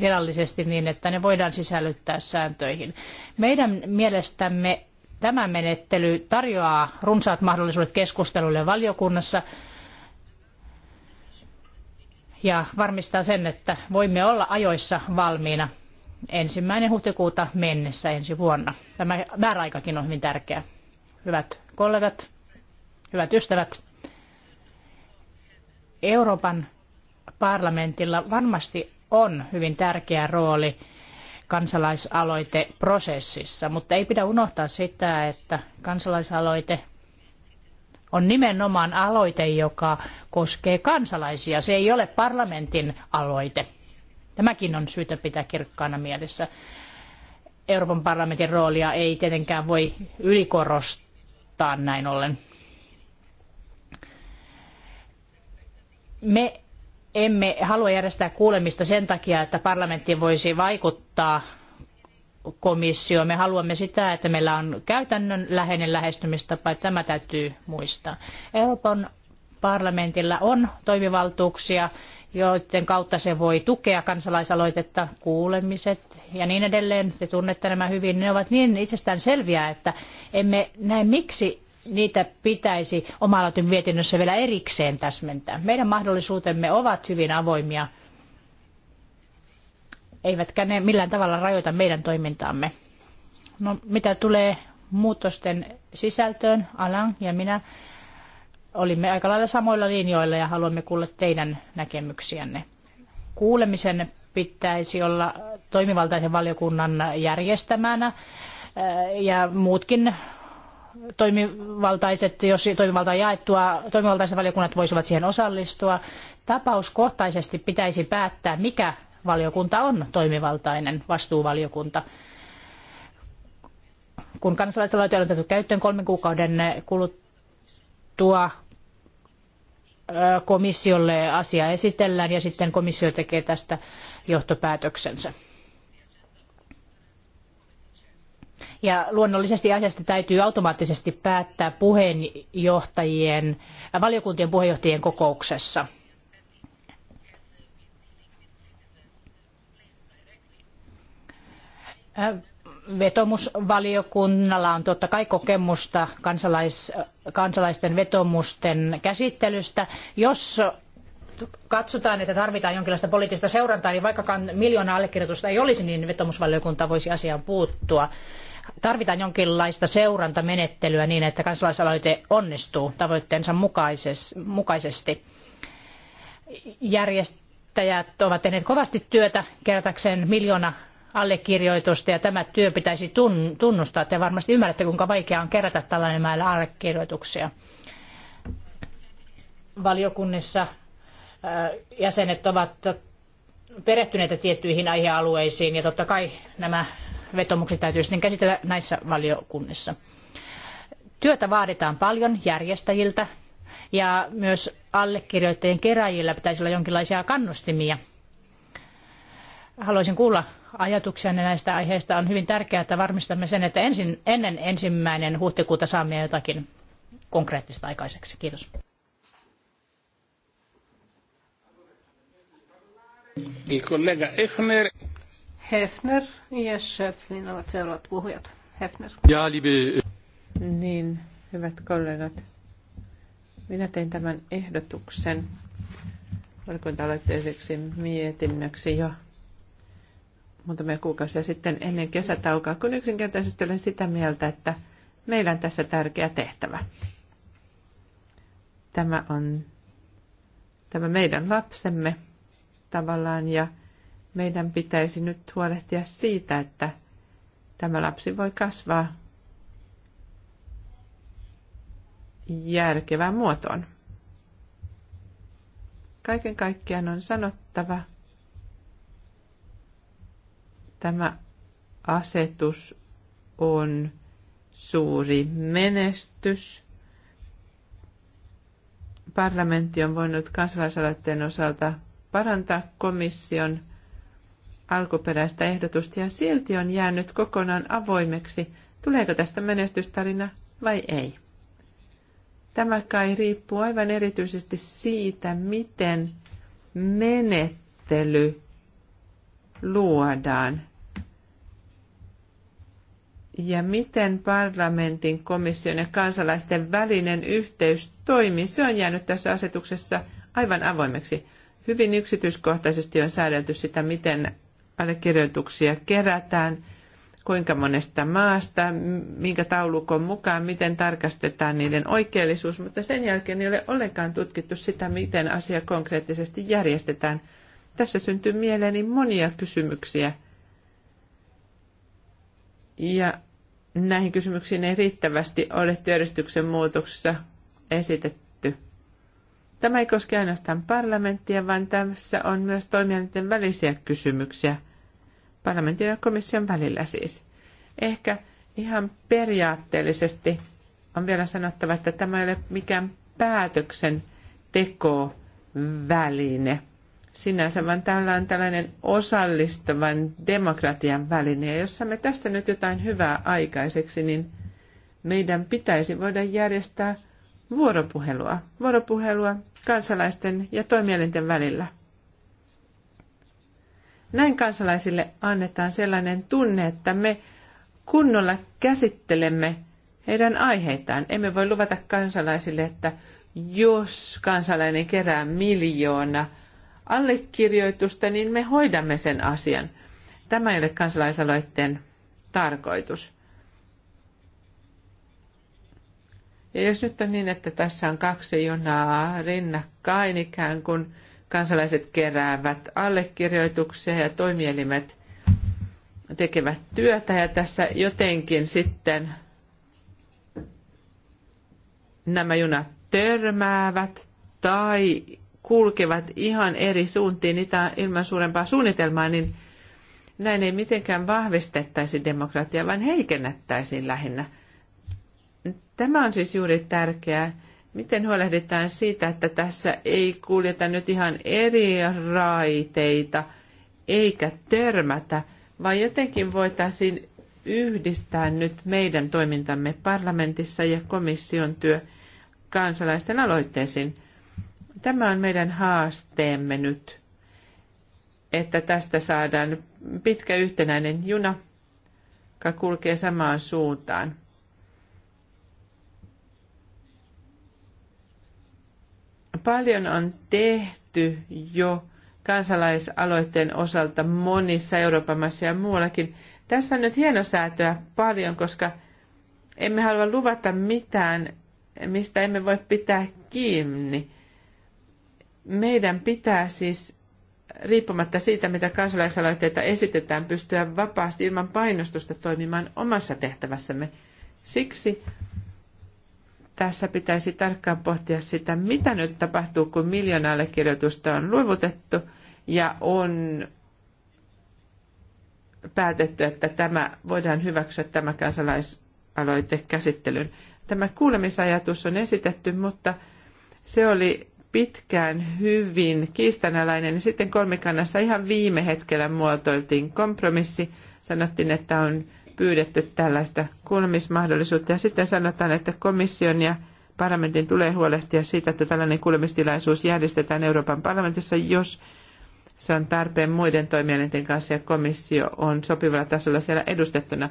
C: virallisesti niin, että ne voidaan sisällyttää sääntöihin. Meidän mielestämme tämä menettely tarjoaa runsaat mahdollisuudet keskustelulle valiokunnassa ja varmistaa sen, että voimme olla ajoissa valmiina ensimmäinen huhtikuuta mennessä ensi vuonna. Tämä määräaikakin on hyvin tärkeä. Hyvät kollegat, Hyvät ystävät, Euroopan parlamentilla varmasti on hyvin tärkeä rooli kansalaisaloiteprosessissa, mutta ei pidä unohtaa sitä, että kansalaisaloite on nimenomaan aloite, joka koskee kansalaisia. Se ei ole parlamentin aloite. Tämäkin on syytä pitää kirkkaana mielessä. Euroopan parlamentin roolia ei tietenkään voi ylikorostaa näin ollen. Me emme halua järjestää kuulemista sen takia, että parlamentti voisi vaikuttaa komissioon. Me haluamme sitä, että meillä on käytännön läheinen lähestymistapa. Tämä täytyy muistaa. Euroopan parlamentilla on toimivaltuuksia, joiden kautta se voi tukea kansalaisaloitetta, kuulemiset ja niin edelleen. Te tunnette nämä hyvin. Ne ovat niin itsestään selviä, että emme näe miksi niitä pitäisi omalla mietinnössä vielä erikseen täsmentää. Meidän mahdollisuutemme ovat hyvin avoimia, eivätkä ne millään tavalla rajoita meidän toimintaamme. No, mitä tulee muutosten sisältöön, Alan ja minä olimme aika lailla samoilla linjoilla ja haluamme kuulla teidän näkemyksiänne. Kuulemisen pitäisi olla toimivaltaisen valiokunnan järjestämänä ja muutkin toimivaltaiset, jos toimivalta jaettua, toimivaltaiset valiokunnat voisivat siihen osallistua. Tapauskohtaisesti pitäisi päättää, mikä valiokunta on toimivaltainen vastuuvaliokunta. Kun kansalaisaloite on otettu käyttöön kolmen kuukauden kuluttua, komissiolle asia esitellään ja sitten komissio tekee tästä johtopäätöksensä. Ja luonnollisesti asiasta täytyy automaattisesti päättää puheenjohtajien, valiokuntien puheenjohtajien kokouksessa. Vetomusvaliokunnalla on totta kai kokemusta kansalais, kansalaisten vetomusten käsittelystä. Jos katsotaan, että tarvitaan jonkinlaista poliittista seurantaa, niin vaikkakaan miljoona allekirjoitusta ei olisi, niin vetomusvaliokunta voisi asiaan puuttua tarvitaan jonkinlaista seurantamenettelyä niin, että kansalaisaloite onnistuu tavoitteensa mukaisesti. Järjestäjät ovat tehneet kovasti työtä kerätäkseen miljoona allekirjoitusta ja tämä työ pitäisi tunnustaa. Te varmasti ymmärrätte, kuinka vaikeaa on kerätä tällainen määrä allekirjoituksia. Valiokunnissa äh, jäsenet ovat perehtyneitä tiettyihin aihealueisiin ja totta kai nämä vetomukset täytyy sitten käsitellä näissä valiokunnissa. Työtä vaaditaan paljon järjestäjiltä ja myös allekirjoittajien keräjillä pitäisi olla jonkinlaisia kannustimia. Haluaisin kuulla ajatuksia näistä aiheista. On hyvin tärkeää, että varmistamme sen, että ensin, ennen ensimmäinen huhtikuuta saamme jotakin konkreettista aikaiseksi. Kiitos.
A: Il kollega Hefner.
B: Hefner ja Schöpflin niin ovat seuraavat
D: puhujat. Hefner.
A: Ja, liebe.
D: Niin, hyvät kollegat. Minä tein tämän ehdotuksen valiokunta mietinnöksi jo muutamia kuukausia sitten ennen kesätaukaa kun yksinkertaisesti olen sitä mieltä, että meillä on tässä tärkeä tehtävä. Tämä on tämä meidän lapsemme, tavallaan ja meidän pitäisi nyt huolehtia siitä, että tämä lapsi voi kasvaa järkevään muotoon. Kaiken kaikkiaan on sanottava, tämä asetus on suuri menestys. Parlamentti on voinut kansalaisaloitteen osalta parantaa komission alkuperäistä ehdotusta ja silti on jäänyt kokonaan avoimeksi, tuleeko tästä menestystarina vai ei. Tämä kai riippuu aivan erityisesti siitä, miten menettely luodaan ja miten parlamentin, komission ja kansalaisten välinen yhteys toimii. Se on jäänyt tässä asetuksessa aivan avoimeksi. Hyvin yksityiskohtaisesti on säädelty sitä, miten allekirjoituksia kerätään, kuinka monesta maasta, minkä taulukon mukaan, miten tarkastetaan niiden oikeellisuus, mutta sen jälkeen ei ole ollenkaan tutkittu sitä, miten asia konkreettisesti järjestetään. Tässä syntyy mieleeni monia kysymyksiä. Ja näihin kysymyksiin ei riittävästi ole työllistyksen muutoksessa esitetty Tämä ei koske ainoastaan parlamenttia, vaan tässä on myös toimijoiden välisiä kysymyksiä, parlamentin ja komission välillä siis. Ehkä ihan periaatteellisesti on vielä sanottava, että tämä ei ole mikään päätöksen tekoväline sinänsä, vaan täällä on tällainen osallistavan demokratian väline. Ja jos me tästä nyt jotain hyvää aikaiseksi, niin meidän pitäisi voida järjestää vuoropuhelua. Vuoropuhelua kansalaisten ja toimielinten välillä. Näin kansalaisille annetaan sellainen tunne, että me kunnolla käsittelemme heidän aiheitaan. Emme voi luvata kansalaisille, että jos kansalainen kerää miljoona allekirjoitusta, niin me hoidamme sen asian. Tämä ei ole kansalaisaloitteen tarkoitus. Ja jos nyt on niin, että tässä on kaksi junaa rinnakkain ikään kuin kansalaiset keräävät allekirjoituksia ja toimielimet tekevät työtä ja tässä jotenkin sitten nämä junat törmäävät tai kulkevat ihan eri suuntiin niitä ilman suurempaa suunnitelmaa, niin näin ei mitenkään vahvistettaisi demokratiaa, vaan heikennettäisiin lähinnä – Tämä on siis juuri tärkeää. Miten huolehditaan siitä, että tässä ei kuljeta nyt ihan eri raiteita eikä törmätä, vaan jotenkin voitaisiin yhdistää nyt meidän toimintamme parlamentissa ja komission työ kansalaisten aloitteisiin. Tämä on meidän haasteemme nyt, että tästä saadaan pitkä yhtenäinen juna, joka kulkee samaan suuntaan. Paljon on tehty jo kansalaisaloitteen osalta monissa Euroopan maissa ja muuallakin. Tässä on nyt hienosäätöä paljon, koska emme halua luvata mitään, mistä emme voi pitää kiinni. Meidän pitää siis, riippumatta siitä, mitä kansalaisaloitteita esitetään, pystyä vapaasti ilman painostusta toimimaan omassa tehtävässämme. Siksi tässä pitäisi tarkkaan pohtia sitä, mitä nyt tapahtuu, kun miljoona allekirjoitusta on luovutettu ja on päätetty, että tämä voidaan hyväksyä tämä kansalaisaloite käsittelyn. Tämä kuulemisajatus on esitetty, mutta se oli pitkään hyvin kiistanalainen. sitten kolmikannassa ihan viime hetkellä muotoiltiin kompromissi. Sanottiin, että on pyydetty tällaista kuulemismahdollisuutta. Ja sitten sanotaan, että komission ja parlamentin tulee huolehtia siitä, että tällainen kuulemistilaisuus järjestetään Euroopan parlamentissa, jos se on tarpeen muiden toimielinten kanssa ja komissio on sopivalla tasolla siellä edustettuna.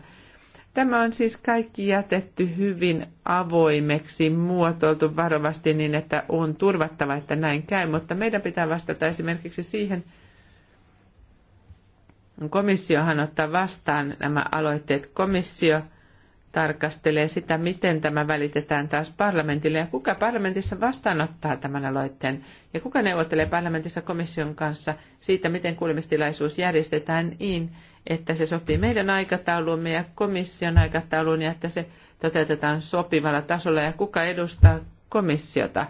D: Tämä on siis kaikki jätetty hyvin avoimeksi, muotoiltu varovasti niin, että on turvattava, että näin käy, mutta meidän pitää vastata esimerkiksi siihen, Komissiohan ottaa vastaan nämä aloitteet. Komissio tarkastelee sitä, miten tämä välitetään taas parlamentille ja kuka parlamentissa vastaanottaa tämän aloitteen ja kuka neuvottelee parlamentissa komission kanssa siitä, miten kuulemistilaisuus järjestetään niin, että se sopii meidän aikatauluumme ja komission aikatauluun ja että se toteutetaan sopivalla tasolla ja kuka edustaa komissiota.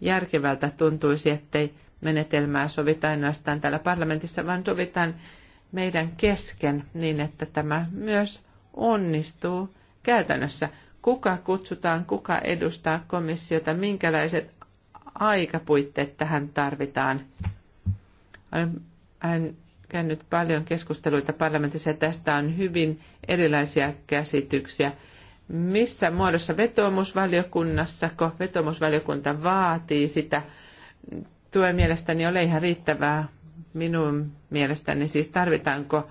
D: Järkevältä tuntuisi, ettei menetelmää sovita ainoastaan täällä parlamentissa, vaan sovitaan meidän kesken niin, että tämä myös onnistuu käytännössä. Kuka kutsutaan, kuka edustaa komissiota, minkälaiset aikapuitteet tähän tarvitaan. Olen käynyt paljon keskusteluita parlamentissa ja tästä on hyvin erilaisia käsityksiä. Missä muodossa vetoomusvaliokunnassako vetoomusvaliokunta vaatii sitä, tuo mielestäni ole ihan riittävää minun mielestäni siis tarvitaanko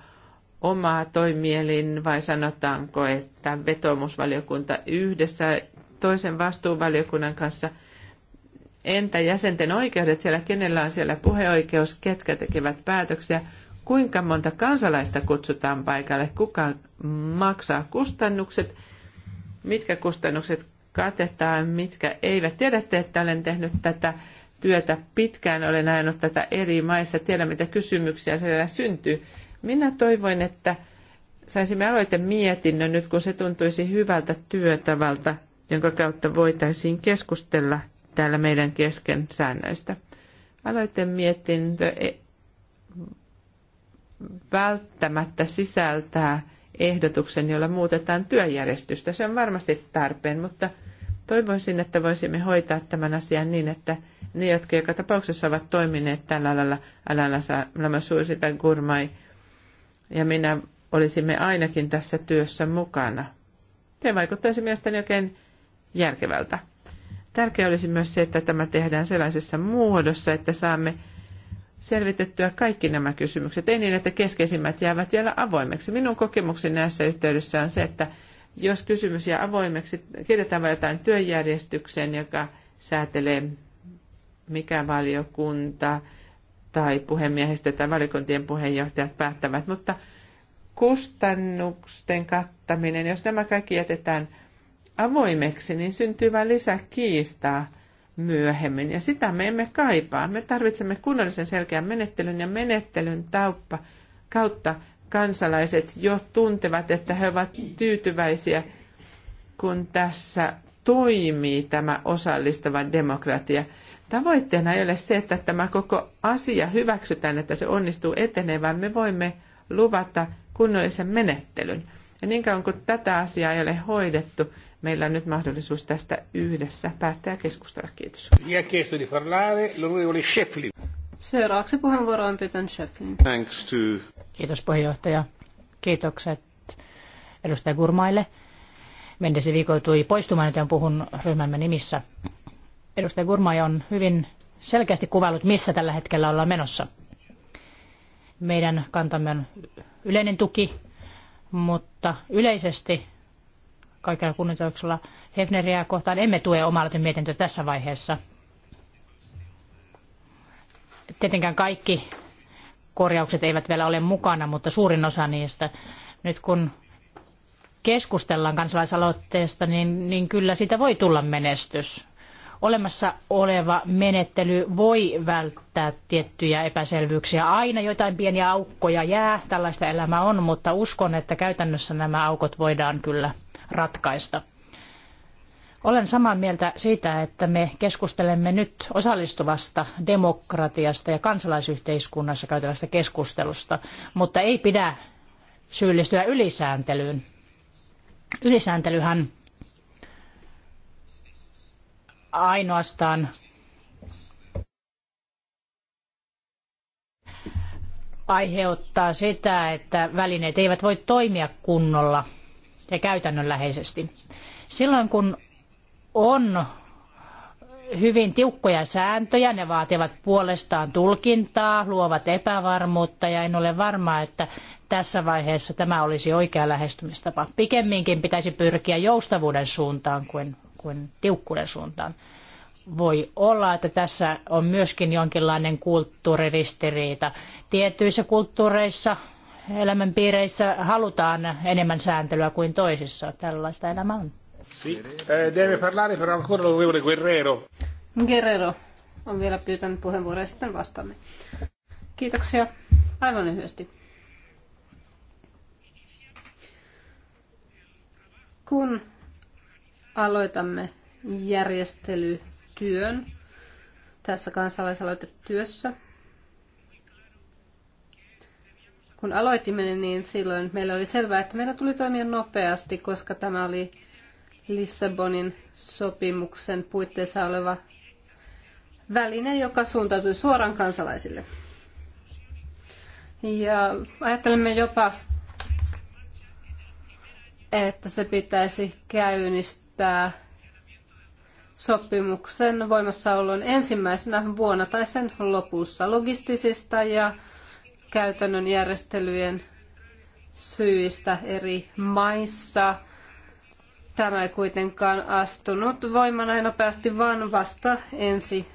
D: omaa toimielin vai sanotaanko, että vetomusvaliokunta yhdessä toisen vastuuvaliokunnan kanssa. Entä jäsenten oikeudet siellä, kenellä on siellä puheoikeus, ketkä tekevät päätöksiä, kuinka monta kansalaista kutsutaan paikalle, kuka maksaa kustannukset, mitkä kustannukset katetaan, mitkä eivät. Tiedätte, että olen tehnyt tätä työtä pitkään, olen ajanut tätä eri maissa, tiedän mitä kysymyksiä siellä syntyy. Minä toivoin, että saisimme aloite mietinnön nyt, kun se tuntuisi hyvältä työtavalta, jonka kautta voitaisiin keskustella täällä meidän kesken säännöistä. Aloite mietintö e- välttämättä sisältää ehdotuksen, jolla muutetaan työjärjestystä. Se on varmasti tarpeen, mutta – Toivoisin, että voisimme hoitaa tämän asian niin, että ne, jotka joka tapauksessa ovat toimineet tällä alalla, alalla Lama suosita tai Gurmai, ja minä olisimme ainakin tässä työssä mukana. Se vaikuttaisi mielestäni oikein järkevältä. Tärkeää olisi myös se, että tämä tehdään sellaisessa muodossa, että saamme selvitettyä kaikki nämä kysymykset. Ei niin, että keskeisimmät jäävät vielä avoimeksi. Minun kokemukseni näissä yhteydessä on se, että jos kysymys jää avoimeksi, kirjataan jotain työjärjestykseen, joka säätelee mikä valiokunta tai puhemiehistö tai valiokuntien puheenjohtajat päättävät, mutta kustannusten kattaminen, jos nämä kaikki jätetään avoimeksi, niin syntyy vain lisää kiistaa myöhemmin. Ja sitä me emme kaipaa. Me tarvitsemme kunnollisen selkeän menettelyn ja menettelyn tauppa kautta kansalaiset jo tuntevat, että he ovat tyytyväisiä, kun tässä toimii tämä osallistava demokratia. Tavoitteena ei ole se, että tämä koko asia hyväksytään, että se onnistuu vaan Me voimme luvata kunnollisen menettelyn. Ja niin kauan kuin tätä asiaa ei ole hoidettu, meillä on nyt mahdollisuus tästä yhdessä päättää keskustella. Kiitos. Seuraavaksi
B: puheenvuoro on Pytön Schäfflin.
A: Thanks to...
C: Kiitos puheenjohtaja. Kiitokset edustaja Gurmaille. Mendesi viikoitui poistumaan, joten puhun ryhmämme nimissä. Edustaja Gurmai on hyvin selkeästi kuvailut, missä tällä hetkellä ollaan menossa. Meidän kantamme on yleinen tuki, mutta yleisesti kaikella kunnioituksella Hefneriä kohtaan emme tue omaa mietintöä tässä vaiheessa. Tietenkään kaikki korjaukset eivät vielä ole mukana, mutta suurin osa niistä. Nyt kun keskustellaan kansalaisaloitteesta, niin, niin kyllä siitä voi tulla menestys. Olemassa oleva menettely voi välttää tiettyjä epäselvyyksiä. Aina jotain pieniä aukkoja jää, tällaista elämää on, mutta uskon, että käytännössä nämä aukot voidaan kyllä ratkaista. Olen samaa mieltä siitä, että me keskustelemme nyt osallistuvasta demokratiasta ja kansalaisyhteiskunnassa käytävästä keskustelusta, mutta ei pidä syyllistyä ylisääntelyyn. Ylisääntelyhän ainoastaan aiheuttaa sitä, että välineet eivät voi toimia kunnolla ja käytännönläheisesti. Silloin kun on hyvin tiukkoja sääntöjä, ne vaativat puolestaan tulkintaa, luovat epävarmuutta ja en ole varma, että tässä vaiheessa tämä olisi oikea lähestymistapa. Pikemminkin pitäisi pyrkiä joustavuuden suuntaan kuin, kuin tiukkuuden suuntaan. Voi olla, että tässä on myöskin jonkinlainen kulttuuriristiriita. Tietyissä kulttuureissa, elämänpiireissä halutaan enemmän sääntelyä kuin toisissa. Tällaista elämä on.
D: Sì, eh, deve parlare però ancora l'onorevole Guerrero.
B: Guerrero on vielä pyytänyt puheenvuoroa ja sitten vastaamme. Kiitoksia. Aivan lyhyesti. Kun aloitamme järjestelytyön tässä kansalaisaloitetyössä, kun aloitimme, niin silloin meillä oli selvää, että meillä tuli toimia nopeasti, koska tämä oli Lissabonin sopimuksen puitteissa oleva väline, joka suuntautui suoraan kansalaisille. Ja ajattelemme jopa, että se pitäisi käynnistää sopimuksen voimassaolon ensimmäisenä vuonna tai sen lopussa logistisista ja käytännön järjestelyjen syistä eri maissa – Tämä ei kuitenkaan astunut voimaan aina päästi vaan vasta ensi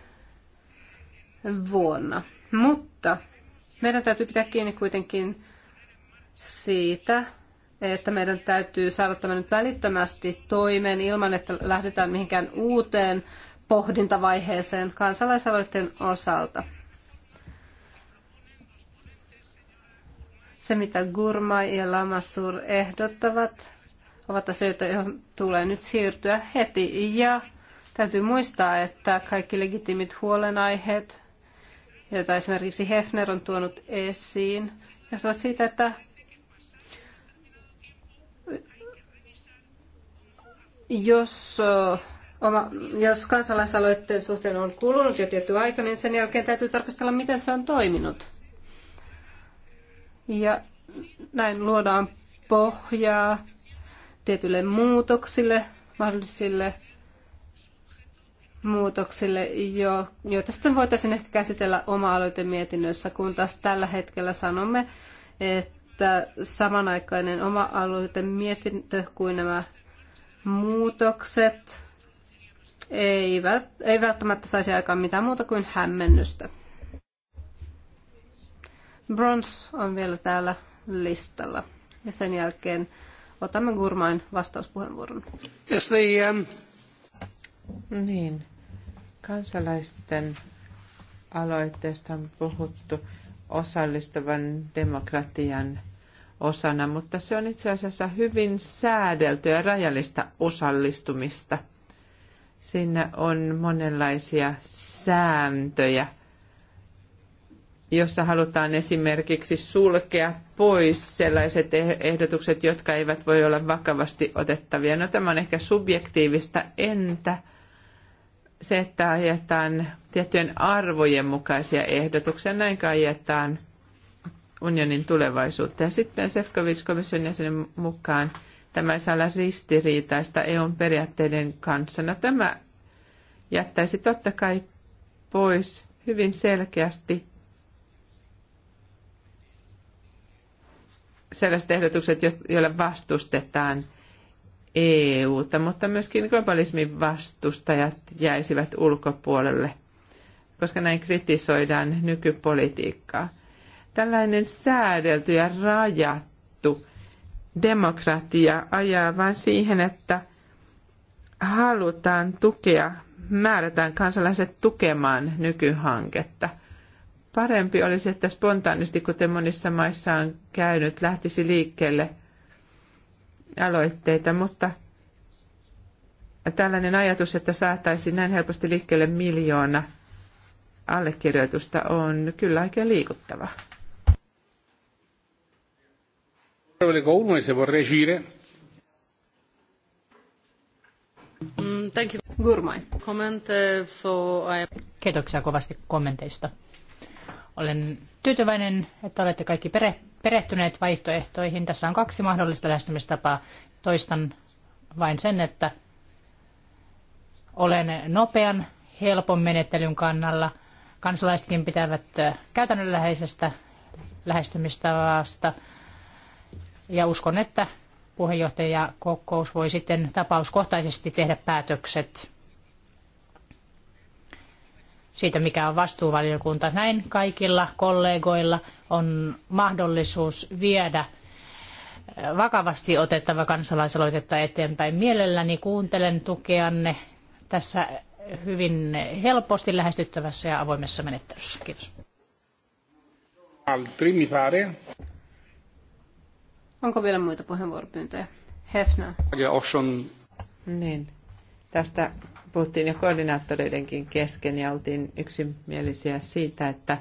B: vuonna. Mutta meidän täytyy pitää kiinni kuitenkin siitä, että meidän täytyy saada tämä nyt välittömästi toimeen ilman, että lähdetään mihinkään uuteen pohdintavaiheeseen kansalaisaloitteen osalta. Se, mitä Gurmai ja Lamassur ehdottavat, ovat asioita, joihin tulee nyt siirtyä heti. Ja täytyy muistaa, että kaikki legitiimit huolenaiheet, joita esimerkiksi Hefner on tuonut esiin, johtuvat siitä, että jos, oma, jos kansalaisaloitteen suhteen on kulunut jo tietty aika, niin sen jälkeen täytyy tarkastella, miten se on toiminut. Ja näin luodaan pohjaa tietyille muutoksille, mahdollisille muutoksille, jo, joita sitten voitaisiin ehkä käsitellä oma-aloitemietinnössä, kun taas tällä hetkellä sanomme, että samanaikainen oma-aloitemietintö kuin nämä muutokset eivät, ei välttämättä saisi aikaan mitään muuta kuin hämmennystä. Bronze on vielä täällä listalla. Ja sen jälkeen Otamme Gurmain
D: vastauspuheenvuoron. Yes, the, um... Niin, kansalaisten aloitteesta on puhuttu osallistavan demokratian osana, mutta se on itse asiassa hyvin säädeltyä ja rajallista osallistumista. Siinä on monenlaisia sääntöjä – jossa halutaan esimerkiksi sulkea pois sellaiset eh- ehdotukset, jotka eivät voi olla vakavasti otettavia. No tämä on ehkä subjektiivista, entä se, että ajetaan tiettyjen arvojen mukaisia ehdotuksia, näin ajetaan unionin tulevaisuutta. Ja sitten Sefcovic-komission jäsenen mukaan tämä ei saa olla ristiriitaista EUn periaatteiden kanssa. No tämä jättäisi totta kai pois hyvin selkeästi sellaiset ehdotukset, joilla vastustetaan EUta, mutta myöskin globalismin vastustajat jäisivät ulkopuolelle, koska näin kritisoidaan nykypolitiikkaa. Tällainen säädelty ja rajattu demokratia ajaa vain siihen, että halutaan tukea, määrätään kansalaiset tukemaan nykyhanketta – Parempi olisi, että spontaanisti, kuten monissa maissa on käynyt, lähtisi liikkeelle aloitteita, mutta tällainen ajatus, että saataisiin näin helposti liikkeelle miljoona allekirjoitusta, on kyllä aika liikuttava.
C: Mm, thank you. Gurmai. Eh, Kiitoksia kovasti kommenteista. Olen tyytyväinen, että olette kaikki perehtyneet vaihtoehtoihin. Tässä on kaksi mahdollista lähestymistapaa. Toistan vain sen, että olen nopean, helpon menettelyn kannalla. Kansalaisetkin pitävät käytännönläheisestä lähestymistavasta. Ja uskon, että kokous voi sitten tapauskohtaisesti tehdä päätökset siitä, mikä on vastuuvaliokunta. Näin kaikilla kollegoilla on mahdollisuus viedä vakavasti otettava kansalaisaloitetta eteenpäin. Mielelläni kuuntelen tukeanne tässä hyvin helposti lähestyttävässä ja avoimessa menettelyssä. Kiitos.
D: Altri,
A: mi pare.
C: Onko vielä muita puheenvuoropyyntöjä? Hefner.
D: Niin, tästä puhuttiin jo koordinaattoreidenkin kesken ja oltiin yksimielisiä siitä, että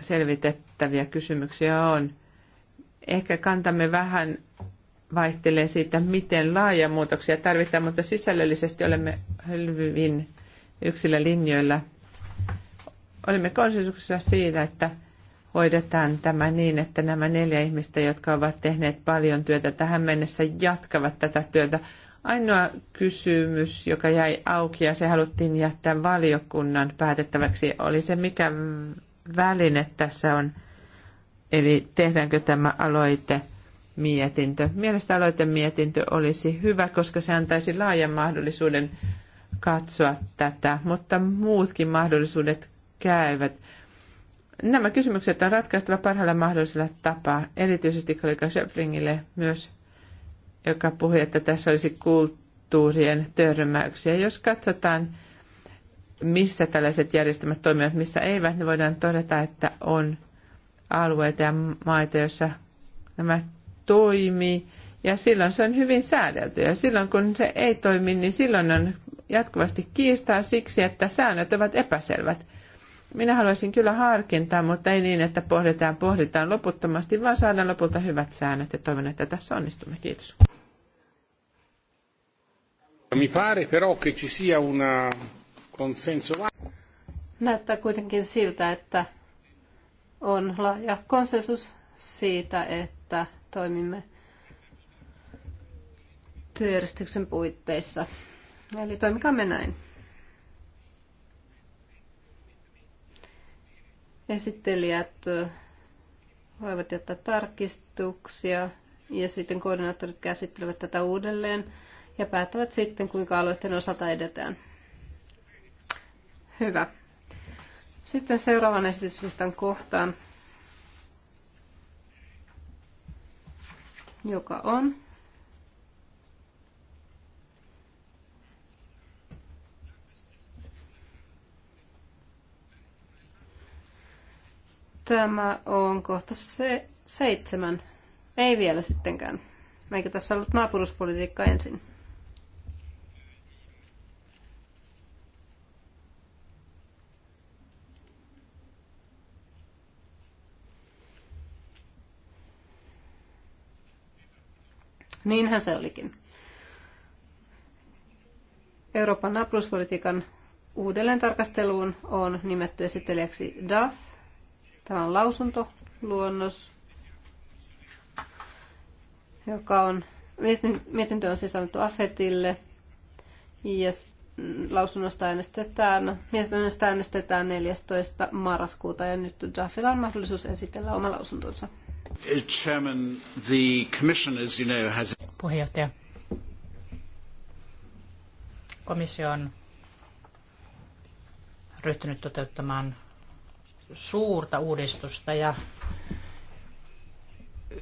D: selvitettäviä kysymyksiä on. Ehkä kantamme vähän vaihtelee siitä, miten laaja muutoksia tarvitaan, mutta sisällöllisesti olemme hyvin yksillä linjoilla. Olimme konsensuksessa siitä, että hoidetaan tämä niin, että nämä neljä ihmistä, jotka ovat tehneet paljon työtä tähän mennessä, jatkavat tätä työtä Ainoa kysymys, joka jäi auki ja se haluttiin jättää valiokunnan päätettäväksi, oli se, mikä väline tässä on. Eli tehdäänkö tämä aloite mietintö. Mielestäni aloitemietintö olisi hyvä, koska se antaisi laajan mahdollisuuden katsoa tätä, mutta muutkin mahdollisuudet käyvät. Nämä kysymykset on ratkaistava parhaalla mahdollisella tapaa, erityisesti kollega Schöflingille myös joka puhui, että tässä olisi kulttuurien törmäyksiä. Jos katsotaan, missä tällaiset järjestelmät toimivat, missä eivät, niin voidaan todeta, että on alueita ja maita, joissa nämä toimii. Ja silloin se on hyvin säädelty. Ja silloin kun se ei toimi, niin silloin on jatkuvasti kiistaa siksi, että säännöt ovat epäselvät. Minä haluaisin kyllä harkintaa, mutta ei niin, että pohditaan pohditaan loputtomasti, vaan saadaan lopulta hyvät säännöt ja toivon, että tässä onnistumme. Kiitos.
A: Mi pare però che ci sia una
D: consenso...
B: Näyttää kuitenkin siltä, että on laaja konsensus siitä, että toimimme työjärjestyksen puitteissa. Eli toimikaamme näin. Esittelijät voivat jättää tarkistuksia ja sitten koordinaattorit käsittelevät tätä uudelleen ja päättävät sitten, kuinka aloitteen osalta edetään. Hyvä. Sitten seuraavan esityslistan kohtaan, joka on Tämä on kohta se, seitsemän. Ei vielä sittenkään. Eikö tässä ollut naapuruspolitiikka ensin. Niinhän se olikin. Euroopan naapuruuspolitiikan uudelleen tarkasteluun on nimetty esittelijäksi DAF. Tämä on lausuntoluonnos, joka on, mietintö on sisällytetty AFETille ja lausunnosta äänestetään, mietinnöstä äänestetään 14. marraskuuta ja nyt DAFilla on mahdollisuus esitellä oma
C: lausuntonsa.
A: Uh,
C: Puheenjohtaja. Komissio on ryhtynyt toteuttamaan suurta uudistusta ja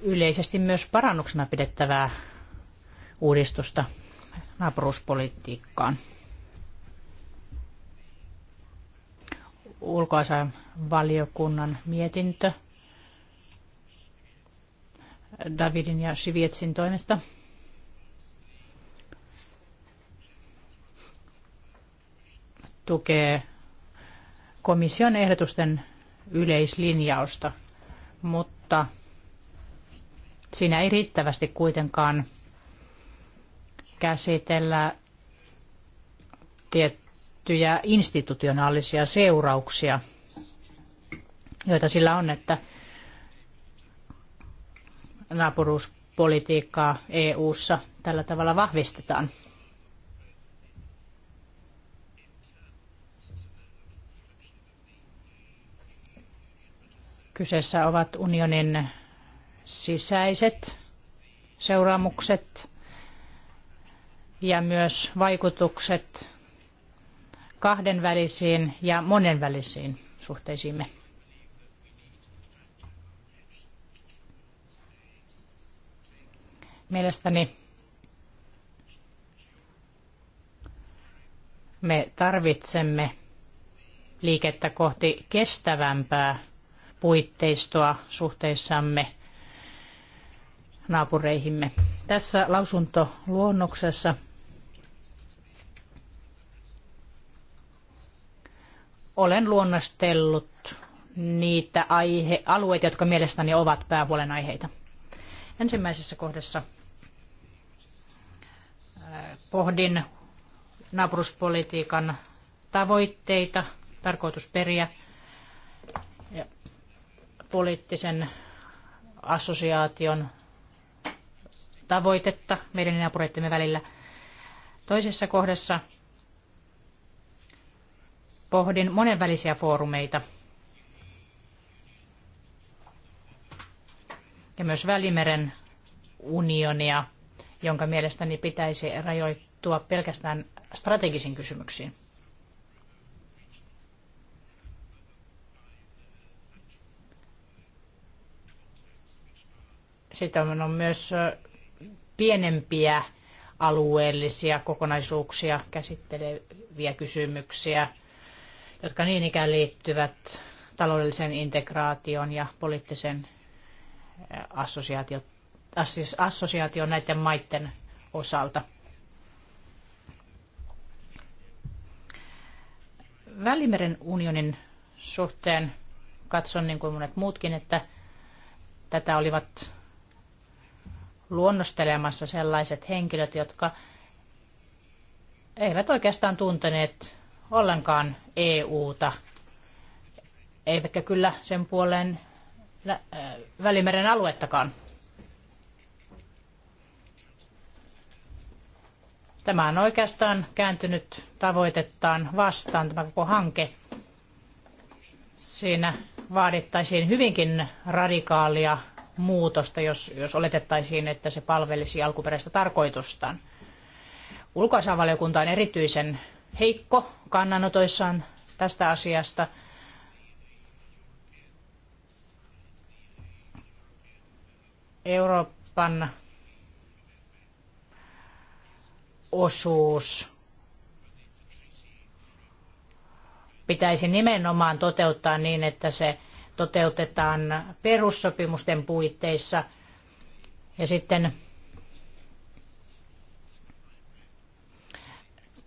C: yleisesti myös parannuksena pidettävää uudistusta naapuruuspolitiikkaan. Ulkoasian valiokunnan mietintö – Davidin ja Shivietsin toimesta. Tukee komission ehdotusten yleislinjausta, mutta siinä ei riittävästi kuitenkaan käsitellä tiettyjä institutionaalisia seurauksia, joita sillä on, että naapuruuspolitiikkaa EU:ssa tällä tavalla vahvistetaan. Kyseessä ovat unionin sisäiset seuraamukset ja myös vaikutukset kahdenvälisiin ja monenvälisiin suhteisiimme. Mielestäni me tarvitsemme liikettä kohti kestävämpää puitteistoa suhteissamme naapureihimme. Tässä lausuntoluonnoksessa olen luonnostellut niitä aihe- alueita, jotka mielestäni ovat päähuolen aiheita. Ensimmäisessä kohdassa pohdin naapuruspolitiikan tavoitteita, tarkoitusperiä ja poliittisen assosiaation tavoitetta meidän naapureittemme välillä. Toisessa kohdassa pohdin monenvälisiä foorumeita ja myös Välimeren unionia jonka mielestäni pitäisi rajoittua pelkästään strategisiin kysymyksiin. Sitten on myös pienempiä alueellisia kokonaisuuksia käsitteleviä kysymyksiä, jotka niin ikään liittyvät taloudellisen integraation ja poliittisen assosiaatiot assosiaatio näiden maiden osalta. Välimeren unionin suhteen katson niin kuin monet muutkin, että tätä olivat luonnostelemassa sellaiset henkilöt, jotka eivät oikeastaan tunteneet ollenkaan EUta, eivätkä kyllä sen puoleen Välimeren aluettakaan. Tämä on oikeastaan kääntynyt tavoitettaan vastaan, tämä koko hanke. Siinä vaadittaisiin hyvinkin radikaalia muutosta, jos, jos oletettaisiin, että se palvelisi alkuperäistä tarkoitustaan. Ulkoasavaliokunta on erityisen heikko kannanotoissaan tästä asiasta. Euroopan osuus pitäisi nimenomaan toteuttaa niin, että se toteutetaan perussopimusten puitteissa. Ja sitten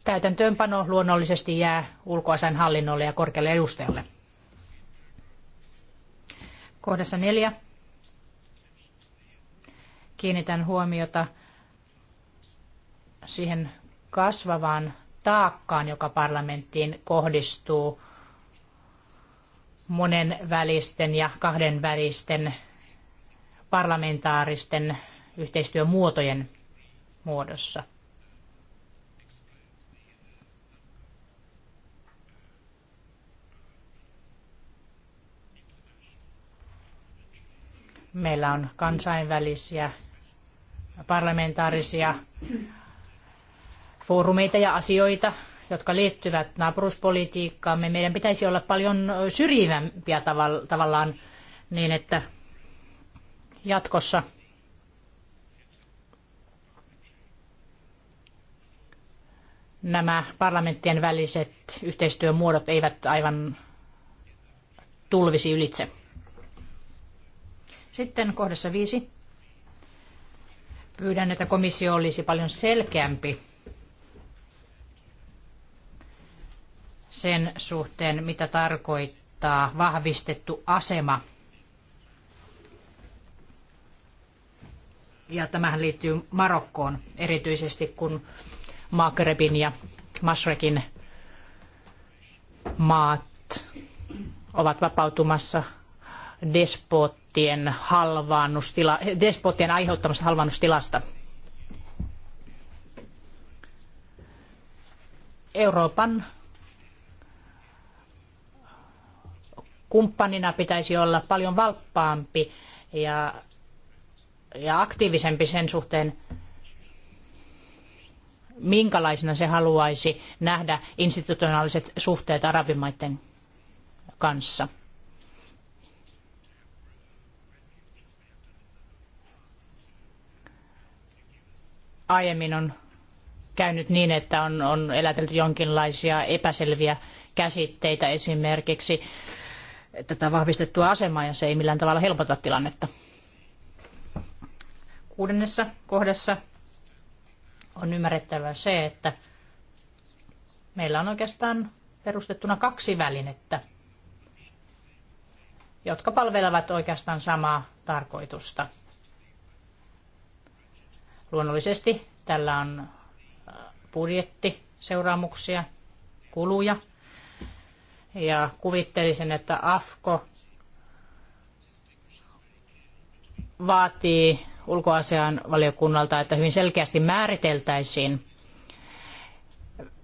C: täytäntöönpano luonnollisesti jää ulkoasain hallinnolle ja korkealle edustajalle. Kohdassa neljä kiinnitän huomiota siihen kasvavaan taakkaan, joka parlamenttiin kohdistuu monen välisten ja kahden välisten parlamentaaristen yhteistyömuotojen muodossa. Meillä on kansainvälisiä parlamentaarisia foorumeita ja asioita, jotka liittyvät naapuruspolitiikkaamme. Meidän pitäisi olla paljon syrjivämpiä tavallaan niin, että jatkossa nämä parlamenttien väliset yhteistyömuodot eivät aivan tulvisi ylitse. Sitten kohdassa viisi. Pyydän, että komissio olisi paljon selkeämpi sen suhteen, mitä tarkoittaa vahvistettu asema. Ja tämähän liittyy Marokkoon erityisesti, kun Maghrebin ja Masrekin maat ovat vapautumassa despottien, halvaannustila, despottien aiheuttamasta halvaannustilasta. Euroopan kumppanina pitäisi olla paljon valppaampi ja, ja aktiivisempi sen suhteen, minkälaisena se haluaisi nähdä institutionaaliset suhteet arabimaiden kanssa. Aiemmin on käynyt niin, että on, on elätelty jonkinlaisia epäselviä käsitteitä esimerkiksi tätä vahvistettua asemaa ja se ei millään tavalla helpota tilannetta. Kuudennessa kohdassa on ymmärrettävä se, että meillä on oikeastaan perustettuna kaksi välinettä, jotka palvelevat oikeastaan samaa tarkoitusta. Luonnollisesti tällä on äh, budjetti, seuraamuksia, kuluja – ja kuvittelisin, että AFKO vaatii ulkoasian valiokunnalta, että hyvin selkeästi määriteltäisiin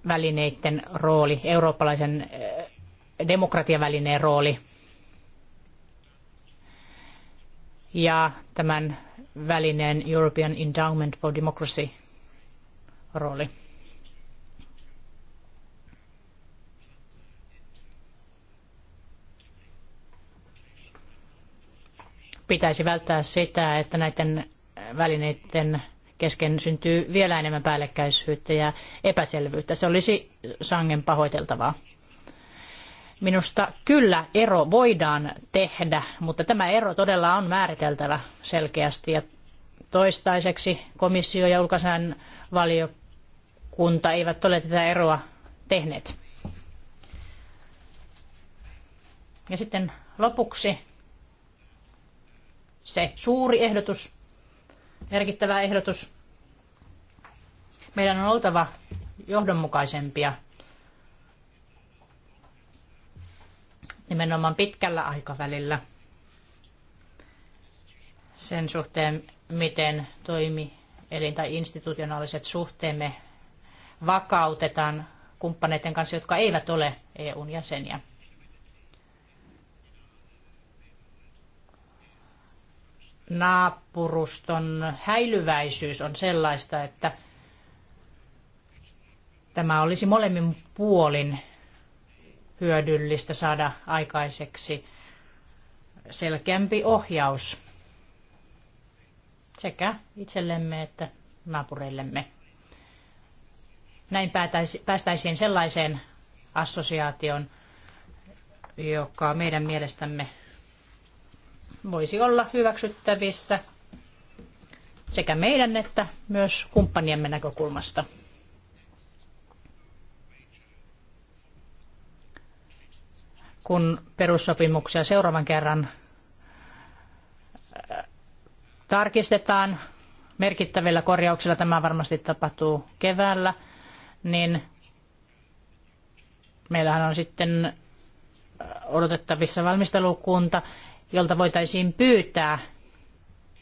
C: välineiden rooli, eurooppalaisen eh, demokratiavälineen rooli ja tämän välineen European Endowment for Democracy rooli. pitäisi välttää sitä, että näiden välineiden kesken syntyy vielä enemmän päällekkäisyyttä ja epäselvyyttä. Se olisi sangen pahoiteltavaa. Minusta kyllä ero voidaan tehdä, mutta tämä ero todella on määriteltävä selkeästi ja toistaiseksi komissio ja ulkoisen valiokunta eivät ole tätä eroa tehneet. Ja sitten lopuksi se suuri ehdotus, merkittävä ehdotus. Meidän on oltava johdonmukaisempia nimenomaan pitkällä aikavälillä sen suhteen, miten toimi elin- tai institutionaaliset suhteemme vakautetaan kumppaneiden kanssa, jotka eivät ole EUn jäseniä. naapuruston häilyväisyys on sellaista, että tämä olisi molemmin puolin hyödyllistä saada aikaiseksi selkeämpi ohjaus sekä itsellemme että naapureillemme. Näin päästäisiin sellaiseen assosiaation, joka meidän mielestämme voisi olla hyväksyttävissä sekä meidän että myös kumppaniemme näkökulmasta. Kun perussopimuksia seuraavan kerran tarkistetaan merkittävillä korjauksilla, tämä varmasti tapahtuu keväällä, niin meillähän on sitten odotettavissa valmistelukunta, jolta voitaisiin pyytää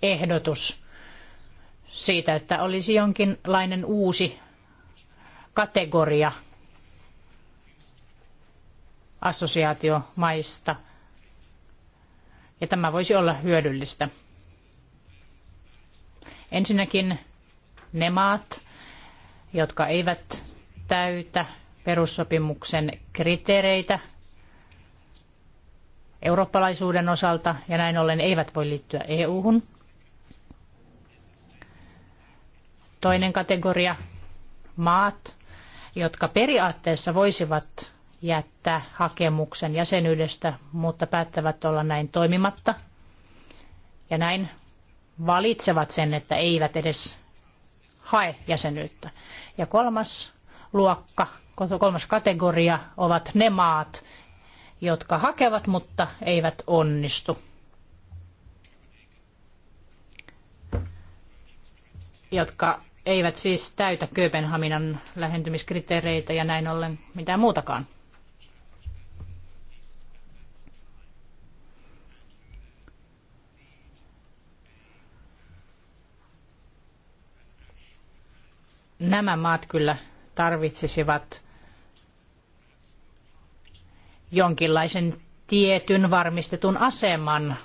C: ehdotus siitä, että olisi jonkinlainen uusi kategoria assosiaatiomaista. Ja tämä voisi olla hyödyllistä. Ensinnäkin ne maat, jotka eivät täytä perussopimuksen kriteereitä eurooppalaisuuden osalta ja näin ollen eivät voi liittyä EU-hun. Toinen kategoria, maat, jotka periaatteessa voisivat jättää hakemuksen jäsenyydestä, mutta päättävät olla näin toimimatta. Ja näin valitsevat sen, että eivät edes hae jäsenyyttä. Ja kolmas luokka, kolmas kategoria ovat ne maat, jotka hakevat, mutta eivät onnistu. Jotka eivät siis täytä Kööpenhaminan lähentymiskriteereitä ja näin ollen mitään muutakaan. Nämä maat kyllä tarvitsisivat jonkinlaisen tietyn varmistetun aseman,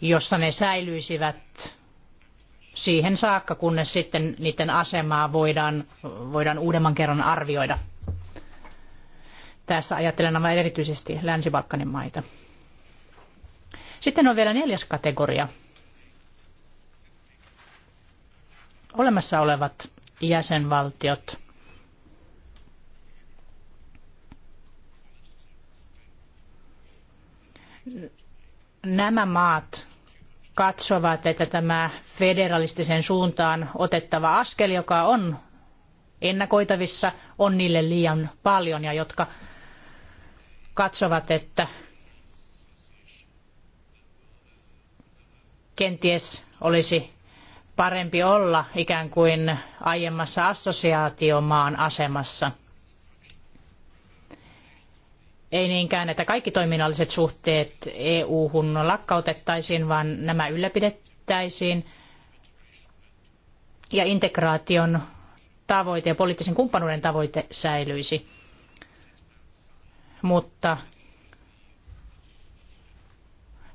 C: jossa ne säilyisivät siihen saakka, kunnes sitten niiden asemaa voidaan, voidaan uudemman kerran arvioida. Tässä ajattelen aivan erityisesti Länsi-Balkanin maita. Sitten on vielä neljäs kategoria. Olemassa olevat jäsenvaltiot – nämä maat katsovat, että tämä federalistisen suuntaan otettava askel, joka on ennakoitavissa, on niille liian paljon ja jotka katsovat, että kenties olisi parempi olla ikään kuin aiemmassa assosiaatiomaan asemassa – ei niinkään, että kaikki toiminnalliset suhteet EU-hun lakkautettaisiin, vaan nämä ylläpidettäisiin. Ja integraation tavoite ja poliittisen kumppanuuden tavoite säilyisi. Mutta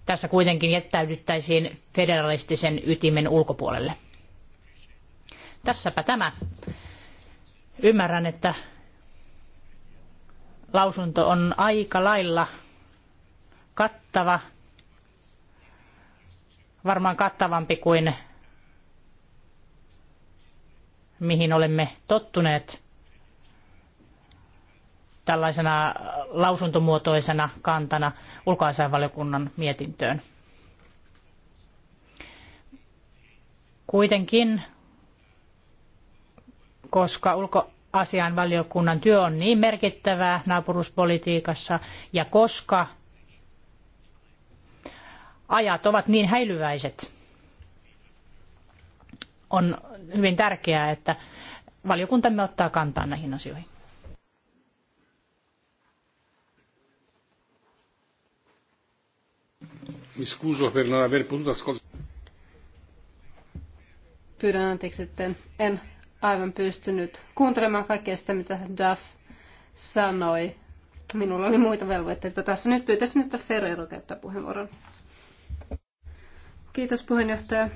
C: tässä kuitenkin jättäydyttäisiin federalistisen ytimen ulkopuolelle. Tässäpä tämä. Ymmärrän, että lausunto on aika lailla kattava, varmaan kattavampi kuin mihin olemme tottuneet tällaisena lausuntomuotoisena kantana ulkoasiainvaliokunnan mietintöön. Kuitenkin, koska ulko asian valiokunnan työ on niin merkittävää naapuruspolitiikassa ja koska ajat ovat niin häilyväiset, on hyvin tärkeää, että valiokuntamme ottaa kantaa näihin asioihin.
B: Pyydän anteeksi, että en aivan pystynyt kuuntelemaan kaikkea sitä, mitä Duff sanoi. Minulla oli muita velvoitteita tässä. Nyt pyytäisin, että Ferrero käyttää puheenvuoron. Kiitos puheenjohtaja.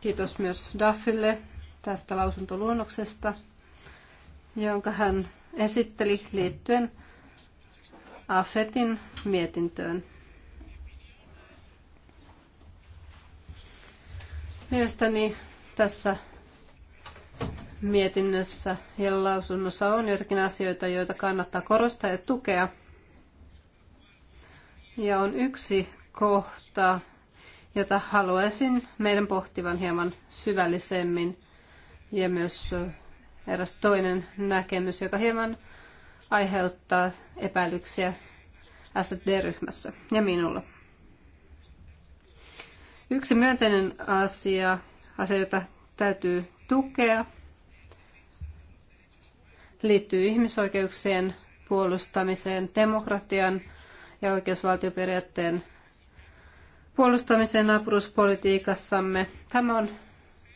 B: Kiitos myös Duffille tästä lausuntoluonnoksesta, jonka hän esitteli liittyen AFETin mietintöön. Mielestäni tässä mietinnössä ja lausunnossa on joitakin asioita, joita kannattaa korostaa ja tukea. Ja on yksi kohta, jota haluaisin meidän pohtivan hieman syvällisemmin. Ja myös eräs toinen näkemys, joka hieman aiheuttaa epäilyksiä SD-ryhmässä ja minulla. Yksi myönteinen asia, asia jota täytyy tukea, liittyy ihmisoikeuksien puolustamiseen, demokratian ja oikeusvaltioperiaatteen puolustamiseen naapuruspolitiikassamme. Tämä on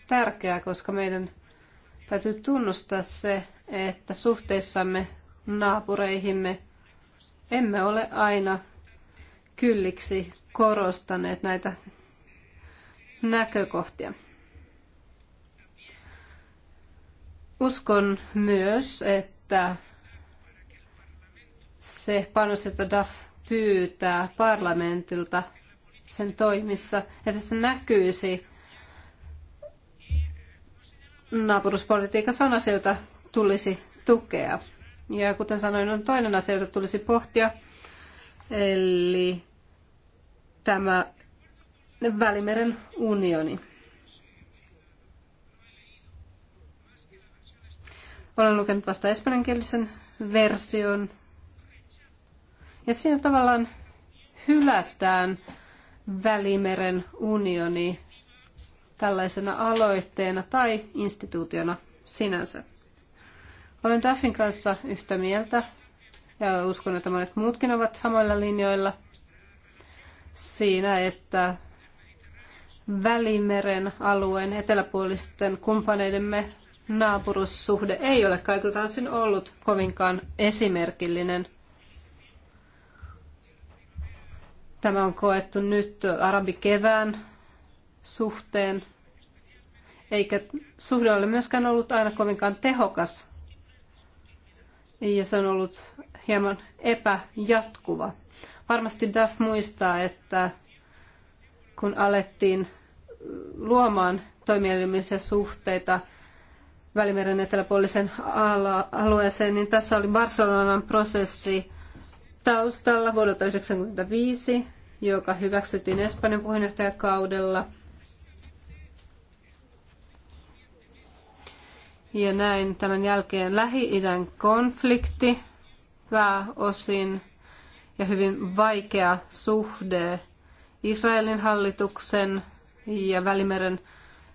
B: tärkeää, koska meidän täytyy tunnustaa se, että suhteissamme naapureihimme emme ole aina kylliksi korostaneet näitä näkökohtia. Uskon myös, että se panos, jota DAF pyytää parlamentilta sen toimissa, että se näkyisi naapuruspolitiikassa on asia, jota tulisi tukea. Ja kuten sanoin, on toinen asia, jota tulisi pohtia, eli tämä Välimeren unioni. Olen lukenut vasta espanjankielisen version. Ja siinä tavallaan hylätään Välimeren unioni tällaisena aloitteena tai instituutiona sinänsä. Olen Daffin kanssa yhtä mieltä ja uskon, että monet muutkin ovat samoilla linjoilla siinä, että Välimeren alueen eteläpuolisten kumppaneidemme naapurussuhde ei ole kaikilta osin ollut kovinkaan esimerkillinen. Tämä on koettu nyt arabikevään suhteen, eikä suhde ole myöskään ollut aina kovinkaan tehokas. Ja se on ollut hieman epäjatkuva. Varmasti Duff muistaa, että kun alettiin luomaan toimielimisiä suhteita – Välimeren eteläpuolisen alueeseen, niin tässä oli Barcelonan prosessi taustalla vuodelta 1995, joka hyväksyttiin Espanjan puheenjohtajakaudella. Ja näin tämän jälkeen Lähi-idän konflikti pääosin ja hyvin vaikea suhde Israelin hallituksen ja Välimeren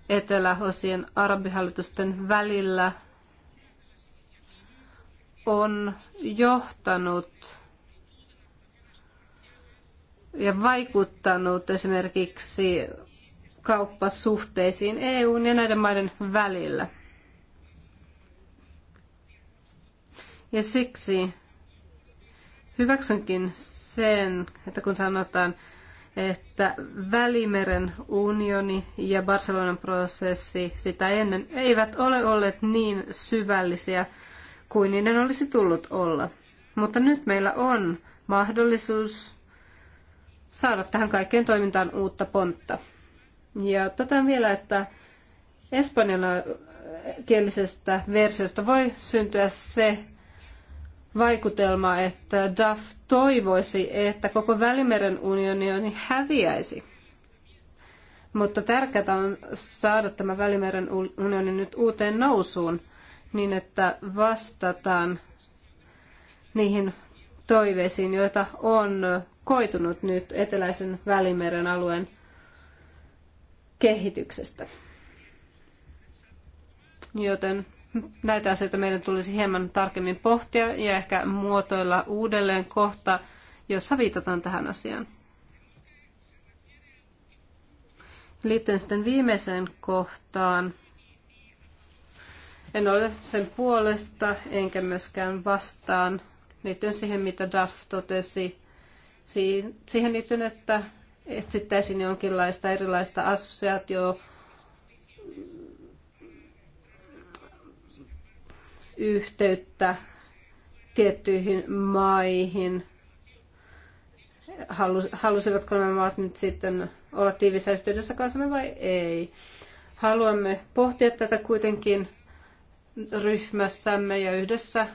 B: eteläosien arabihallitusten välillä on johtanut ja vaikuttanut esimerkiksi kauppasuhteisiin EUn ja näiden maiden välillä. Ja siksi hyväksynkin sen, että kun sanotaan, että Välimeren unioni ja Barcelonan prosessi sitä ennen eivät ole olleet niin syvällisiä kuin niiden olisi tullut olla. Mutta nyt meillä on mahdollisuus saada tähän kaikkeen toimintaan uutta pontta. Ja totean vielä, että espanjana kielisestä versiosta voi syntyä se vaikutelma, että Duff toivoisi, että koko Välimeren unioni häviäisi. Mutta tärkeää on saada tämä Välimeren unioni nyt uuteen nousuun niin, että vastataan niihin toiveisiin, joita on koitunut nyt eteläisen Välimeren alueen kehityksestä. Joten näitä asioita meidän tulisi hieman tarkemmin pohtia ja ehkä muotoilla uudelleen kohta, jossa viitataan tähän asiaan. Liittyen sitten viimeiseen kohtaan, en ole sen puolesta enkä myöskään vastaan liittyen siihen, mitä Duff totesi, siihen liittyen, että etsittäisiin jonkinlaista erilaista assosiaatioa yhteyttä tiettyihin maihin. Halus, halusivatko nämä maat nyt sitten olla tiivissä yhteydessä kanssamme vai ei? Haluamme pohtia tätä kuitenkin ryhmässämme ja yhdessä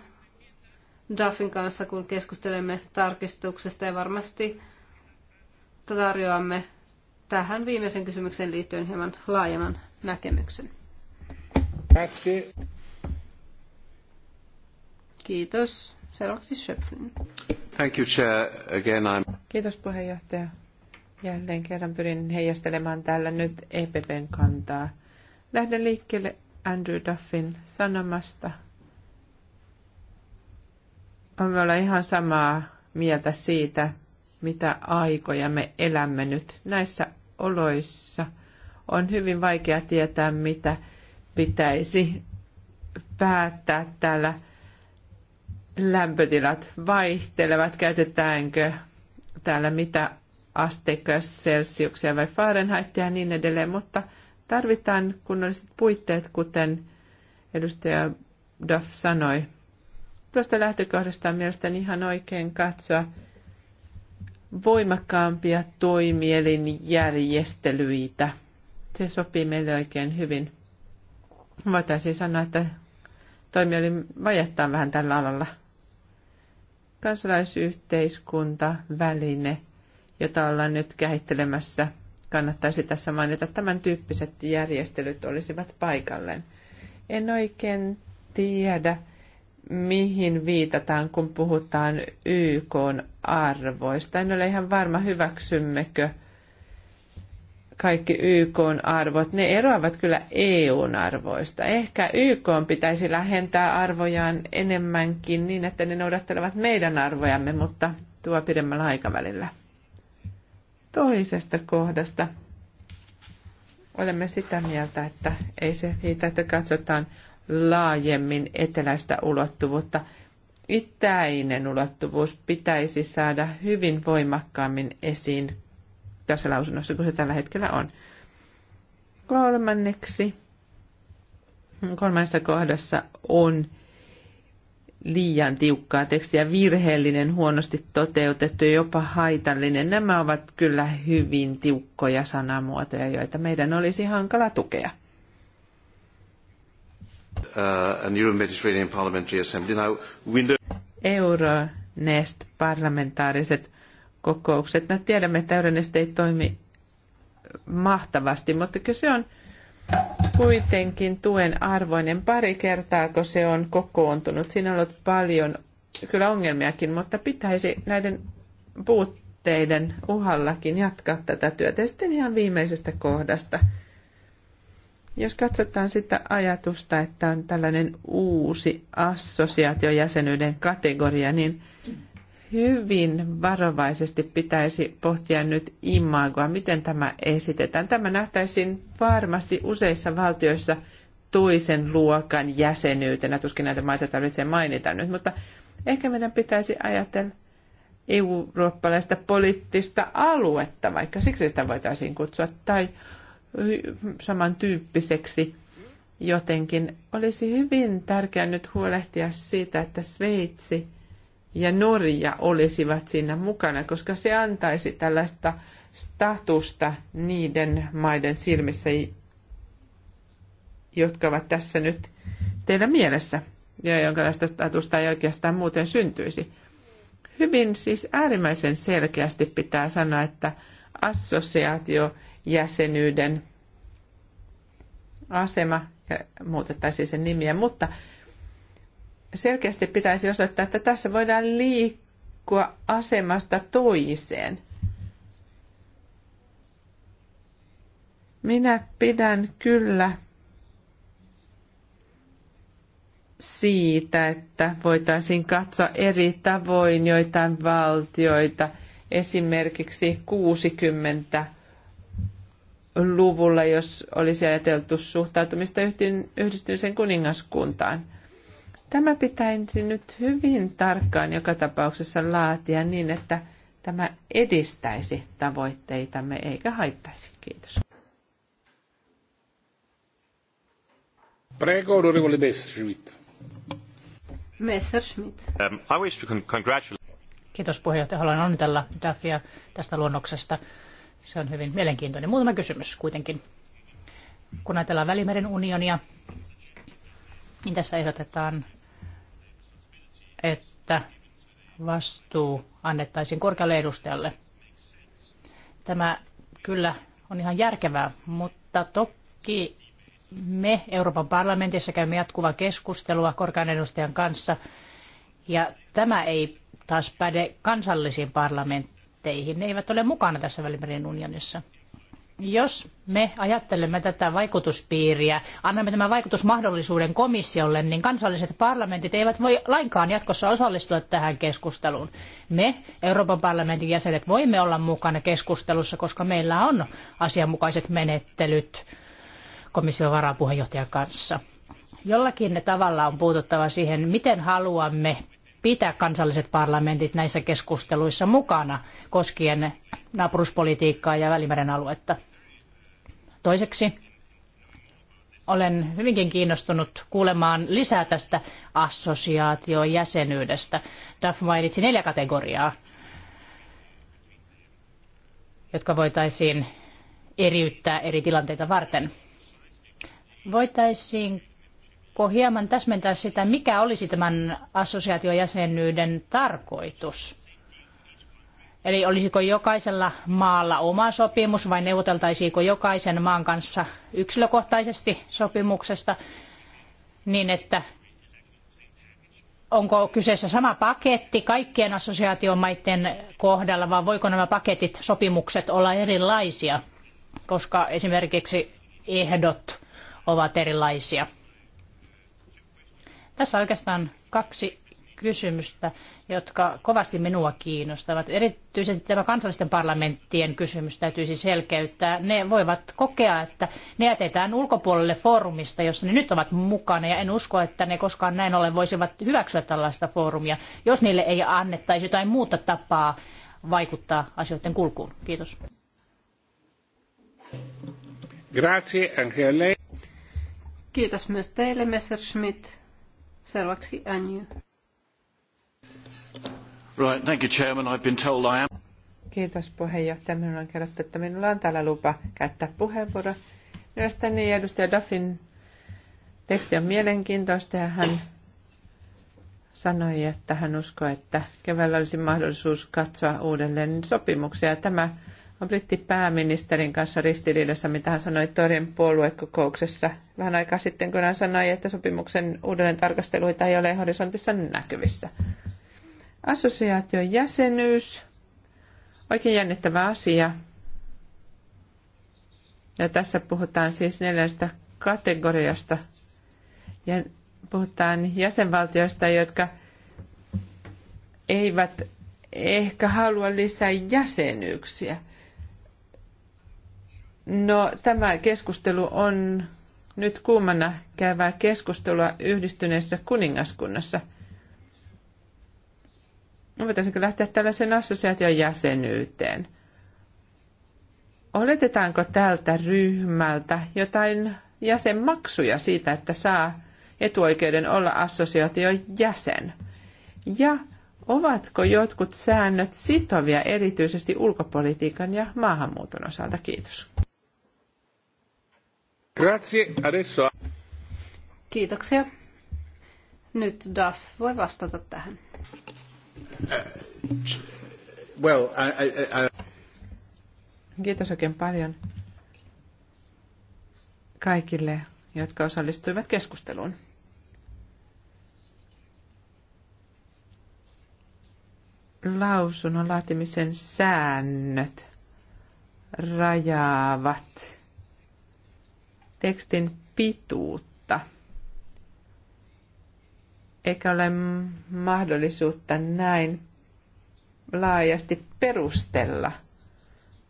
B: Duffin kanssa, kun keskustelemme tarkistuksesta ja varmasti tarjoamme tähän viimeisen kysymykseen liittyen hieman laajemman näkemyksen. it.
D: Kiitos. Seuraavaksi Schöpflin.
B: Thank you, Chair. Again, I'm...
D: Kiitos puheenjohtaja. Jälleen kerran pyrin heijastelemaan täällä nyt EPPn kantaa. Lähden liikkeelle Andrew Duffin sanomasta. Me ollaan ihan samaa mieltä siitä, mitä aikoja me elämme nyt. Näissä oloissa on hyvin vaikea tietää, mitä pitäisi päättää täällä lämpötilat vaihtelevat, käytetäänkö täällä mitä asteikkoja, selsiuksia vai Fahrenheitia ja niin edelleen, mutta tarvitaan kunnolliset puitteet, kuten edustaja Duff sanoi. Tuosta lähtökohdasta on mielestäni ihan oikein katsoa voimakkaampia toimielinjärjestelyitä. Se sopii meille oikein hyvin. Voitaisiin sanoa, että toimielin vajetta on vähän tällä alalla väline, jota ollaan nyt kehittelemässä. kannattaisi tässä mainita. Tämän tyyppiset järjestelyt olisivat paikalleen. En oikein tiedä, mihin viitataan, kun puhutaan YK arvoista. En ole ihan varma, hyväksymmekö – kaikki YKn arvot, ne eroavat kyllä EUn arvoista. Ehkä YK pitäisi lähentää arvojaan enemmänkin niin, että ne noudattelevat meidän arvojamme, mutta tuo pidemmällä aikavälillä. Toisesta kohdasta olemme sitä mieltä, että ei se riitä, että katsotaan laajemmin eteläistä ulottuvuutta. Itäinen ulottuvuus pitäisi saada hyvin voimakkaammin esiin tässä lausunnossa kuin se tällä hetkellä on. Kolmanneksi, kolmannessa kohdassa on liian tiukkaa tekstiä, virheellinen, huonosti toteutettu ja jopa haitallinen. Nämä ovat kyllä hyvin tiukkoja sanamuotoja, joita meidän olisi hankala tukea.
A: Uh,
D: Euronest parlamentaariset kokoukset. No, tiedämme, että Euronest ei toimi mahtavasti, mutta se on kuitenkin tuen arvoinen pari kertaa, kun se on kokoontunut. Siinä on ollut paljon kyllä ongelmiakin, mutta pitäisi näiden puutteiden uhallakin jatkaa tätä työtä. Ja sitten ihan viimeisestä kohdasta. Jos katsotaan sitä ajatusta, että on tällainen uusi assosiaatiojäsenyyden kategoria, niin hyvin varovaisesti pitäisi pohtia nyt imagoa, miten tämä esitetään. Tämä nähtäisiin varmasti useissa valtioissa toisen luokan jäsenyytenä, tuskin näitä maita tarvitsee mainita nyt, mutta ehkä meidän pitäisi ajatella eurooppalaista poliittista aluetta, vaikka siksi sitä voitaisiin kutsua, tai samantyyppiseksi jotenkin. Olisi hyvin tärkeää nyt huolehtia siitä, että Sveitsi – ja Norja olisivat siinä mukana, koska se antaisi tällaista statusta niiden maiden silmissä, jotka ovat tässä nyt teidän mielessä, ja jonkinlaista statusta ei oikeastaan muuten syntyisi. Hyvin siis äärimmäisen selkeästi pitää sanoa, että assosiaatiojäsenyyden asema, ja muutettaisiin sen nimiä, mutta selkeästi pitäisi osoittaa, että tässä voidaan liikkua asemasta toiseen. Minä pidän kyllä siitä, että voitaisiin katsoa eri tavoin joitain valtioita, esimerkiksi 60 luvulla, jos olisi ajateltu suhtautumista yhdistyneeseen kuningaskuntaan – Tämä pitäisi nyt hyvin tarkkaan joka tapauksessa laatia niin, että tämä edistäisi tavoitteitamme eikä haittaisi. Kiitos.
A: Prego, onorevole Messerschmidt.
C: Messerschmidt.
A: Um, I wish to congratulate...
C: Kiitos puheenjohtaja. Haluan onnitella Daffia tästä luonnoksesta. Se on hyvin mielenkiintoinen. Muutama kysymys kuitenkin. Kun ajatellaan Välimeren unionia, niin tässä ehdotetaan että vastuu annettaisiin korkealle edustajalle. Tämä kyllä on ihan järkevää, mutta toki me Euroopan parlamentissa käymme jatkuvaa keskustelua korkean edustajan kanssa, ja tämä ei taas päde kansallisiin parlamentteihin. Ne eivät ole mukana tässä Välimeren unionissa. Jos me ajattelemme tätä vaikutuspiiriä, annamme tämän vaikutusmahdollisuuden komissiolle, niin kansalliset parlamentit eivät voi lainkaan jatkossa osallistua tähän keskusteluun. Me, Euroopan parlamentin jäsenet, voimme olla mukana keskustelussa, koska meillä on asianmukaiset menettelyt komission varapuheenjohtajan kanssa. Jollakin tavalla on puututtava siihen, miten haluamme pitää kansalliset parlamentit näissä keskusteluissa mukana koskien naapuruspolitiikkaa ja Välimeren aluetta. Toiseksi olen hyvinkin kiinnostunut kuulemaan lisää tästä assosiaatiojäsenyydestä. Duff mainitsi neljä kategoriaa, jotka voitaisiin eriyttää eri tilanteita varten. Voitaisiin voisitko hieman täsmentää sitä, mikä olisi tämän assosiaatiojäsenyyden tarkoitus? Eli olisiko jokaisella maalla oma sopimus vai neuvoteltaisiinko jokaisen maan kanssa yksilökohtaisesti sopimuksesta niin, että onko kyseessä sama paketti kaikkien assosiaatiomaiden kohdalla vai voiko nämä paketit, sopimukset olla erilaisia, koska esimerkiksi ehdot ovat erilaisia. Tässä oikeastaan kaksi kysymystä, jotka kovasti minua kiinnostavat. Erityisesti tämä kansallisten parlamenttien kysymys täytyisi selkeyttää. Ne voivat kokea, että ne jätetään ulkopuolelle foorumista, jossa ne nyt ovat mukana, ja en usko, että ne koskaan näin ollen voisivat hyväksyä tällaista foorumia, jos niille ei annettaisi jotain muuta tapaa vaikuttaa asioiden kulkuun. Kiitos. Grazie Kiitos myös teille, Messerschmidt.
D: Seuraavaksi Anju. Right,
A: thank you, Chairman. I've been told I am.
D: Kiitos puheenjohtaja. Minulla on kerrottu, että minulla on täällä lupa käyttää puheenvuoro. Mielestäni edustaja Duffin teksti on mielenkiintoista ja hän sanoi, että hän uskoo, että keväällä olisi mahdollisuus katsoa uudelleen sopimuksia. Tämä on brittipääministerin kanssa ristiriidassa, mitä hän sanoi Torin puoluekokouksessa vähän aikaa sitten, kun hän sanoi, että sopimuksen uudelleen tarkasteluita ei ole horisontissa näkyvissä. Assosiaation jäsenyys, oikein jännittävä asia. Ja tässä puhutaan siis neljästä kategoriasta. Ja puhutaan jäsenvaltioista, jotka eivät ehkä halua lisää jäsenyyksiä – No, tämä keskustelu on nyt kuumana käyvää keskustelua yhdistyneessä kuningaskunnassa. No, pitäisikö lähteä tällaisen assosiaation jäsenyyteen? Oletetaanko tältä ryhmältä jotain jäsenmaksuja siitä, että saa etuoikeuden olla assosiaation jäsen? Ja ovatko jotkut säännöt sitovia erityisesti ulkopolitiikan ja maahanmuuton osalta? Kiitos adesso... Kiitoksia. Nyt Duff voi vastata tähän. well, I, I, I... Kiitos oikein paljon kaikille, jotka osallistuivat keskusteluun. Lausunnon laatimisen säännöt rajaavat tekstin pituutta, eikä ole mahdollisuutta näin laajasti perustella,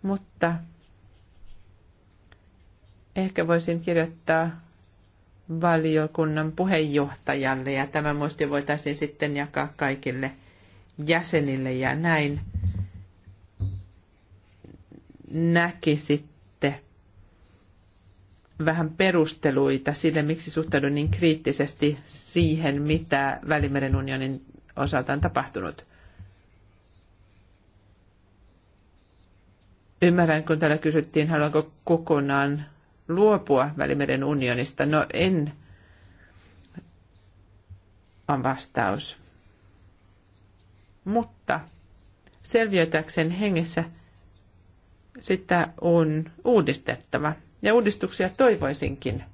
D: mutta ehkä voisin kirjoittaa valiokunnan puheenjohtajalle ja tämä muisti voitaisiin sitten jakaa kaikille jäsenille ja näin näkisitte vähän perusteluita sille, miksi suhtaudun niin kriittisesti siihen, mitä Välimeren unionin osalta on tapahtunut. Ymmärrän, kun täällä kysyttiin, haluanko kokonaan luopua Välimeren unionista. No en, on vastaus. Mutta selviytäkseen hengessä sitä on uudistettava – ja uudistuksia toivoisinkin.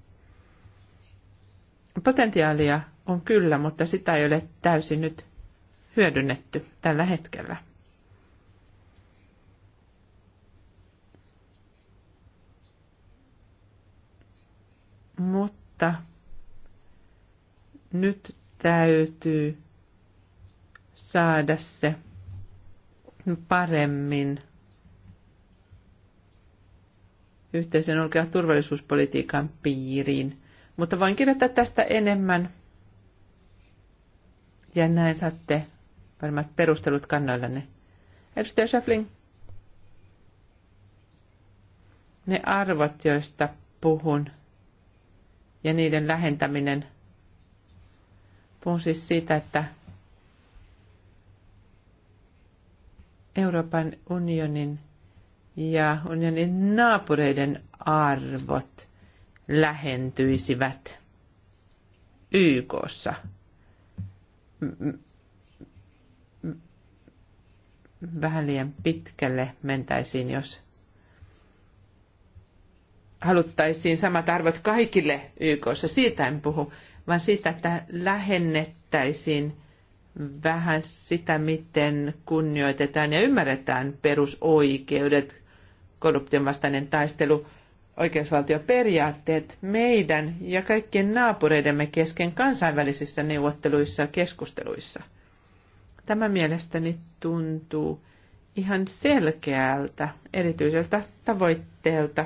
D: Potentiaalia on kyllä, mutta sitä ei ole täysin nyt hyödynnetty tällä hetkellä. Mutta nyt täytyy saada se paremmin yhteisen ulko- ja turvallisuuspolitiikan piiriin. Mutta voin kirjoittaa tästä enemmän. Ja näin saatte varmat perustelut kannoillanne. Edustaja Schäfling. Ne arvot, joista puhun, ja niiden lähentäminen. Puhun siis siitä, että Euroopan unionin ja unionin naapureiden arvot lähentyisivät YKssa. Vähän liian pitkälle mentäisiin, jos haluttaisiin samat arvot kaikille YKssa. Siitä en puhu, vaan siitä, että lähennettäisiin vähän sitä, miten kunnioitetaan ja ymmärretään perusoikeudet – korruption vastainen taistelu, oikeusvaltioperiaatteet meidän ja kaikkien naapureidemme kesken kansainvälisissä neuvotteluissa ja keskusteluissa. Tämä mielestäni tuntuu ihan selkeältä, erityiseltä tavoitteelta.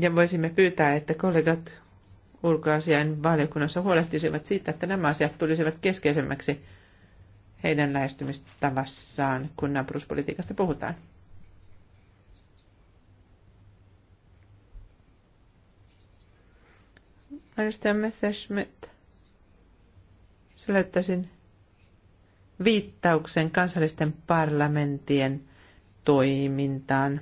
D: Ja voisimme pyytää, että kollegat ulkoasiain valiokunnassa huolehtisivat siitä, että nämä asiat tulisivat keskeisemmäksi heidän lähestymistavassaan, kun naapuruspolitiikasta puhutaan. Edustaja Messerschmidt, selittäisin viittauksen kansallisten parlamenttien toimintaan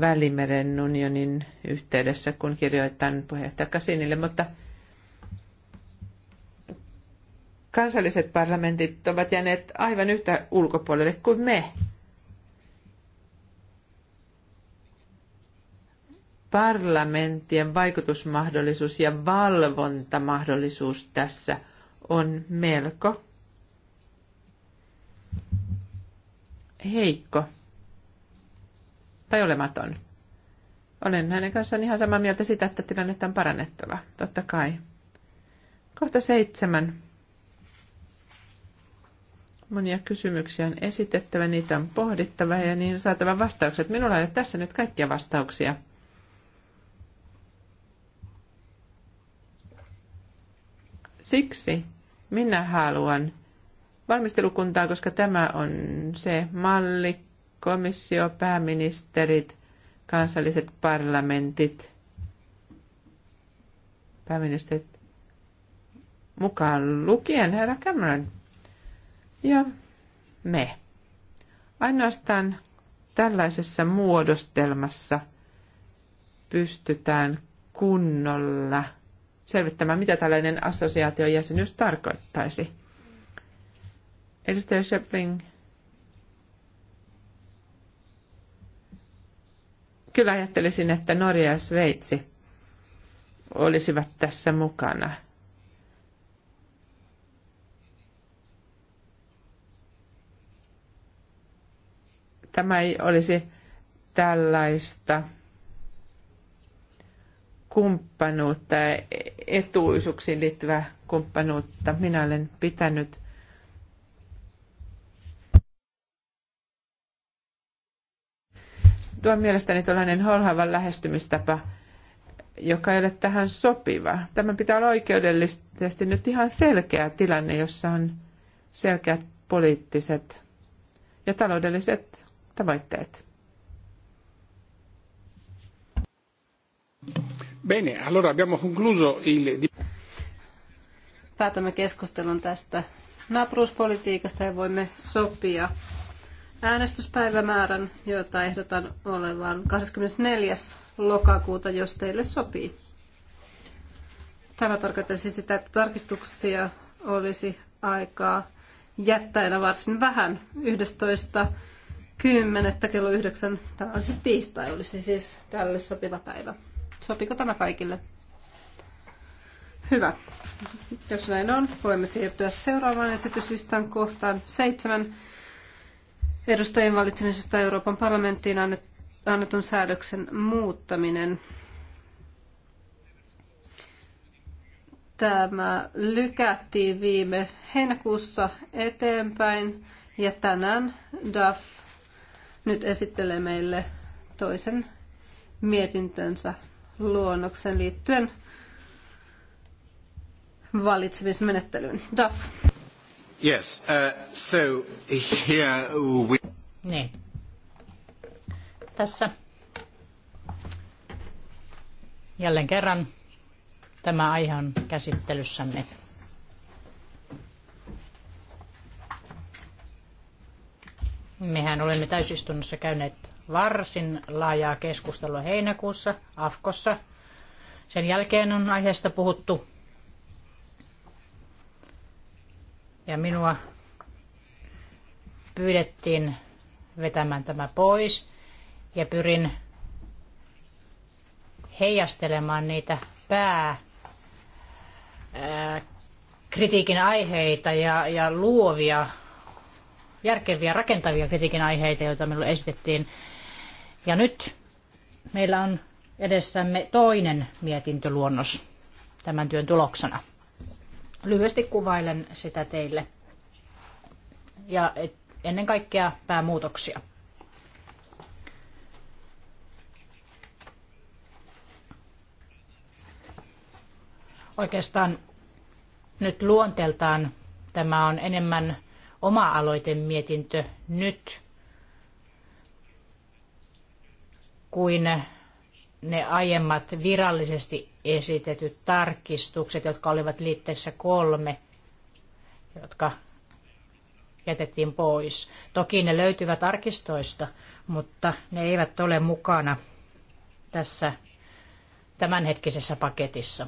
D: Välimeren unionin yhteydessä, kun kirjoitan puheenjohtaja Kasinille, mutta – kansalliset parlamentit ovat jääneet aivan yhtä ulkopuolelle kuin me. Parlamenttien vaikutusmahdollisuus ja valvontamahdollisuus tässä on melko heikko tai olematon. Olen hänen kanssaan ihan samaa mieltä sitä, että tilannetta on parannettava, totta kai. Kohta seitsemän. Monia kysymyksiä on esitettävä, niitä on pohdittava ja niin saatava vastaukset. Minulla ei ole tässä nyt kaikkia vastauksia. Siksi minä haluan valmistelukuntaa, koska tämä on se malli, komissio, pääministerit, kansalliset parlamentit, pääministerit mukaan lukien herra Cameron ja me. Ainoastaan tällaisessa muodostelmassa pystytään kunnolla selvittämään, mitä tällainen assosiaatiojäsenyys tarkoittaisi. Edustaja Schöpling. Kyllä ajattelisin, että Norja ja Sveitsi olisivat tässä mukana. tämä ei olisi tällaista kumppanuutta ja etuisuuksiin liittyvää kumppanuutta. Minä olen pitänyt tuo mielestäni tällainen holhavan lähestymistapa, joka ei ole tähän sopiva. Tämä pitää olla oikeudellisesti nyt ihan selkeä tilanne, jossa on selkeät poliittiset ja taloudelliset tavoitteet. Bene, allora
B: abbiamo concluso il... Päätämme keskustelun tästä naapuruuspolitiikasta ja voimme sopia äänestyspäivämäärän, jota ehdotan olevan 24. lokakuuta, jos teille sopii. Tämä tarkoittaisi sitä, että tarkistuksia olisi aikaa jättäenä varsin vähän 11 kymmenettä kello yhdeksän, tämä olisi siis tiistai, olisi siis tälle sopiva päivä. Sopiko tämä kaikille? Hyvä. Jos näin on, voimme siirtyä seuraavaan esityslistan kohtaan seitsemän edustajien valitsemisesta Euroopan parlamenttiin annetun säädöksen muuttaminen. Tämä lykättiin viime heinäkuussa eteenpäin ja tänään DAF nyt esittelee meille toisen mietintönsä luonnoksen liittyen valitsemismenettelyyn. Duff. Yes, uh, so here we...
C: Niin. Tässä jälleen kerran tämä aihe on käsittelyssämme. Mehän olemme täysistunnossa käyneet varsin laajaa keskustelua heinäkuussa Afkossa. Sen jälkeen on aiheesta puhuttu. Ja minua pyydettiin vetämään tämä pois ja pyrin heijastelemaan niitä pää kritiikin aiheita ja, ja luovia järkeviä, rakentavia kritiikin aiheita, joita minulle esitettiin. Ja nyt meillä on edessämme toinen mietintöluonnos tämän työn tuloksena. Lyhyesti kuvailen sitä teille ja ennen kaikkea päämuutoksia. Oikeastaan nyt luonteeltaan tämä on enemmän oma aloitemietintö nyt kuin ne aiemmat virallisesti esitetyt tarkistukset, jotka olivat liitteessä kolme, jotka jätettiin pois. Toki ne löytyvät arkistoista, mutta ne eivät ole mukana tässä tämänhetkisessä paketissa.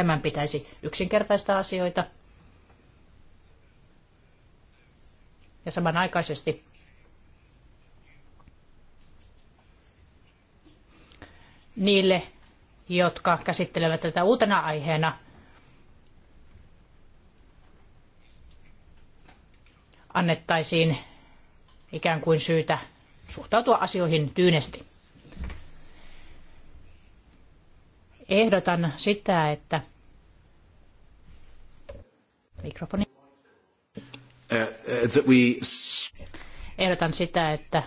C: Tämän pitäisi yksinkertaistaa asioita. Ja samanaikaisesti niille, jotka käsittelevät tätä uutena aiheena, annettaisiin ikään kuin syytä suhtautua asioihin tyynesti. Ehdotan sitä, että Mikrofoni.
B: Uh, uh,
C: Ehdotan sitä, että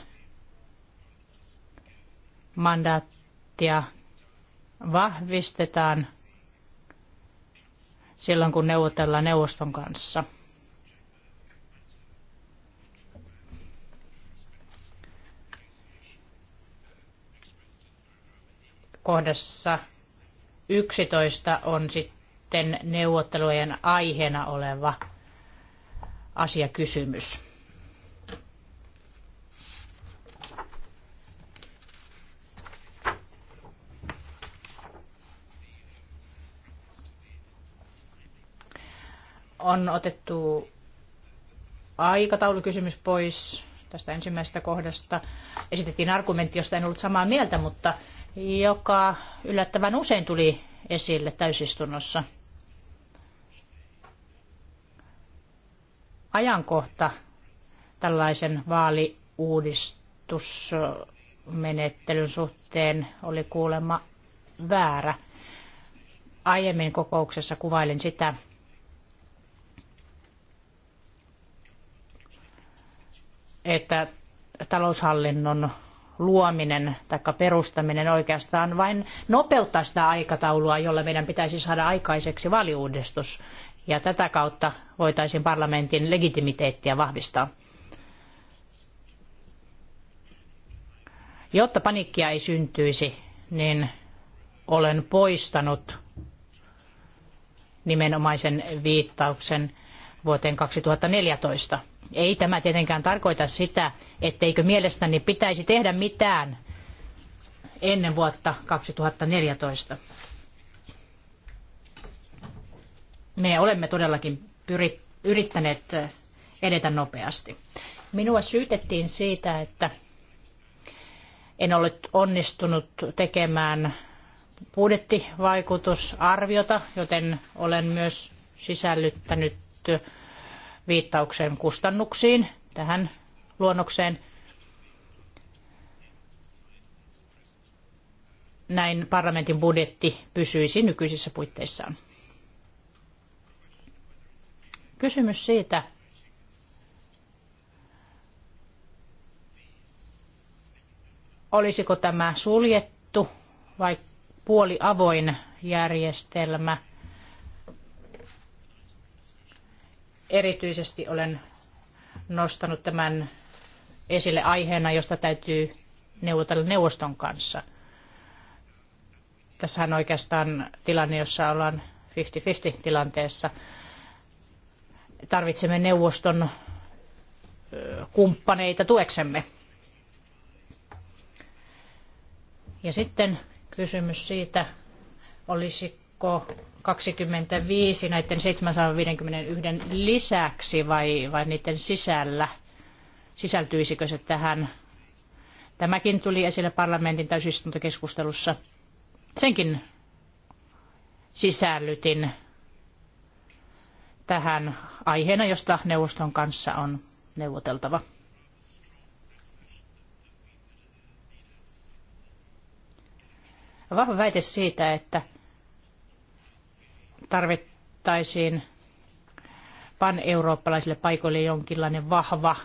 C: mandaattia vahvistetaan silloin, kun neuvotellaan neuvoston kanssa. Kohdassa 11 on sitten sitten neuvottelujen aiheena oleva asiakysymys. On otettu aikataulukysymys pois tästä ensimmäisestä kohdasta. Esitettiin argumentti, josta en ollut samaa mieltä, mutta joka yllättävän usein tuli esille täysistunnossa – ajankohta tällaisen vaaliuudistusmenettelyn suhteen oli kuulemma väärä. Aiemmin kokouksessa kuvailin sitä, että taloushallinnon luominen tai perustaminen oikeastaan vain nopeuttaa sitä aikataulua, jolla meidän pitäisi saada aikaiseksi valiuudistus ja tätä kautta voitaisiin parlamentin legitimiteettiä vahvistaa. Jotta paniikkia ei syntyisi, niin olen poistanut nimenomaisen viittauksen vuoteen 2014. Ei tämä tietenkään tarkoita sitä, etteikö mielestäni pitäisi tehdä mitään ennen vuotta 2014 me olemme todellakin pyri, yrittäneet edetä nopeasti. Minua syytettiin siitä, että en ole onnistunut tekemään budjettivaikutusarviota, joten olen myös sisällyttänyt viittauksen kustannuksiin tähän luonnokseen. Näin parlamentin budjetti pysyisi nykyisissä puitteissaan. Kysymys siitä, olisiko tämä suljettu vai puoliavoin järjestelmä. Erityisesti olen nostanut tämän esille aiheena, josta täytyy neuvotella neuvoston kanssa. Tässähän on oikeastaan tilanne, jossa ollaan 50-50 tilanteessa tarvitsemme neuvoston kumppaneita tueksemme. Ja sitten kysymys siitä, olisiko 25 näiden 751 lisäksi vai, vai niiden sisällä, sisältyisikö se tähän? Tämäkin tuli esille parlamentin täysistuntokeskustelussa. Senkin sisällytin tähän aiheena, josta neuvoston kanssa on neuvoteltava. Vahva väite siitä, että tarvittaisiin pan-eurooppalaisille paikoille jonkinlainen vahva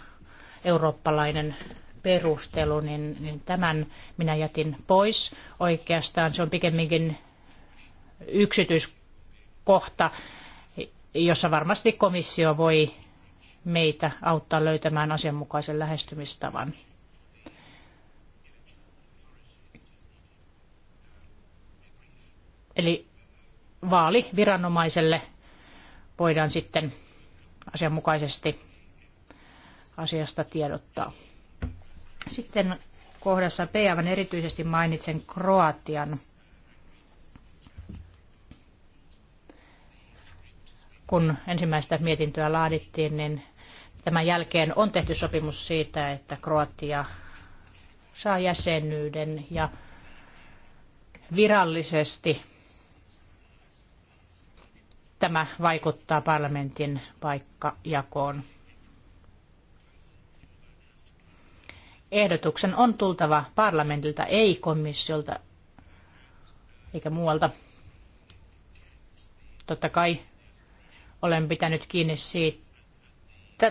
C: eurooppalainen perustelu, niin, niin tämän minä jätin pois. Oikeastaan se on pikemminkin yksityiskohta jossa varmasti komissio voi meitä auttaa löytämään asianmukaisen lähestymistavan. Eli vaali viranomaiselle voidaan sitten asianmukaisesti asiasta tiedottaa. Sitten kohdassa B erityisesti mainitsen Kroatian kun ensimmäistä mietintöä laadittiin, niin tämän jälkeen on tehty sopimus siitä, että Kroatia saa jäsenyyden ja virallisesti tämä vaikuttaa parlamentin paikkajakoon. Ehdotuksen on tultava parlamentilta, ei komissiolta eikä muualta. Totta kai olen pitänyt kiinni siitä,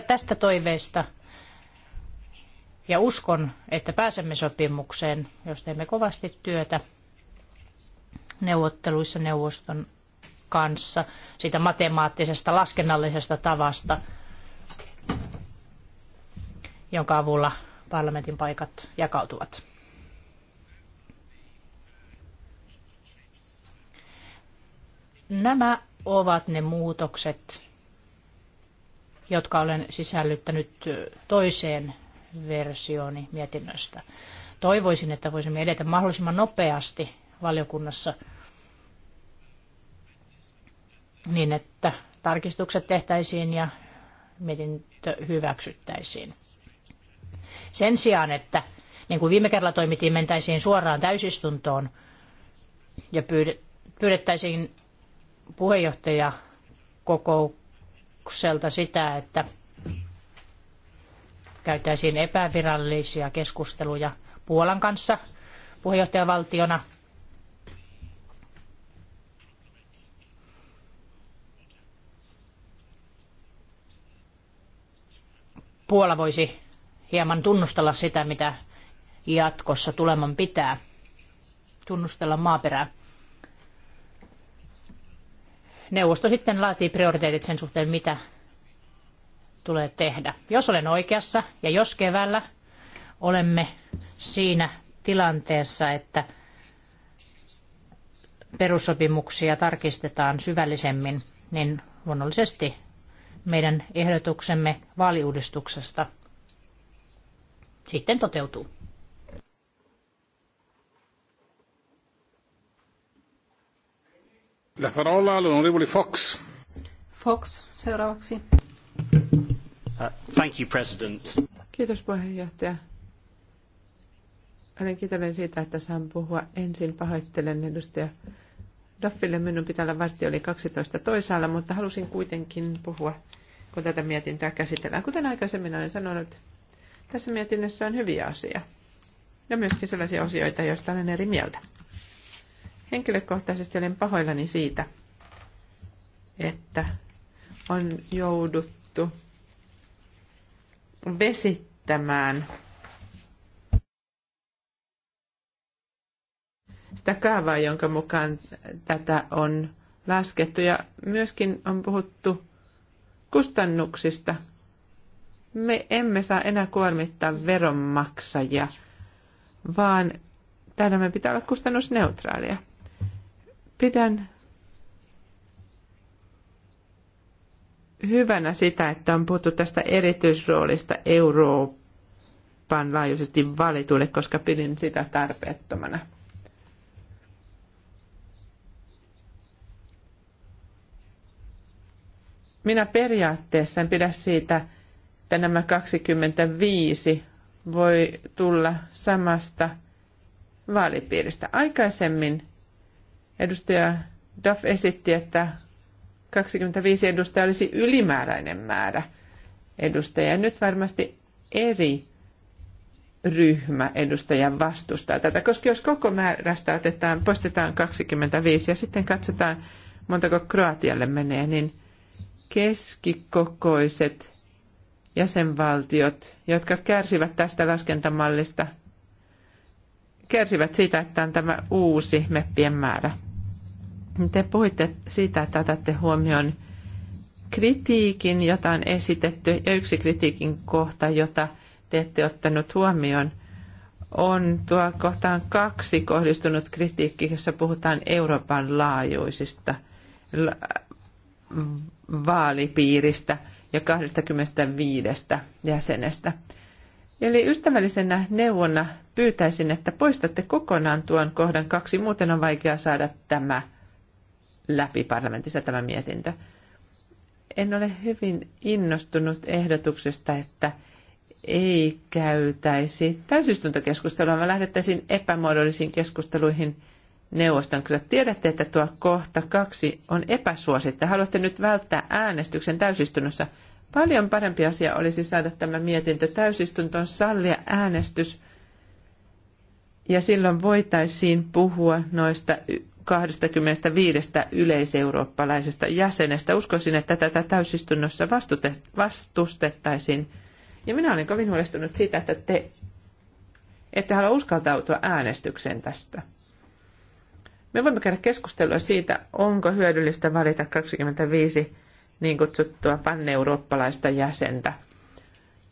C: tästä toiveesta ja uskon, että pääsemme sopimukseen, jos teemme kovasti työtä neuvotteluissa neuvoston kanssa, siitä matemaattisesta laskennallisesta tavasta, jonka avulla parlamentin paikat jakautuvat. Nämä ovat ne muutokset, jotka olen sisällyttänyt toiseen versiooni mietinnöstä. Toivoisin, että voisimme edetä mahdollisimman nopeasti valiokunnassa niin, että tarkistukset tehtäisiin ja mietintö hyväksyttäisiin. Sen sijaan, että niin kuin viime kerralla toimittiin, mentäisiin suoraan täysistuntoon ja pyydettäisiin puheenjohtajakokoukselta sitä, että käytäisiin epävirallisia keskusteluja Puolan kanssa puheenjohtajavaltiona. Puola voisi hieman tunnustella sitä, mitä jatkossa tuleman pitää, tunnustella maaperää neuvosto sitten laatii prioriteetit sen suhteen, mitä tulee tehdä. Jos olen oikeassa ja jos keväällä olemme siinä tilanteessa, että perussopimuksia tarkistetaan syvällisemmin, niin luonnollisesti meidän ehdotuksemme vaaliuudistuksesta sitten toteutuu. La parola all'onorevole Fox.
D: Fox, seuraavaksi.
A: Uh, thank you, President.
D: Kiitos puheenjohtaja. Olen kiitollinen siitä, että saan puhua ensin. Pahoittelen edustaja Duffille. Minun pitää olla vartti oli 12 toisaalla, mutta halusin kuitenkin puhua, kun tätä mietintöä käsitellään. Kuten aikaisemmin olen sanonut, tässä mietinnössä on hyviä asioita ja myöskin sellaisia osioita, joista olen eri mieltä. Henkilökohtaisesti olen pahoillani siitä, että on jouduttu vesittämään sitä kaavaa, jonka mukaan tätä on laskettu. Ja myöskin on puhuttu kustannuksista. Me emme saa enää kuormittaa veronmaksajia, vaan täällä me pitää olla kustannusneutraalia. Pidän hyvänä sitä, että on puhuttu tästä erityisroolista Euroopan laajuisesti valituille, koska pidin sitä tarpeettomana. Minä periaatteessa en pidä siitä, että nämä 25 voi tulla samasta vaalipiiristä. Aikaisemmin Edustaja Duff esitti, että 25 edustajaa olisi ylimääräinen määrä edustajia. Nyt varmasti eri ryhmä edustajan vastustaa tätä, koska jos koko määrästä otetaan, poistetaan 25 ja sitten katsotaan, montako Kroatialle menee, niin keskikokoiset jäsenvaltiot, jotka kärsivät tästä laskentamallista, kärsivät siitä, että on tämä uusi meppien määrä. Te puhuitte siitä, että otatte huomioon kritiikin, jota on esitetty, ja yksi kritiikin kohta, jota te ette ottanut huomioon, on tuo kohtaan kaksi kohdistunut kritiikki, jossa puhutaan Euroopan laajuisista vaalipiiristä ja 25 jäsenestä. Eli ystävällisenä neuvona pyytäisin, että poistatte kokonaan tuon kohdan kaksi, muuten on vaikea saada tämä läpi parlamentissa tämä mietintö. En ole hyvin innostunut ehdotuksesta, että ei käytäisi täysistuntokeskustelua, vaan lähdettäisiin epämuodollisiin keskusteluihin neuvoston. Kyllä tiedätte, että tuo kohta kaksi on epäsuosittu. Haluatte nyt välttää äänestyksen täysistunnossa. Paljon parempi asia olisi saada tämä mietintö täysistuntoon sallia äänestys. Ja silloin voitaisiin puhua noista 25 yleiseurooppalaisesta jäsenestä. Uskoisin, että tätä täysistunnossa vastustettaisiin. Ja minä olen kovin huolestunut siitä, että te ette halua uskaltautua äänestykseen tästä. Me voimme käydä keskustelua siitä, onko hyödyllistä valita 25 niin kutsuttua panneurooppalaista jäsentä.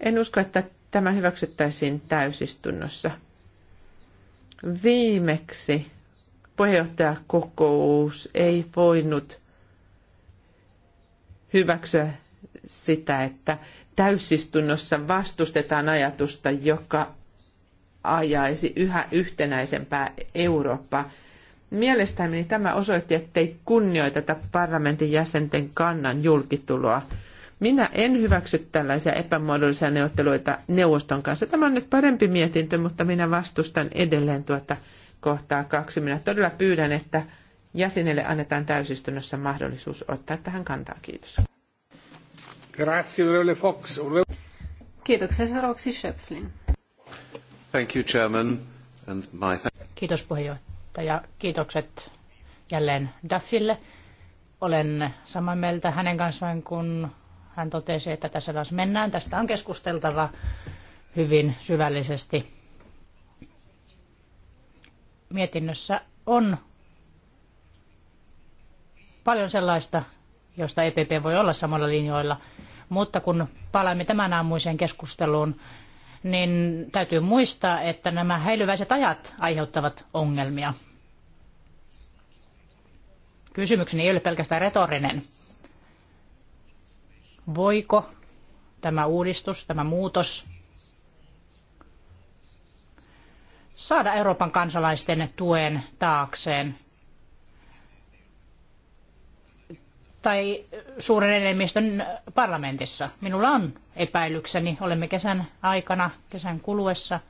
D: En usko, että tämä hyväksyttäisiin täysistunnossa. Viimeksi puheenjohtajakokous ei voinut hyväksyä sitä, että täysistunnossa vastustetaan ajatusta, joka ajaisi yhä yhtenäisempää Eurooppaa. Mielestäni tämä osoitti, ettei kunnioiteta parlamentin jäsenten kannan julkituloa. Minä en hyväksy tällaisia epämuodollisia neuvotteluita neuvoston kanssa. Tämä on nyt parempi mietintö, mutta minä vastustan edelleen tuota kohtaa kaksi. Minä todella pyydän, että jäsenille annetaan täysistunnossa mahdollisuus ottaa tähän kantaa. Kiitos.
A: Grazie, Fox. Kiitoksia seuraavaksi
C: Schöpflin.
A: Thank you, Chairman. And my th-
C: Kiitos puheenjohtaja. Kiitokset jälleen Duffille. Olen samaa mieltä hänen kanssaan, kun hän totesi, että tässä taas mennään. Tästä on keskusteltava hyvin syvällisesti mietinnössä on paljon sellaista, josta EPP voi olla samalla linjoilla. Mutta kun palaamme tämän aamuiseen keskusteluun, niin täytyy muistaa, että nämä häilyväiset ajat aiheuttavat ongelmia. Kysymykseni ei ole pelkästään retorinen. Voiko tämä uudistus, tämä muutos saada Euroopan kansalaisten tuen taakseen tai suuren enemmistön parlamentissa. Minulla on epäilykseni, olemme kesän aikana, kesän kuluessa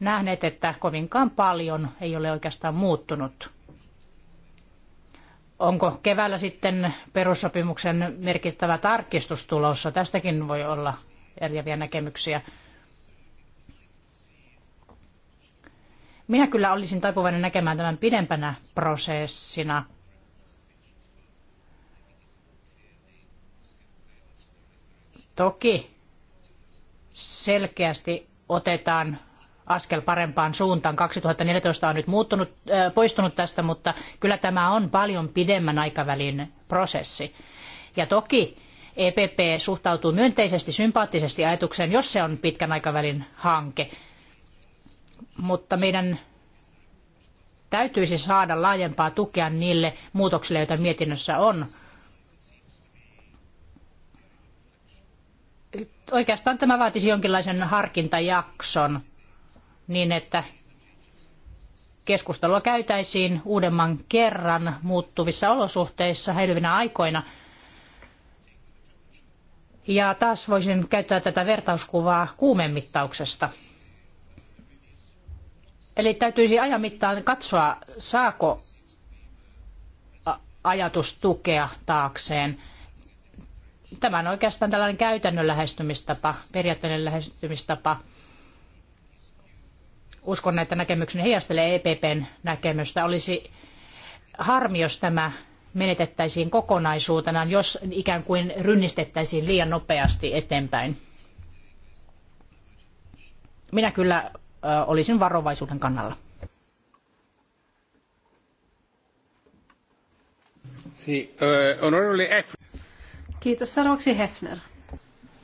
C: nähneet, että kovinkaan paljon ei ole oikeastaan muuttunut. Onko keväällä sitten perussopimuksen merkittävä tarkistus tulossa? Tästäkin voi olla eriäviä näkemyksiä. Minä kyllä olisin taipuvainen näkemään tämän pidempänä prosessina. Toki selkeästi otetaan askel parempaan suuntaan. 2014 on nyt muuttunut, äh, poistunut tästä, mutta kyllä tämä on paljon pidemmän aikavälin prosessi. Ja toki EPP suhtautuu myönteisesti, sympaattisesti ajatukseen, jos se on pitkän aikavälin hanke mutta meidän täytyisi saada laajempaa tukea niille muutoksille, joita mietinnössä on. Oikeastaan tämä vaatisi jonkinlaisen harkintajakson niin, että keskustelua käytäisiin uudemman kerran muuttuvissa olosuhteissa häilyvinä aikoina. Ja taas voisin käyttää tätä vertauskuvaa kuumemittauksesta. Eli täytyisi ajan mittaan katsoa, saako ajatus tukea taakseen. Tämä on oikeastaan tällainen käytännön lähestymistapa, periaatteellinen lähestymistapa. Uskon, että näkemykseni heijastelee EPPn näkemystä. Olisi harmi, jos tämä menetettäisiin kokonaisuutenaan, jos ikään kuin rynnistettäisiin liian nopeasti eteenpäin. Minä kyllä olisin varovaisuuden kannalla.
D: Kiitos. Seuraavaksi Hefner.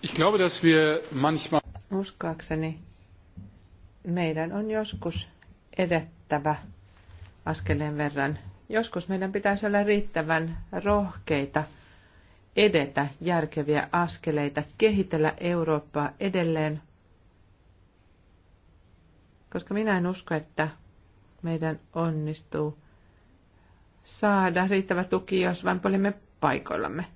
D: Ich glaube, dass wir manchmal... Uskoakseni meidän on joskus edettävä askeleen verran. Joskus meidän pitäisi olla riittävän rohkeita edetä järkeviä askeleita, kehitellä Eurooppaa edelleen koska minä en usko, että meidän onnistuu saada riittävä tuki, jos vain poljemme paikoillamme.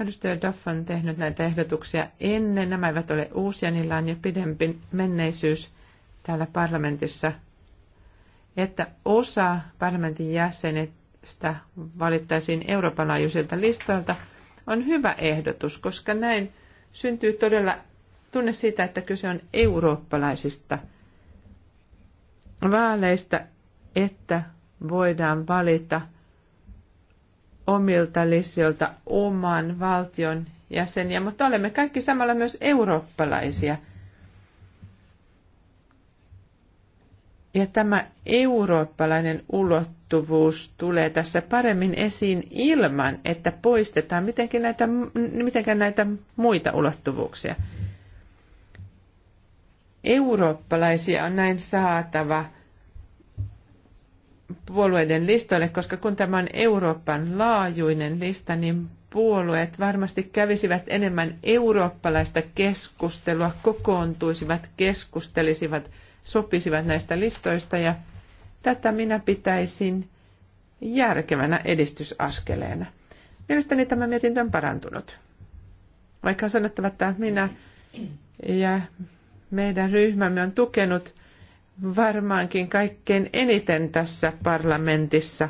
D: Edustaja Duff on tehnyt näitä ehdotuksia ennen. Nämä eivät ole uusia, niillä on jo pidempi menneisyys täällä parlamentissa, että osa parlamentin jäsenistä valittaisiin Euroopan laajuisilta listoilta on hyvä ehdotus, koska näin syntyy todella tunne siitä, että kyse on eurooppalaisista vaaleista, että voidaan valita omilta lisioilta oman valtion jäseniä, mutta olemme kaikki samalla myös eurooppalaisia. Ja tämä eurooppalainen ulottuvuus tulee tässä paremmin esiin ilman, että poistetaan mitenkään näitä, mitenkään näitä muita ulottuvuuksia eurooppalaisia on näin saatava puolueiden listoille, koska kun tämä on Euroopan laajuinen lista, niin puolueet varmasti kävisivät enemmän eurooppalaista keskustelua, kokoontuisivat, keskustelisivat, sopisivat näistä listoista ja tätä minä pitäisin järkevänä edistysaskeleena. Mielestäni tämä mietintö on parantunut. Vaikka on sanottava, että minä ja meidän ryhmämme on tukenut varmaankin kaikkein eniten tässä parlamentissa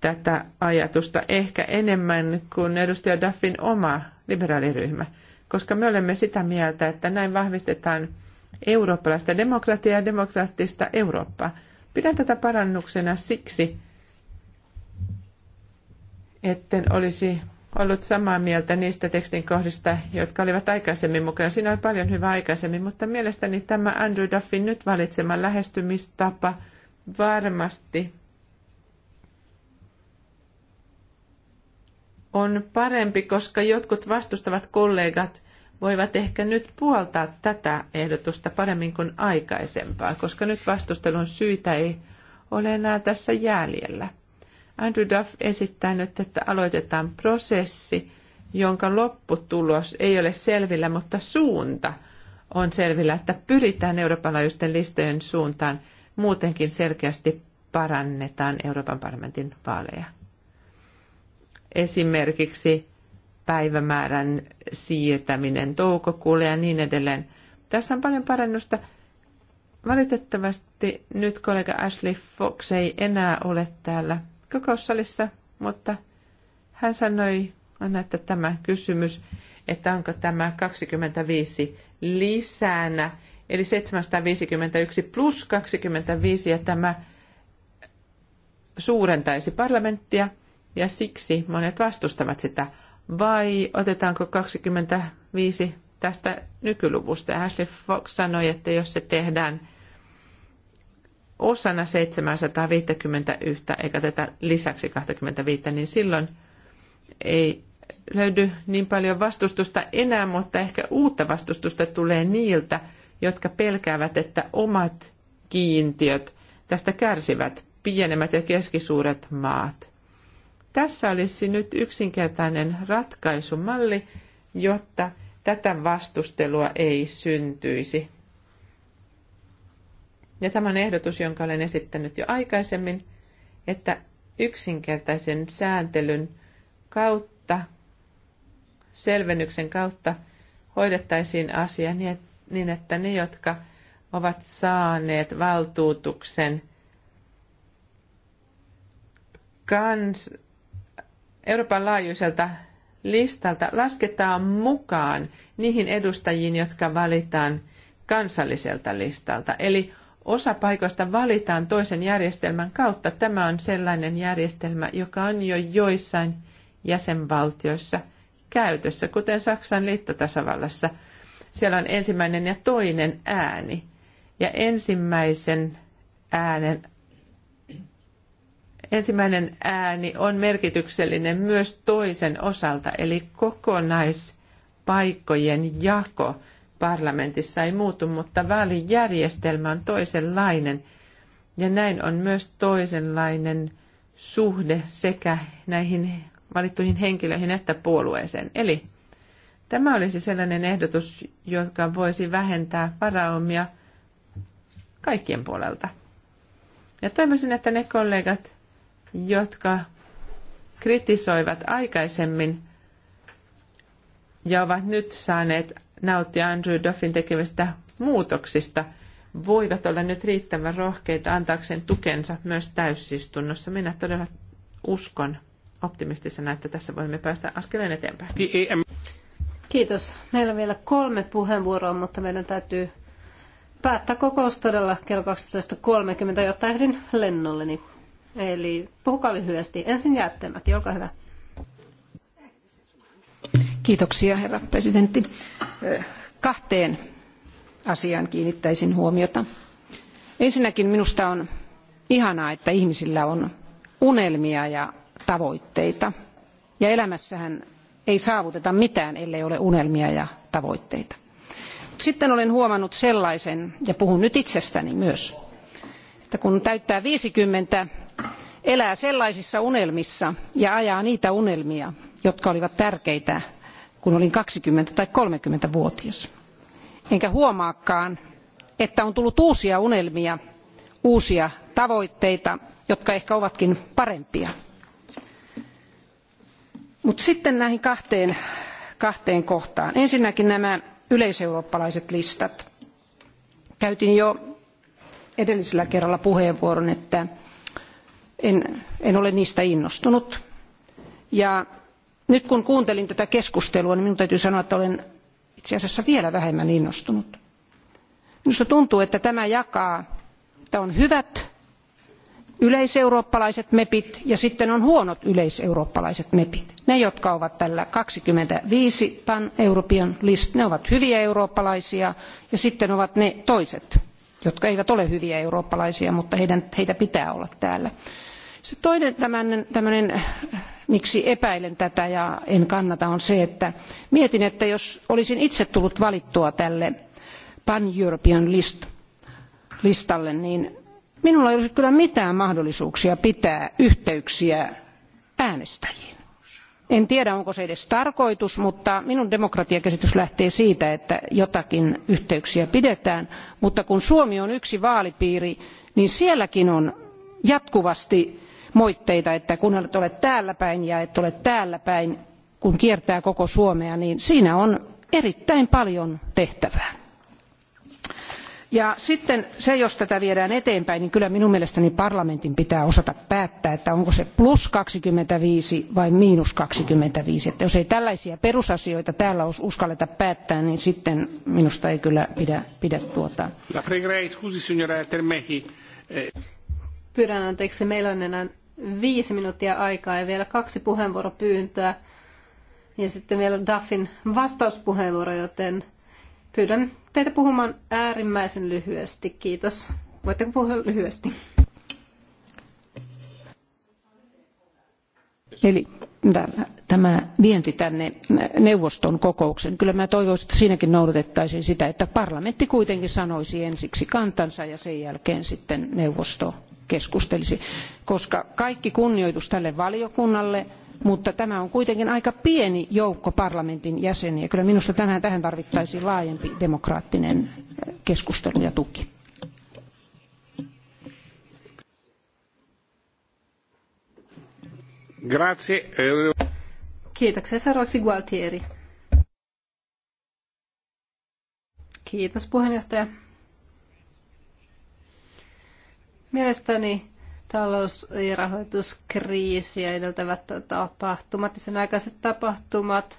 D: tätä ajatusta, ehkä enemmän kuin edustaja Duffin oma liberaaliryhmä, koska me olemme sitä mieltä, että näin vahvistetaan eurooppalaista demokratiaa ja demokraattista Eurooppaa. Pidän tätä parannuksena siksi, etten olisi ollut samaa mieltä niistä tekstin kohdista, jotka olivat aikaisemmin mukana. Siinä oli paljon hyvää aikaisemmin, mutta mielestäni tämä Andrew Duffin nyt valitsema lähestymistapa varmasti on parempi, koska jotkut vastustavat kollegat voivat ehkä nyt puoltaa tätä ehdotusta paremmin kuin aikaisempaa, koska nyt vastustelun syitä ei ole enää tässä jäljellä. Andrew Duff esittänyt, että aloitetaan prosessi, jonka lopputulos ei ole selvillä, mutta suunta on selvillä, että pyritään Euroopan laajuisten listojen suuntaan. Muutenkin selkeästi parannetaan Euroopan parlamentin vaaleja. Esimerkiksi päivämäärän siirtäminen toukokuulle ja niin edelleen. Tässä on paljon parannusta. Valitettavasti nyt kollega Ashley Fox ei enää ole täällä kokoussalissa, mutta hän sanoi, on että tämä kysymys, että onko tämä 25 lisänä, eli 751 plus 25, ja tämä suurentaisi parlamenttia, ja siksi monet vastustavat sitä. Vai otetaanko 25 tästä nykyluvusta? Ashley Fox sanoi, että jos se tehdään osana 751 eikä tätä lisäksi 25, niin silloin ei löydy niin paljon vastustusta enää, mutta ehkä uutta vastustusta tulee niiltä, jotka pelkäävät, että omat kiintiöt tästä kärsivät, pienemmät ja keskisuuret maat. Tässä olisi nyt yksinkertainen ratkaisumalli, jotta tätä vastustelua ei syntyisi. Ja tämä on ehdotus, jonka olen esittänyt jo aikaisemmin, että yksinkertaisen sääntelyn kautta, selvennyksen kautta hoidettaisiin asia niin, niin, että ne, jotka ovat saaneet valtuutuksen kans, Euroopan laajuiselta listalta, lasketaan mukaan niihin edustajiin, jotka valitaan kansalliselta listalta. Eli osa paikoista valitaan toisen järjestelmän kautta. Tämä on sellainen järjestelmä, joka on jo joissain jäsenvaltioissa käytössä, kuten Saksan liittotasavallassa. Siellä on ensimmäinen ja toinen ääni. Ja ensimmäisen äänen ensimmäinen ääni on merkityksellinen myös toisen osalta, eli kokonaispaikkojen jako parlamentissa ei muutu, mutta vaalijärjestelmä on toisenlainen ja näin on myös toisenlainen suhde sekä näihin valittuihin henkilöihin että puolueeseen. Eli tämä olisi sellainen ehdotus, joka voisi vähentää varaumia kaikkien puolelta. Ja toivoisin, että ne kollegat, jotka kritisoivat aikaisemmin ja ovat nyt saaneet nautti Andrew Duffin tekemistä muutoksista, voivat olla nyt riittävän rohkeita antaakseen tukensa myös täysistunnossa. Minä todella uskon optimistisena, että tässä voimme päästä askeleen eteenpäin. Kiitos.
B: Meillä on vielä kolme puheenvuoroa, mutta meidän täytyy päättää kokous todella kello 12.30, jotta ehdin lennolleni. Eli puhukaa lyhyesti. Ensin
A: Jäätteenmäki, olkaa hyvä. Kiitoksia herra presidentti. Eh, kahteen asiaan kiinnittäisin huomiota. Ensinnäkin minusta on ihanaa, että ihmisillä on unelmia ja tavoitteita. Ja elämässähän ei saavuteta mitään, ellei ole unelmia ja tavoitteita. Sitten olen huomannut sellaisen, ja puhun nyt itsestäni myös, että kun täyttää 50, elää sellaisissa unelmissa ja ajaa niitä unelmia, jotka olivat tärkeitä kun olin 20 tai 30 vuotias. Enkä huomaakaan, että on tullut uusia unelmia, uusia tavoitteita, jotka ehkä ovatkin parempia. Mutta sitten näihin kahteen, kahteen kohtaan. Ensinnäkin nämä yleiseurooppalaiset listat. Käytin jo edellisellä kerralla puheenvuoron, että en, en ole niistä innostunut. Ja nyt kun kuuntelin tätä keskustelua, niin minun täytyy sanoa, että olen itse asiassa vielä vähemmän innostunut. Minusta tuntuu, että tämä jakaa, että on hyvät yleiseurooppalaiset mepit ja sitten on huonot yleiseurooppalaiset mepit. Ne, jotka ovat tällä 25 pan-european list, ne ovat hyviä eurooppalaisia ja sitten ovat ne toiset, jotka eivät ole hyviä eurooppalaisia, mutta heidän, heitä pitää olla täällä. Se toinen tämmöinen, tämmöinen miksi epäilen tätä ja en kannata on se että mietin että jos olisin itse tullut valittua tälle pan european list, listalle niin minulla ei olisi kyllä mitään mahdollisuuksia pitää yhteyksiä äänestäjiin. En tiedä, onko se edes tarkoitus, mutta minun demokratiakäsitys lähtee siitä, että jotakin yhteyksiä pidetään. Mutta kun Suomi on yksi vaalipiiri, niin sielläkin on jatkuvasti moitteita, että kun et ole täällä päin ja et ole täällä päin, kun kiertää koko Suomea, niin siinä on erittäin paljon tehtävää. Ja sitten se, jos tätä viedään eteenpäin, niin kyllä minun mielestäni parlamentin pitää osata päättää, että onko se plus 25 vai miinus 25. Että jos ei tällaisia perusasioita täällä uskalleta päättää, niin sitten minusta ei kyllä pidä, pidä tuota. Eh.
B: Pyydän anteeksi, meillä on enää viisi minuuttia aikaa ja vielä kaksi puheenvuoropyyntöä. Ja sitten vielä Duffin vastauspuheenvuoro, joten pyydän teitä puhumaan äärimmäisen lyhyesti. Kiitos. Voitteko puhua lyhyesti?
A: Eli tämä vienti tänne neuvoston kokouksen. Kyllä mä toivoisin, että siinäkin noudatettaisiin sitä, että parlamentti kuitenkin sanoisi ensiksi kantansa ja sen jälkeen sitten neuvosto keskustelisi, koska kaikki kunnioitus tälle valiokunnalle, mutta tämä on kuitenkin aika pieni joukko parlamentin jäseniä. Kyllä minusta tämän, tähän tarvittaisiin laajempi demokraattinen eh, keskustelu ja tuki.
D: Grazie.
B: Kiitoksia. Seuraavaksi Gualtieri. Kiitos puheenjohtaja. Mielestäni talous- ja rahoituskriisiä edeltävät tapahtumat ja sen aikaiset tapahtumat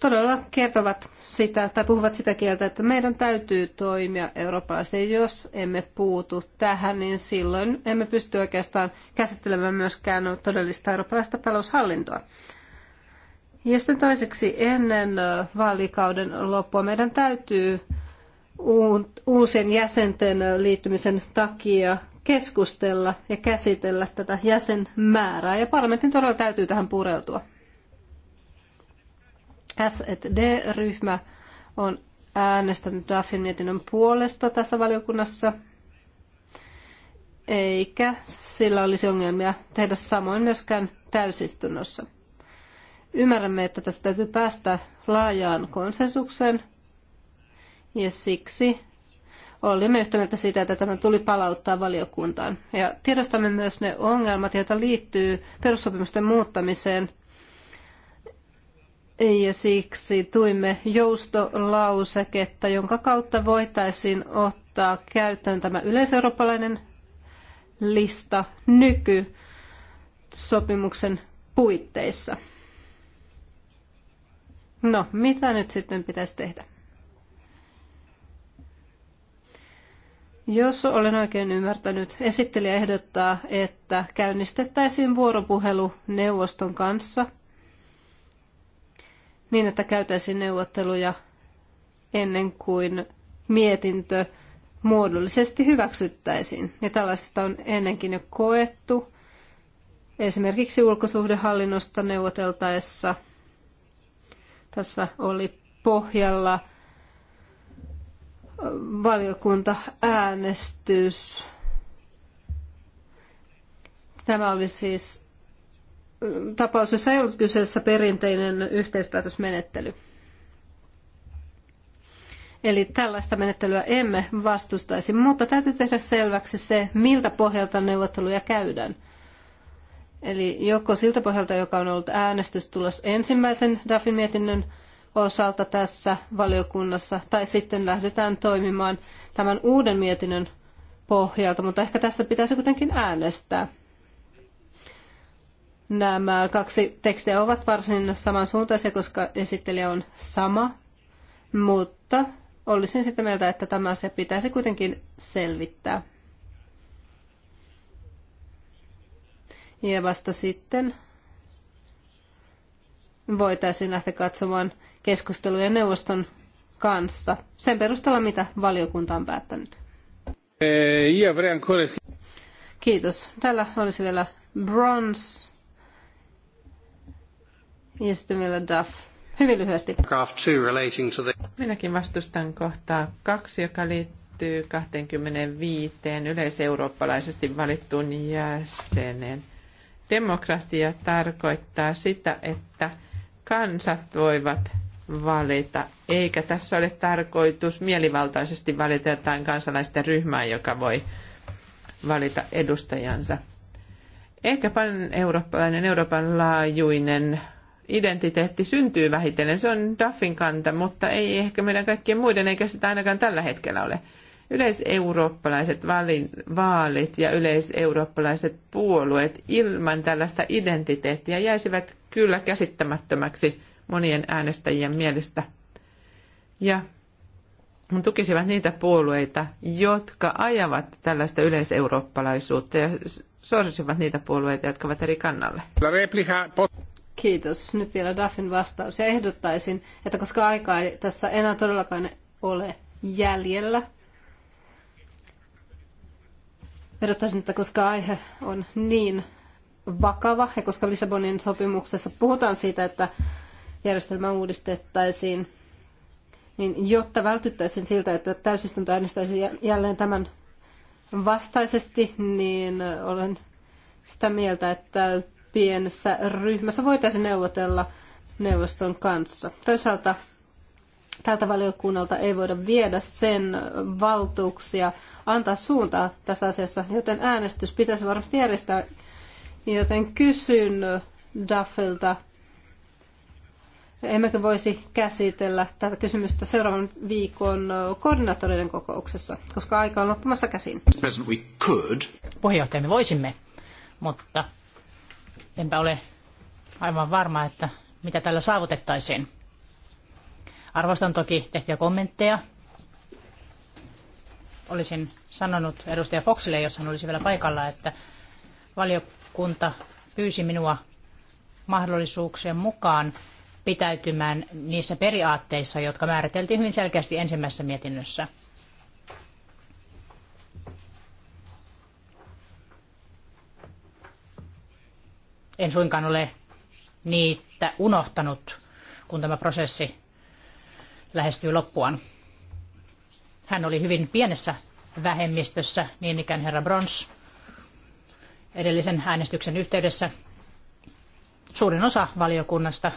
B: todella kertovat sitä tai puhuvat sitä kieltä, että meidän täytyy toimia eurooppalaisesti. Jos emme puutu tähän, niin silloin emme pysty oikeastaan käsittelemään myöskään todellista eurooppalaista taloushallintoa. Ja sitten toiseksi ennen vaalikauden loppua meidän täytyy uusien jäsenten liittymisen takia keskustella ja käsitellä tätä jäsenmäärää. Ja parlamentin todella täytyy tähän pureutua. S&D-ryhmä on äänestänyt DAFin mietinnön puolesta tässä valiokunnassa, eikä sillä olisi ongelmia tehdä samoin myöskään täysistunnossa. Ymmärrämme, että tästä täytyy päästä laajaan konsensukseen, ja siksi olimme yhtä mieltä siitä, että tämä tuli palauttaa valiokuntaan. Ja tiedostamme myös ne ongelmat, joita liittyy perussopimusten muuttamiseen. Ja siksi tuimme joustolauseketta, jonka kautta voitaisiin ottaa käyttöön tämä yleiseurooppalainen lista nykysopimuksen puitteissa. No, mitä nyt sitten pitäisi tehdä? Jos olen oikein ymmärtänyt, esittelijä ehdottaa, että käynnistettäisiin vuoropuhelu neuvoston kanssa niin, että käytäisiin neuvotteluja ennen kuin mietintö muodollisesti hyväksyttäisiin. Ja tällaista on ennenkin jo koettu, esimerkiksi ulkosuhdehallinnosta neuvoteltaessa. Tässä oli pohjalla – Valiokunta äänestys Tämä oli siis mm, tapaus, jossa ei ollut kyseessä perinteinen yhteispäätösmenettely. Eli tällaista menettelyä emme vastustaisi, mutta täytyy tehdä selväksi se, miltä pohjalta neuvotteluja käydään. Eli joko siltä pohjalta, joka on ollut äänestystulos ensimmäisen DAFin mietinnön osalta tässä valiokunnassa, tai sitten lähdetään toimimaan tämän uuden mietinnön pohjalta, mutta ehkä tässä pitäisi kuitenkin äänestää. Nämä kaksi tekstiä ovat varsin samansuuntaisia, koska esittelijä on sama, mutta olisin sitä mieltä, että tämä se pitäisi kuitenkin selvittää. Ja vasta sitten voitaisiin lähteä katsomaan, keskusteluja neuvoston kanssa sen perusteella, mitä valiokunta on päättänyt. Eh, Kiitos. Täällä olisi vielä Bronze
D: ja sitten vielä Duff. Hyvin lyhyesti. Minäkin vastustan kohtaa kaksi, joka liittyy 25 yleiseurooppalaisesti valittuun jäseneen. Demokratia tarkoittaa sitä, että kansat voivat valita, eikä tässä ole tarkoitus mielivaltaisesti valita jotain kansalaisten ryhmää, joka voi valita edustajansa. Ehkä paljon eurooppalainen, Euroopan laajuinen identiteetti syntyy vähitellen. Se on Duffin kanta, mutta ei ehkä meidän kaikkien muiden, eikä sitä ainakaan tällä hetkellä ole. Yleiseurooppalaiset vaalit ja yleiseurooppalaiset puolueet ilman tällaista identiteettiä jäisivät kyllä käsittämättömäksi monien äänestäjien mielestä. Ja tukisivat niitä puolueita, jotka ajavat tällaista yleiseurooppalaisuutta ja suosisivat niitä puolueita, jotka ovat eri kannalle.
B: Kiitos. Nyt vielä Daffin vastaus. Ja ehdottaisin, että koska aikaa ei tässä enää todellakaan ole jäljellä, ehdottaisin, että koska aihe on niin vakava ja koska Lissabonin sopimuksessa puhutaan siitä, että järjestelmä uudistettaisiin, niin jotta vältyttäisiin siltä, että täysistunto äänestäisi jälleen tämän vastaisesti, niin olen sitä mieltä, että pienessä ryhmässä voitaisiin neuvotella neuvoston kanssa. Toisaalta tältä valiokunnalta ei voida viedä sen valtuuksia antaa suuntaa tässä asiassa, joten äänestys pitäisi varmasti järjestää. Joten kysyn Duffilta, Emmekö voisi käsitellä tätä kysymystä seuraavan viikon koordinaattoreiden kokouksessa, koska aika on loppumassa
C: käsin? Puheenjohtaja, me voisimme, mutta enpä ole aivan varma, että mitä tällä saavutettaisiin. Arvostan toki tehtyjä kommentteja. Olisin sanonut edustaja Foxille, jos hän olisi vielä paikalla, että valiokunta pyysi minua mahdollisuuksien mukaan pitäytymään niissä periaatteissa, jotka määriteltiin hyvin selkeästi ensimmäisessä mietinnössä. En suinkaan ole niitä unohtanut, kun tämä prosessi lähestyy loppuaan. Hän oli hyvin pienessä vähemmistössä, niin ikään herra Brons, edellisen äänestyksen yhteydessä. Suurin osa valiokunnasta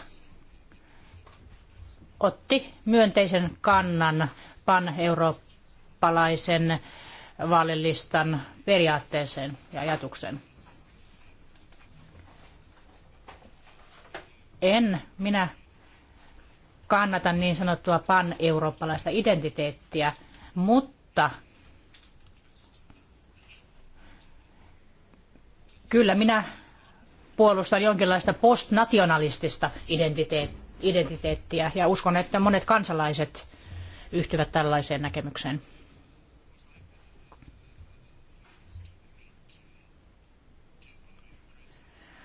C: otti myönteisen kannan pan-eurooppalaisen vaalilistan periaatteeseen ja ajatukseen. En minä kannata niin sanottua pan-eurooppalaista identiteettiä, mutta kyllä minä puolustan jonkinlaista postnationalistista identiteettiä identiteettiä ja uskon, että monet kansalaiset yhtyvät tällaiseen näkemykseen.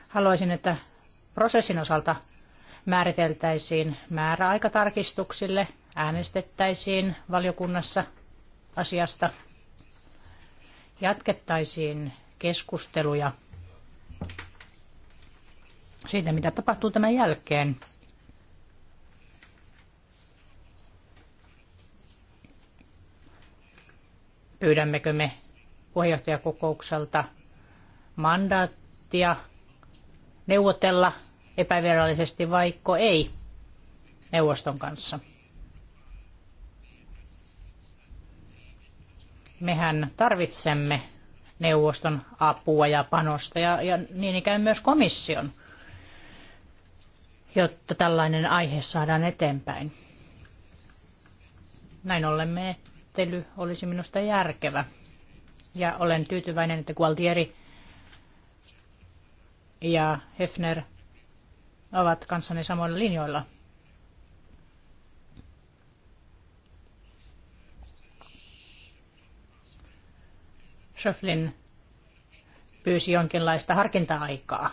C: Haluaisin, että prosessin osalta määriteltäisiin määräaikatarkistuksille, äänestettäisiin valiokunnassa asiasta, jatkettaisiin keskusteluja siitä, mitä tapahtuu tämän jälkeen Pyydämmekö me puheenjohtajakokoukselta mandaattia neuvotella epävirallisesti vaikka ei neuvoston kanssa? Mehän tarvitsemme neuvoston apua ja panosta ja, ja niin ikään myös komission, jotta tällainen aihe saadaan eteenpäin. Näin ollen me menettely olisi minusta järkevä. Ja olen tyytyväinen, että Gualtieri ja Hefner ovat kanssani samoilla linjoilla. Schöflin pyysi jonkinlaista harkinta-aikaa.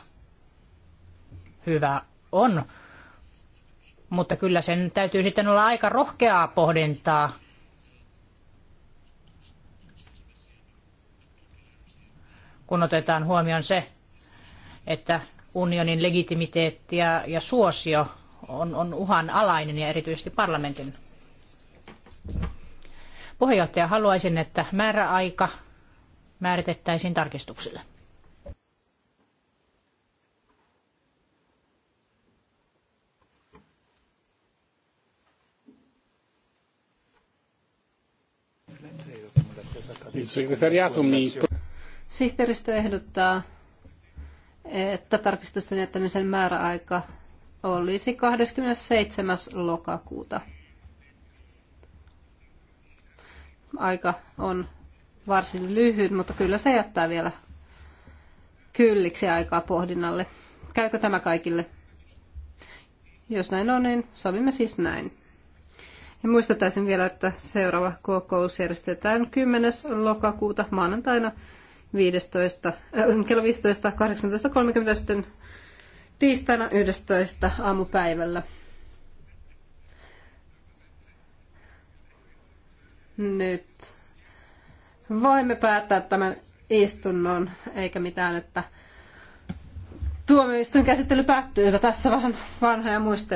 C: Hyvä on, mutta kyllä sen täytyy sitten olla aika rohkeaa pohdintaa kun otetaan huomioon se, että unionin legitimiteetti ja, ja suosio on, on uhanalainen ja erityisesti parlamentin. Puheenjohtaja, haluaisin, että määräaika määritettäisiin tarkistuksille.
D: Il segretariato mi
B: Sihteeristö ehdottaa, että tarkistusten jättämisen määräaika olisi 27. lokakuuta. Aika on varsin lyhyt, mutta kyllä se jättää vielä kylliksi aikaa pohdinnalle. Käykö tämä kaikille? Jos näin on, niin sovimme siis näin. Ja muistuttaisin vielä, että seuraava kokous järjestetään 10. lokakuuta maanantaina 15, äh, kello 15, 18.30 sitten tiistaina 11 aamupäivällä. Nyt voimme päättää tämän istunnon, eikä mitään, että tuomioistuin käsittely päättyy. Tässä vähän vanha ja muista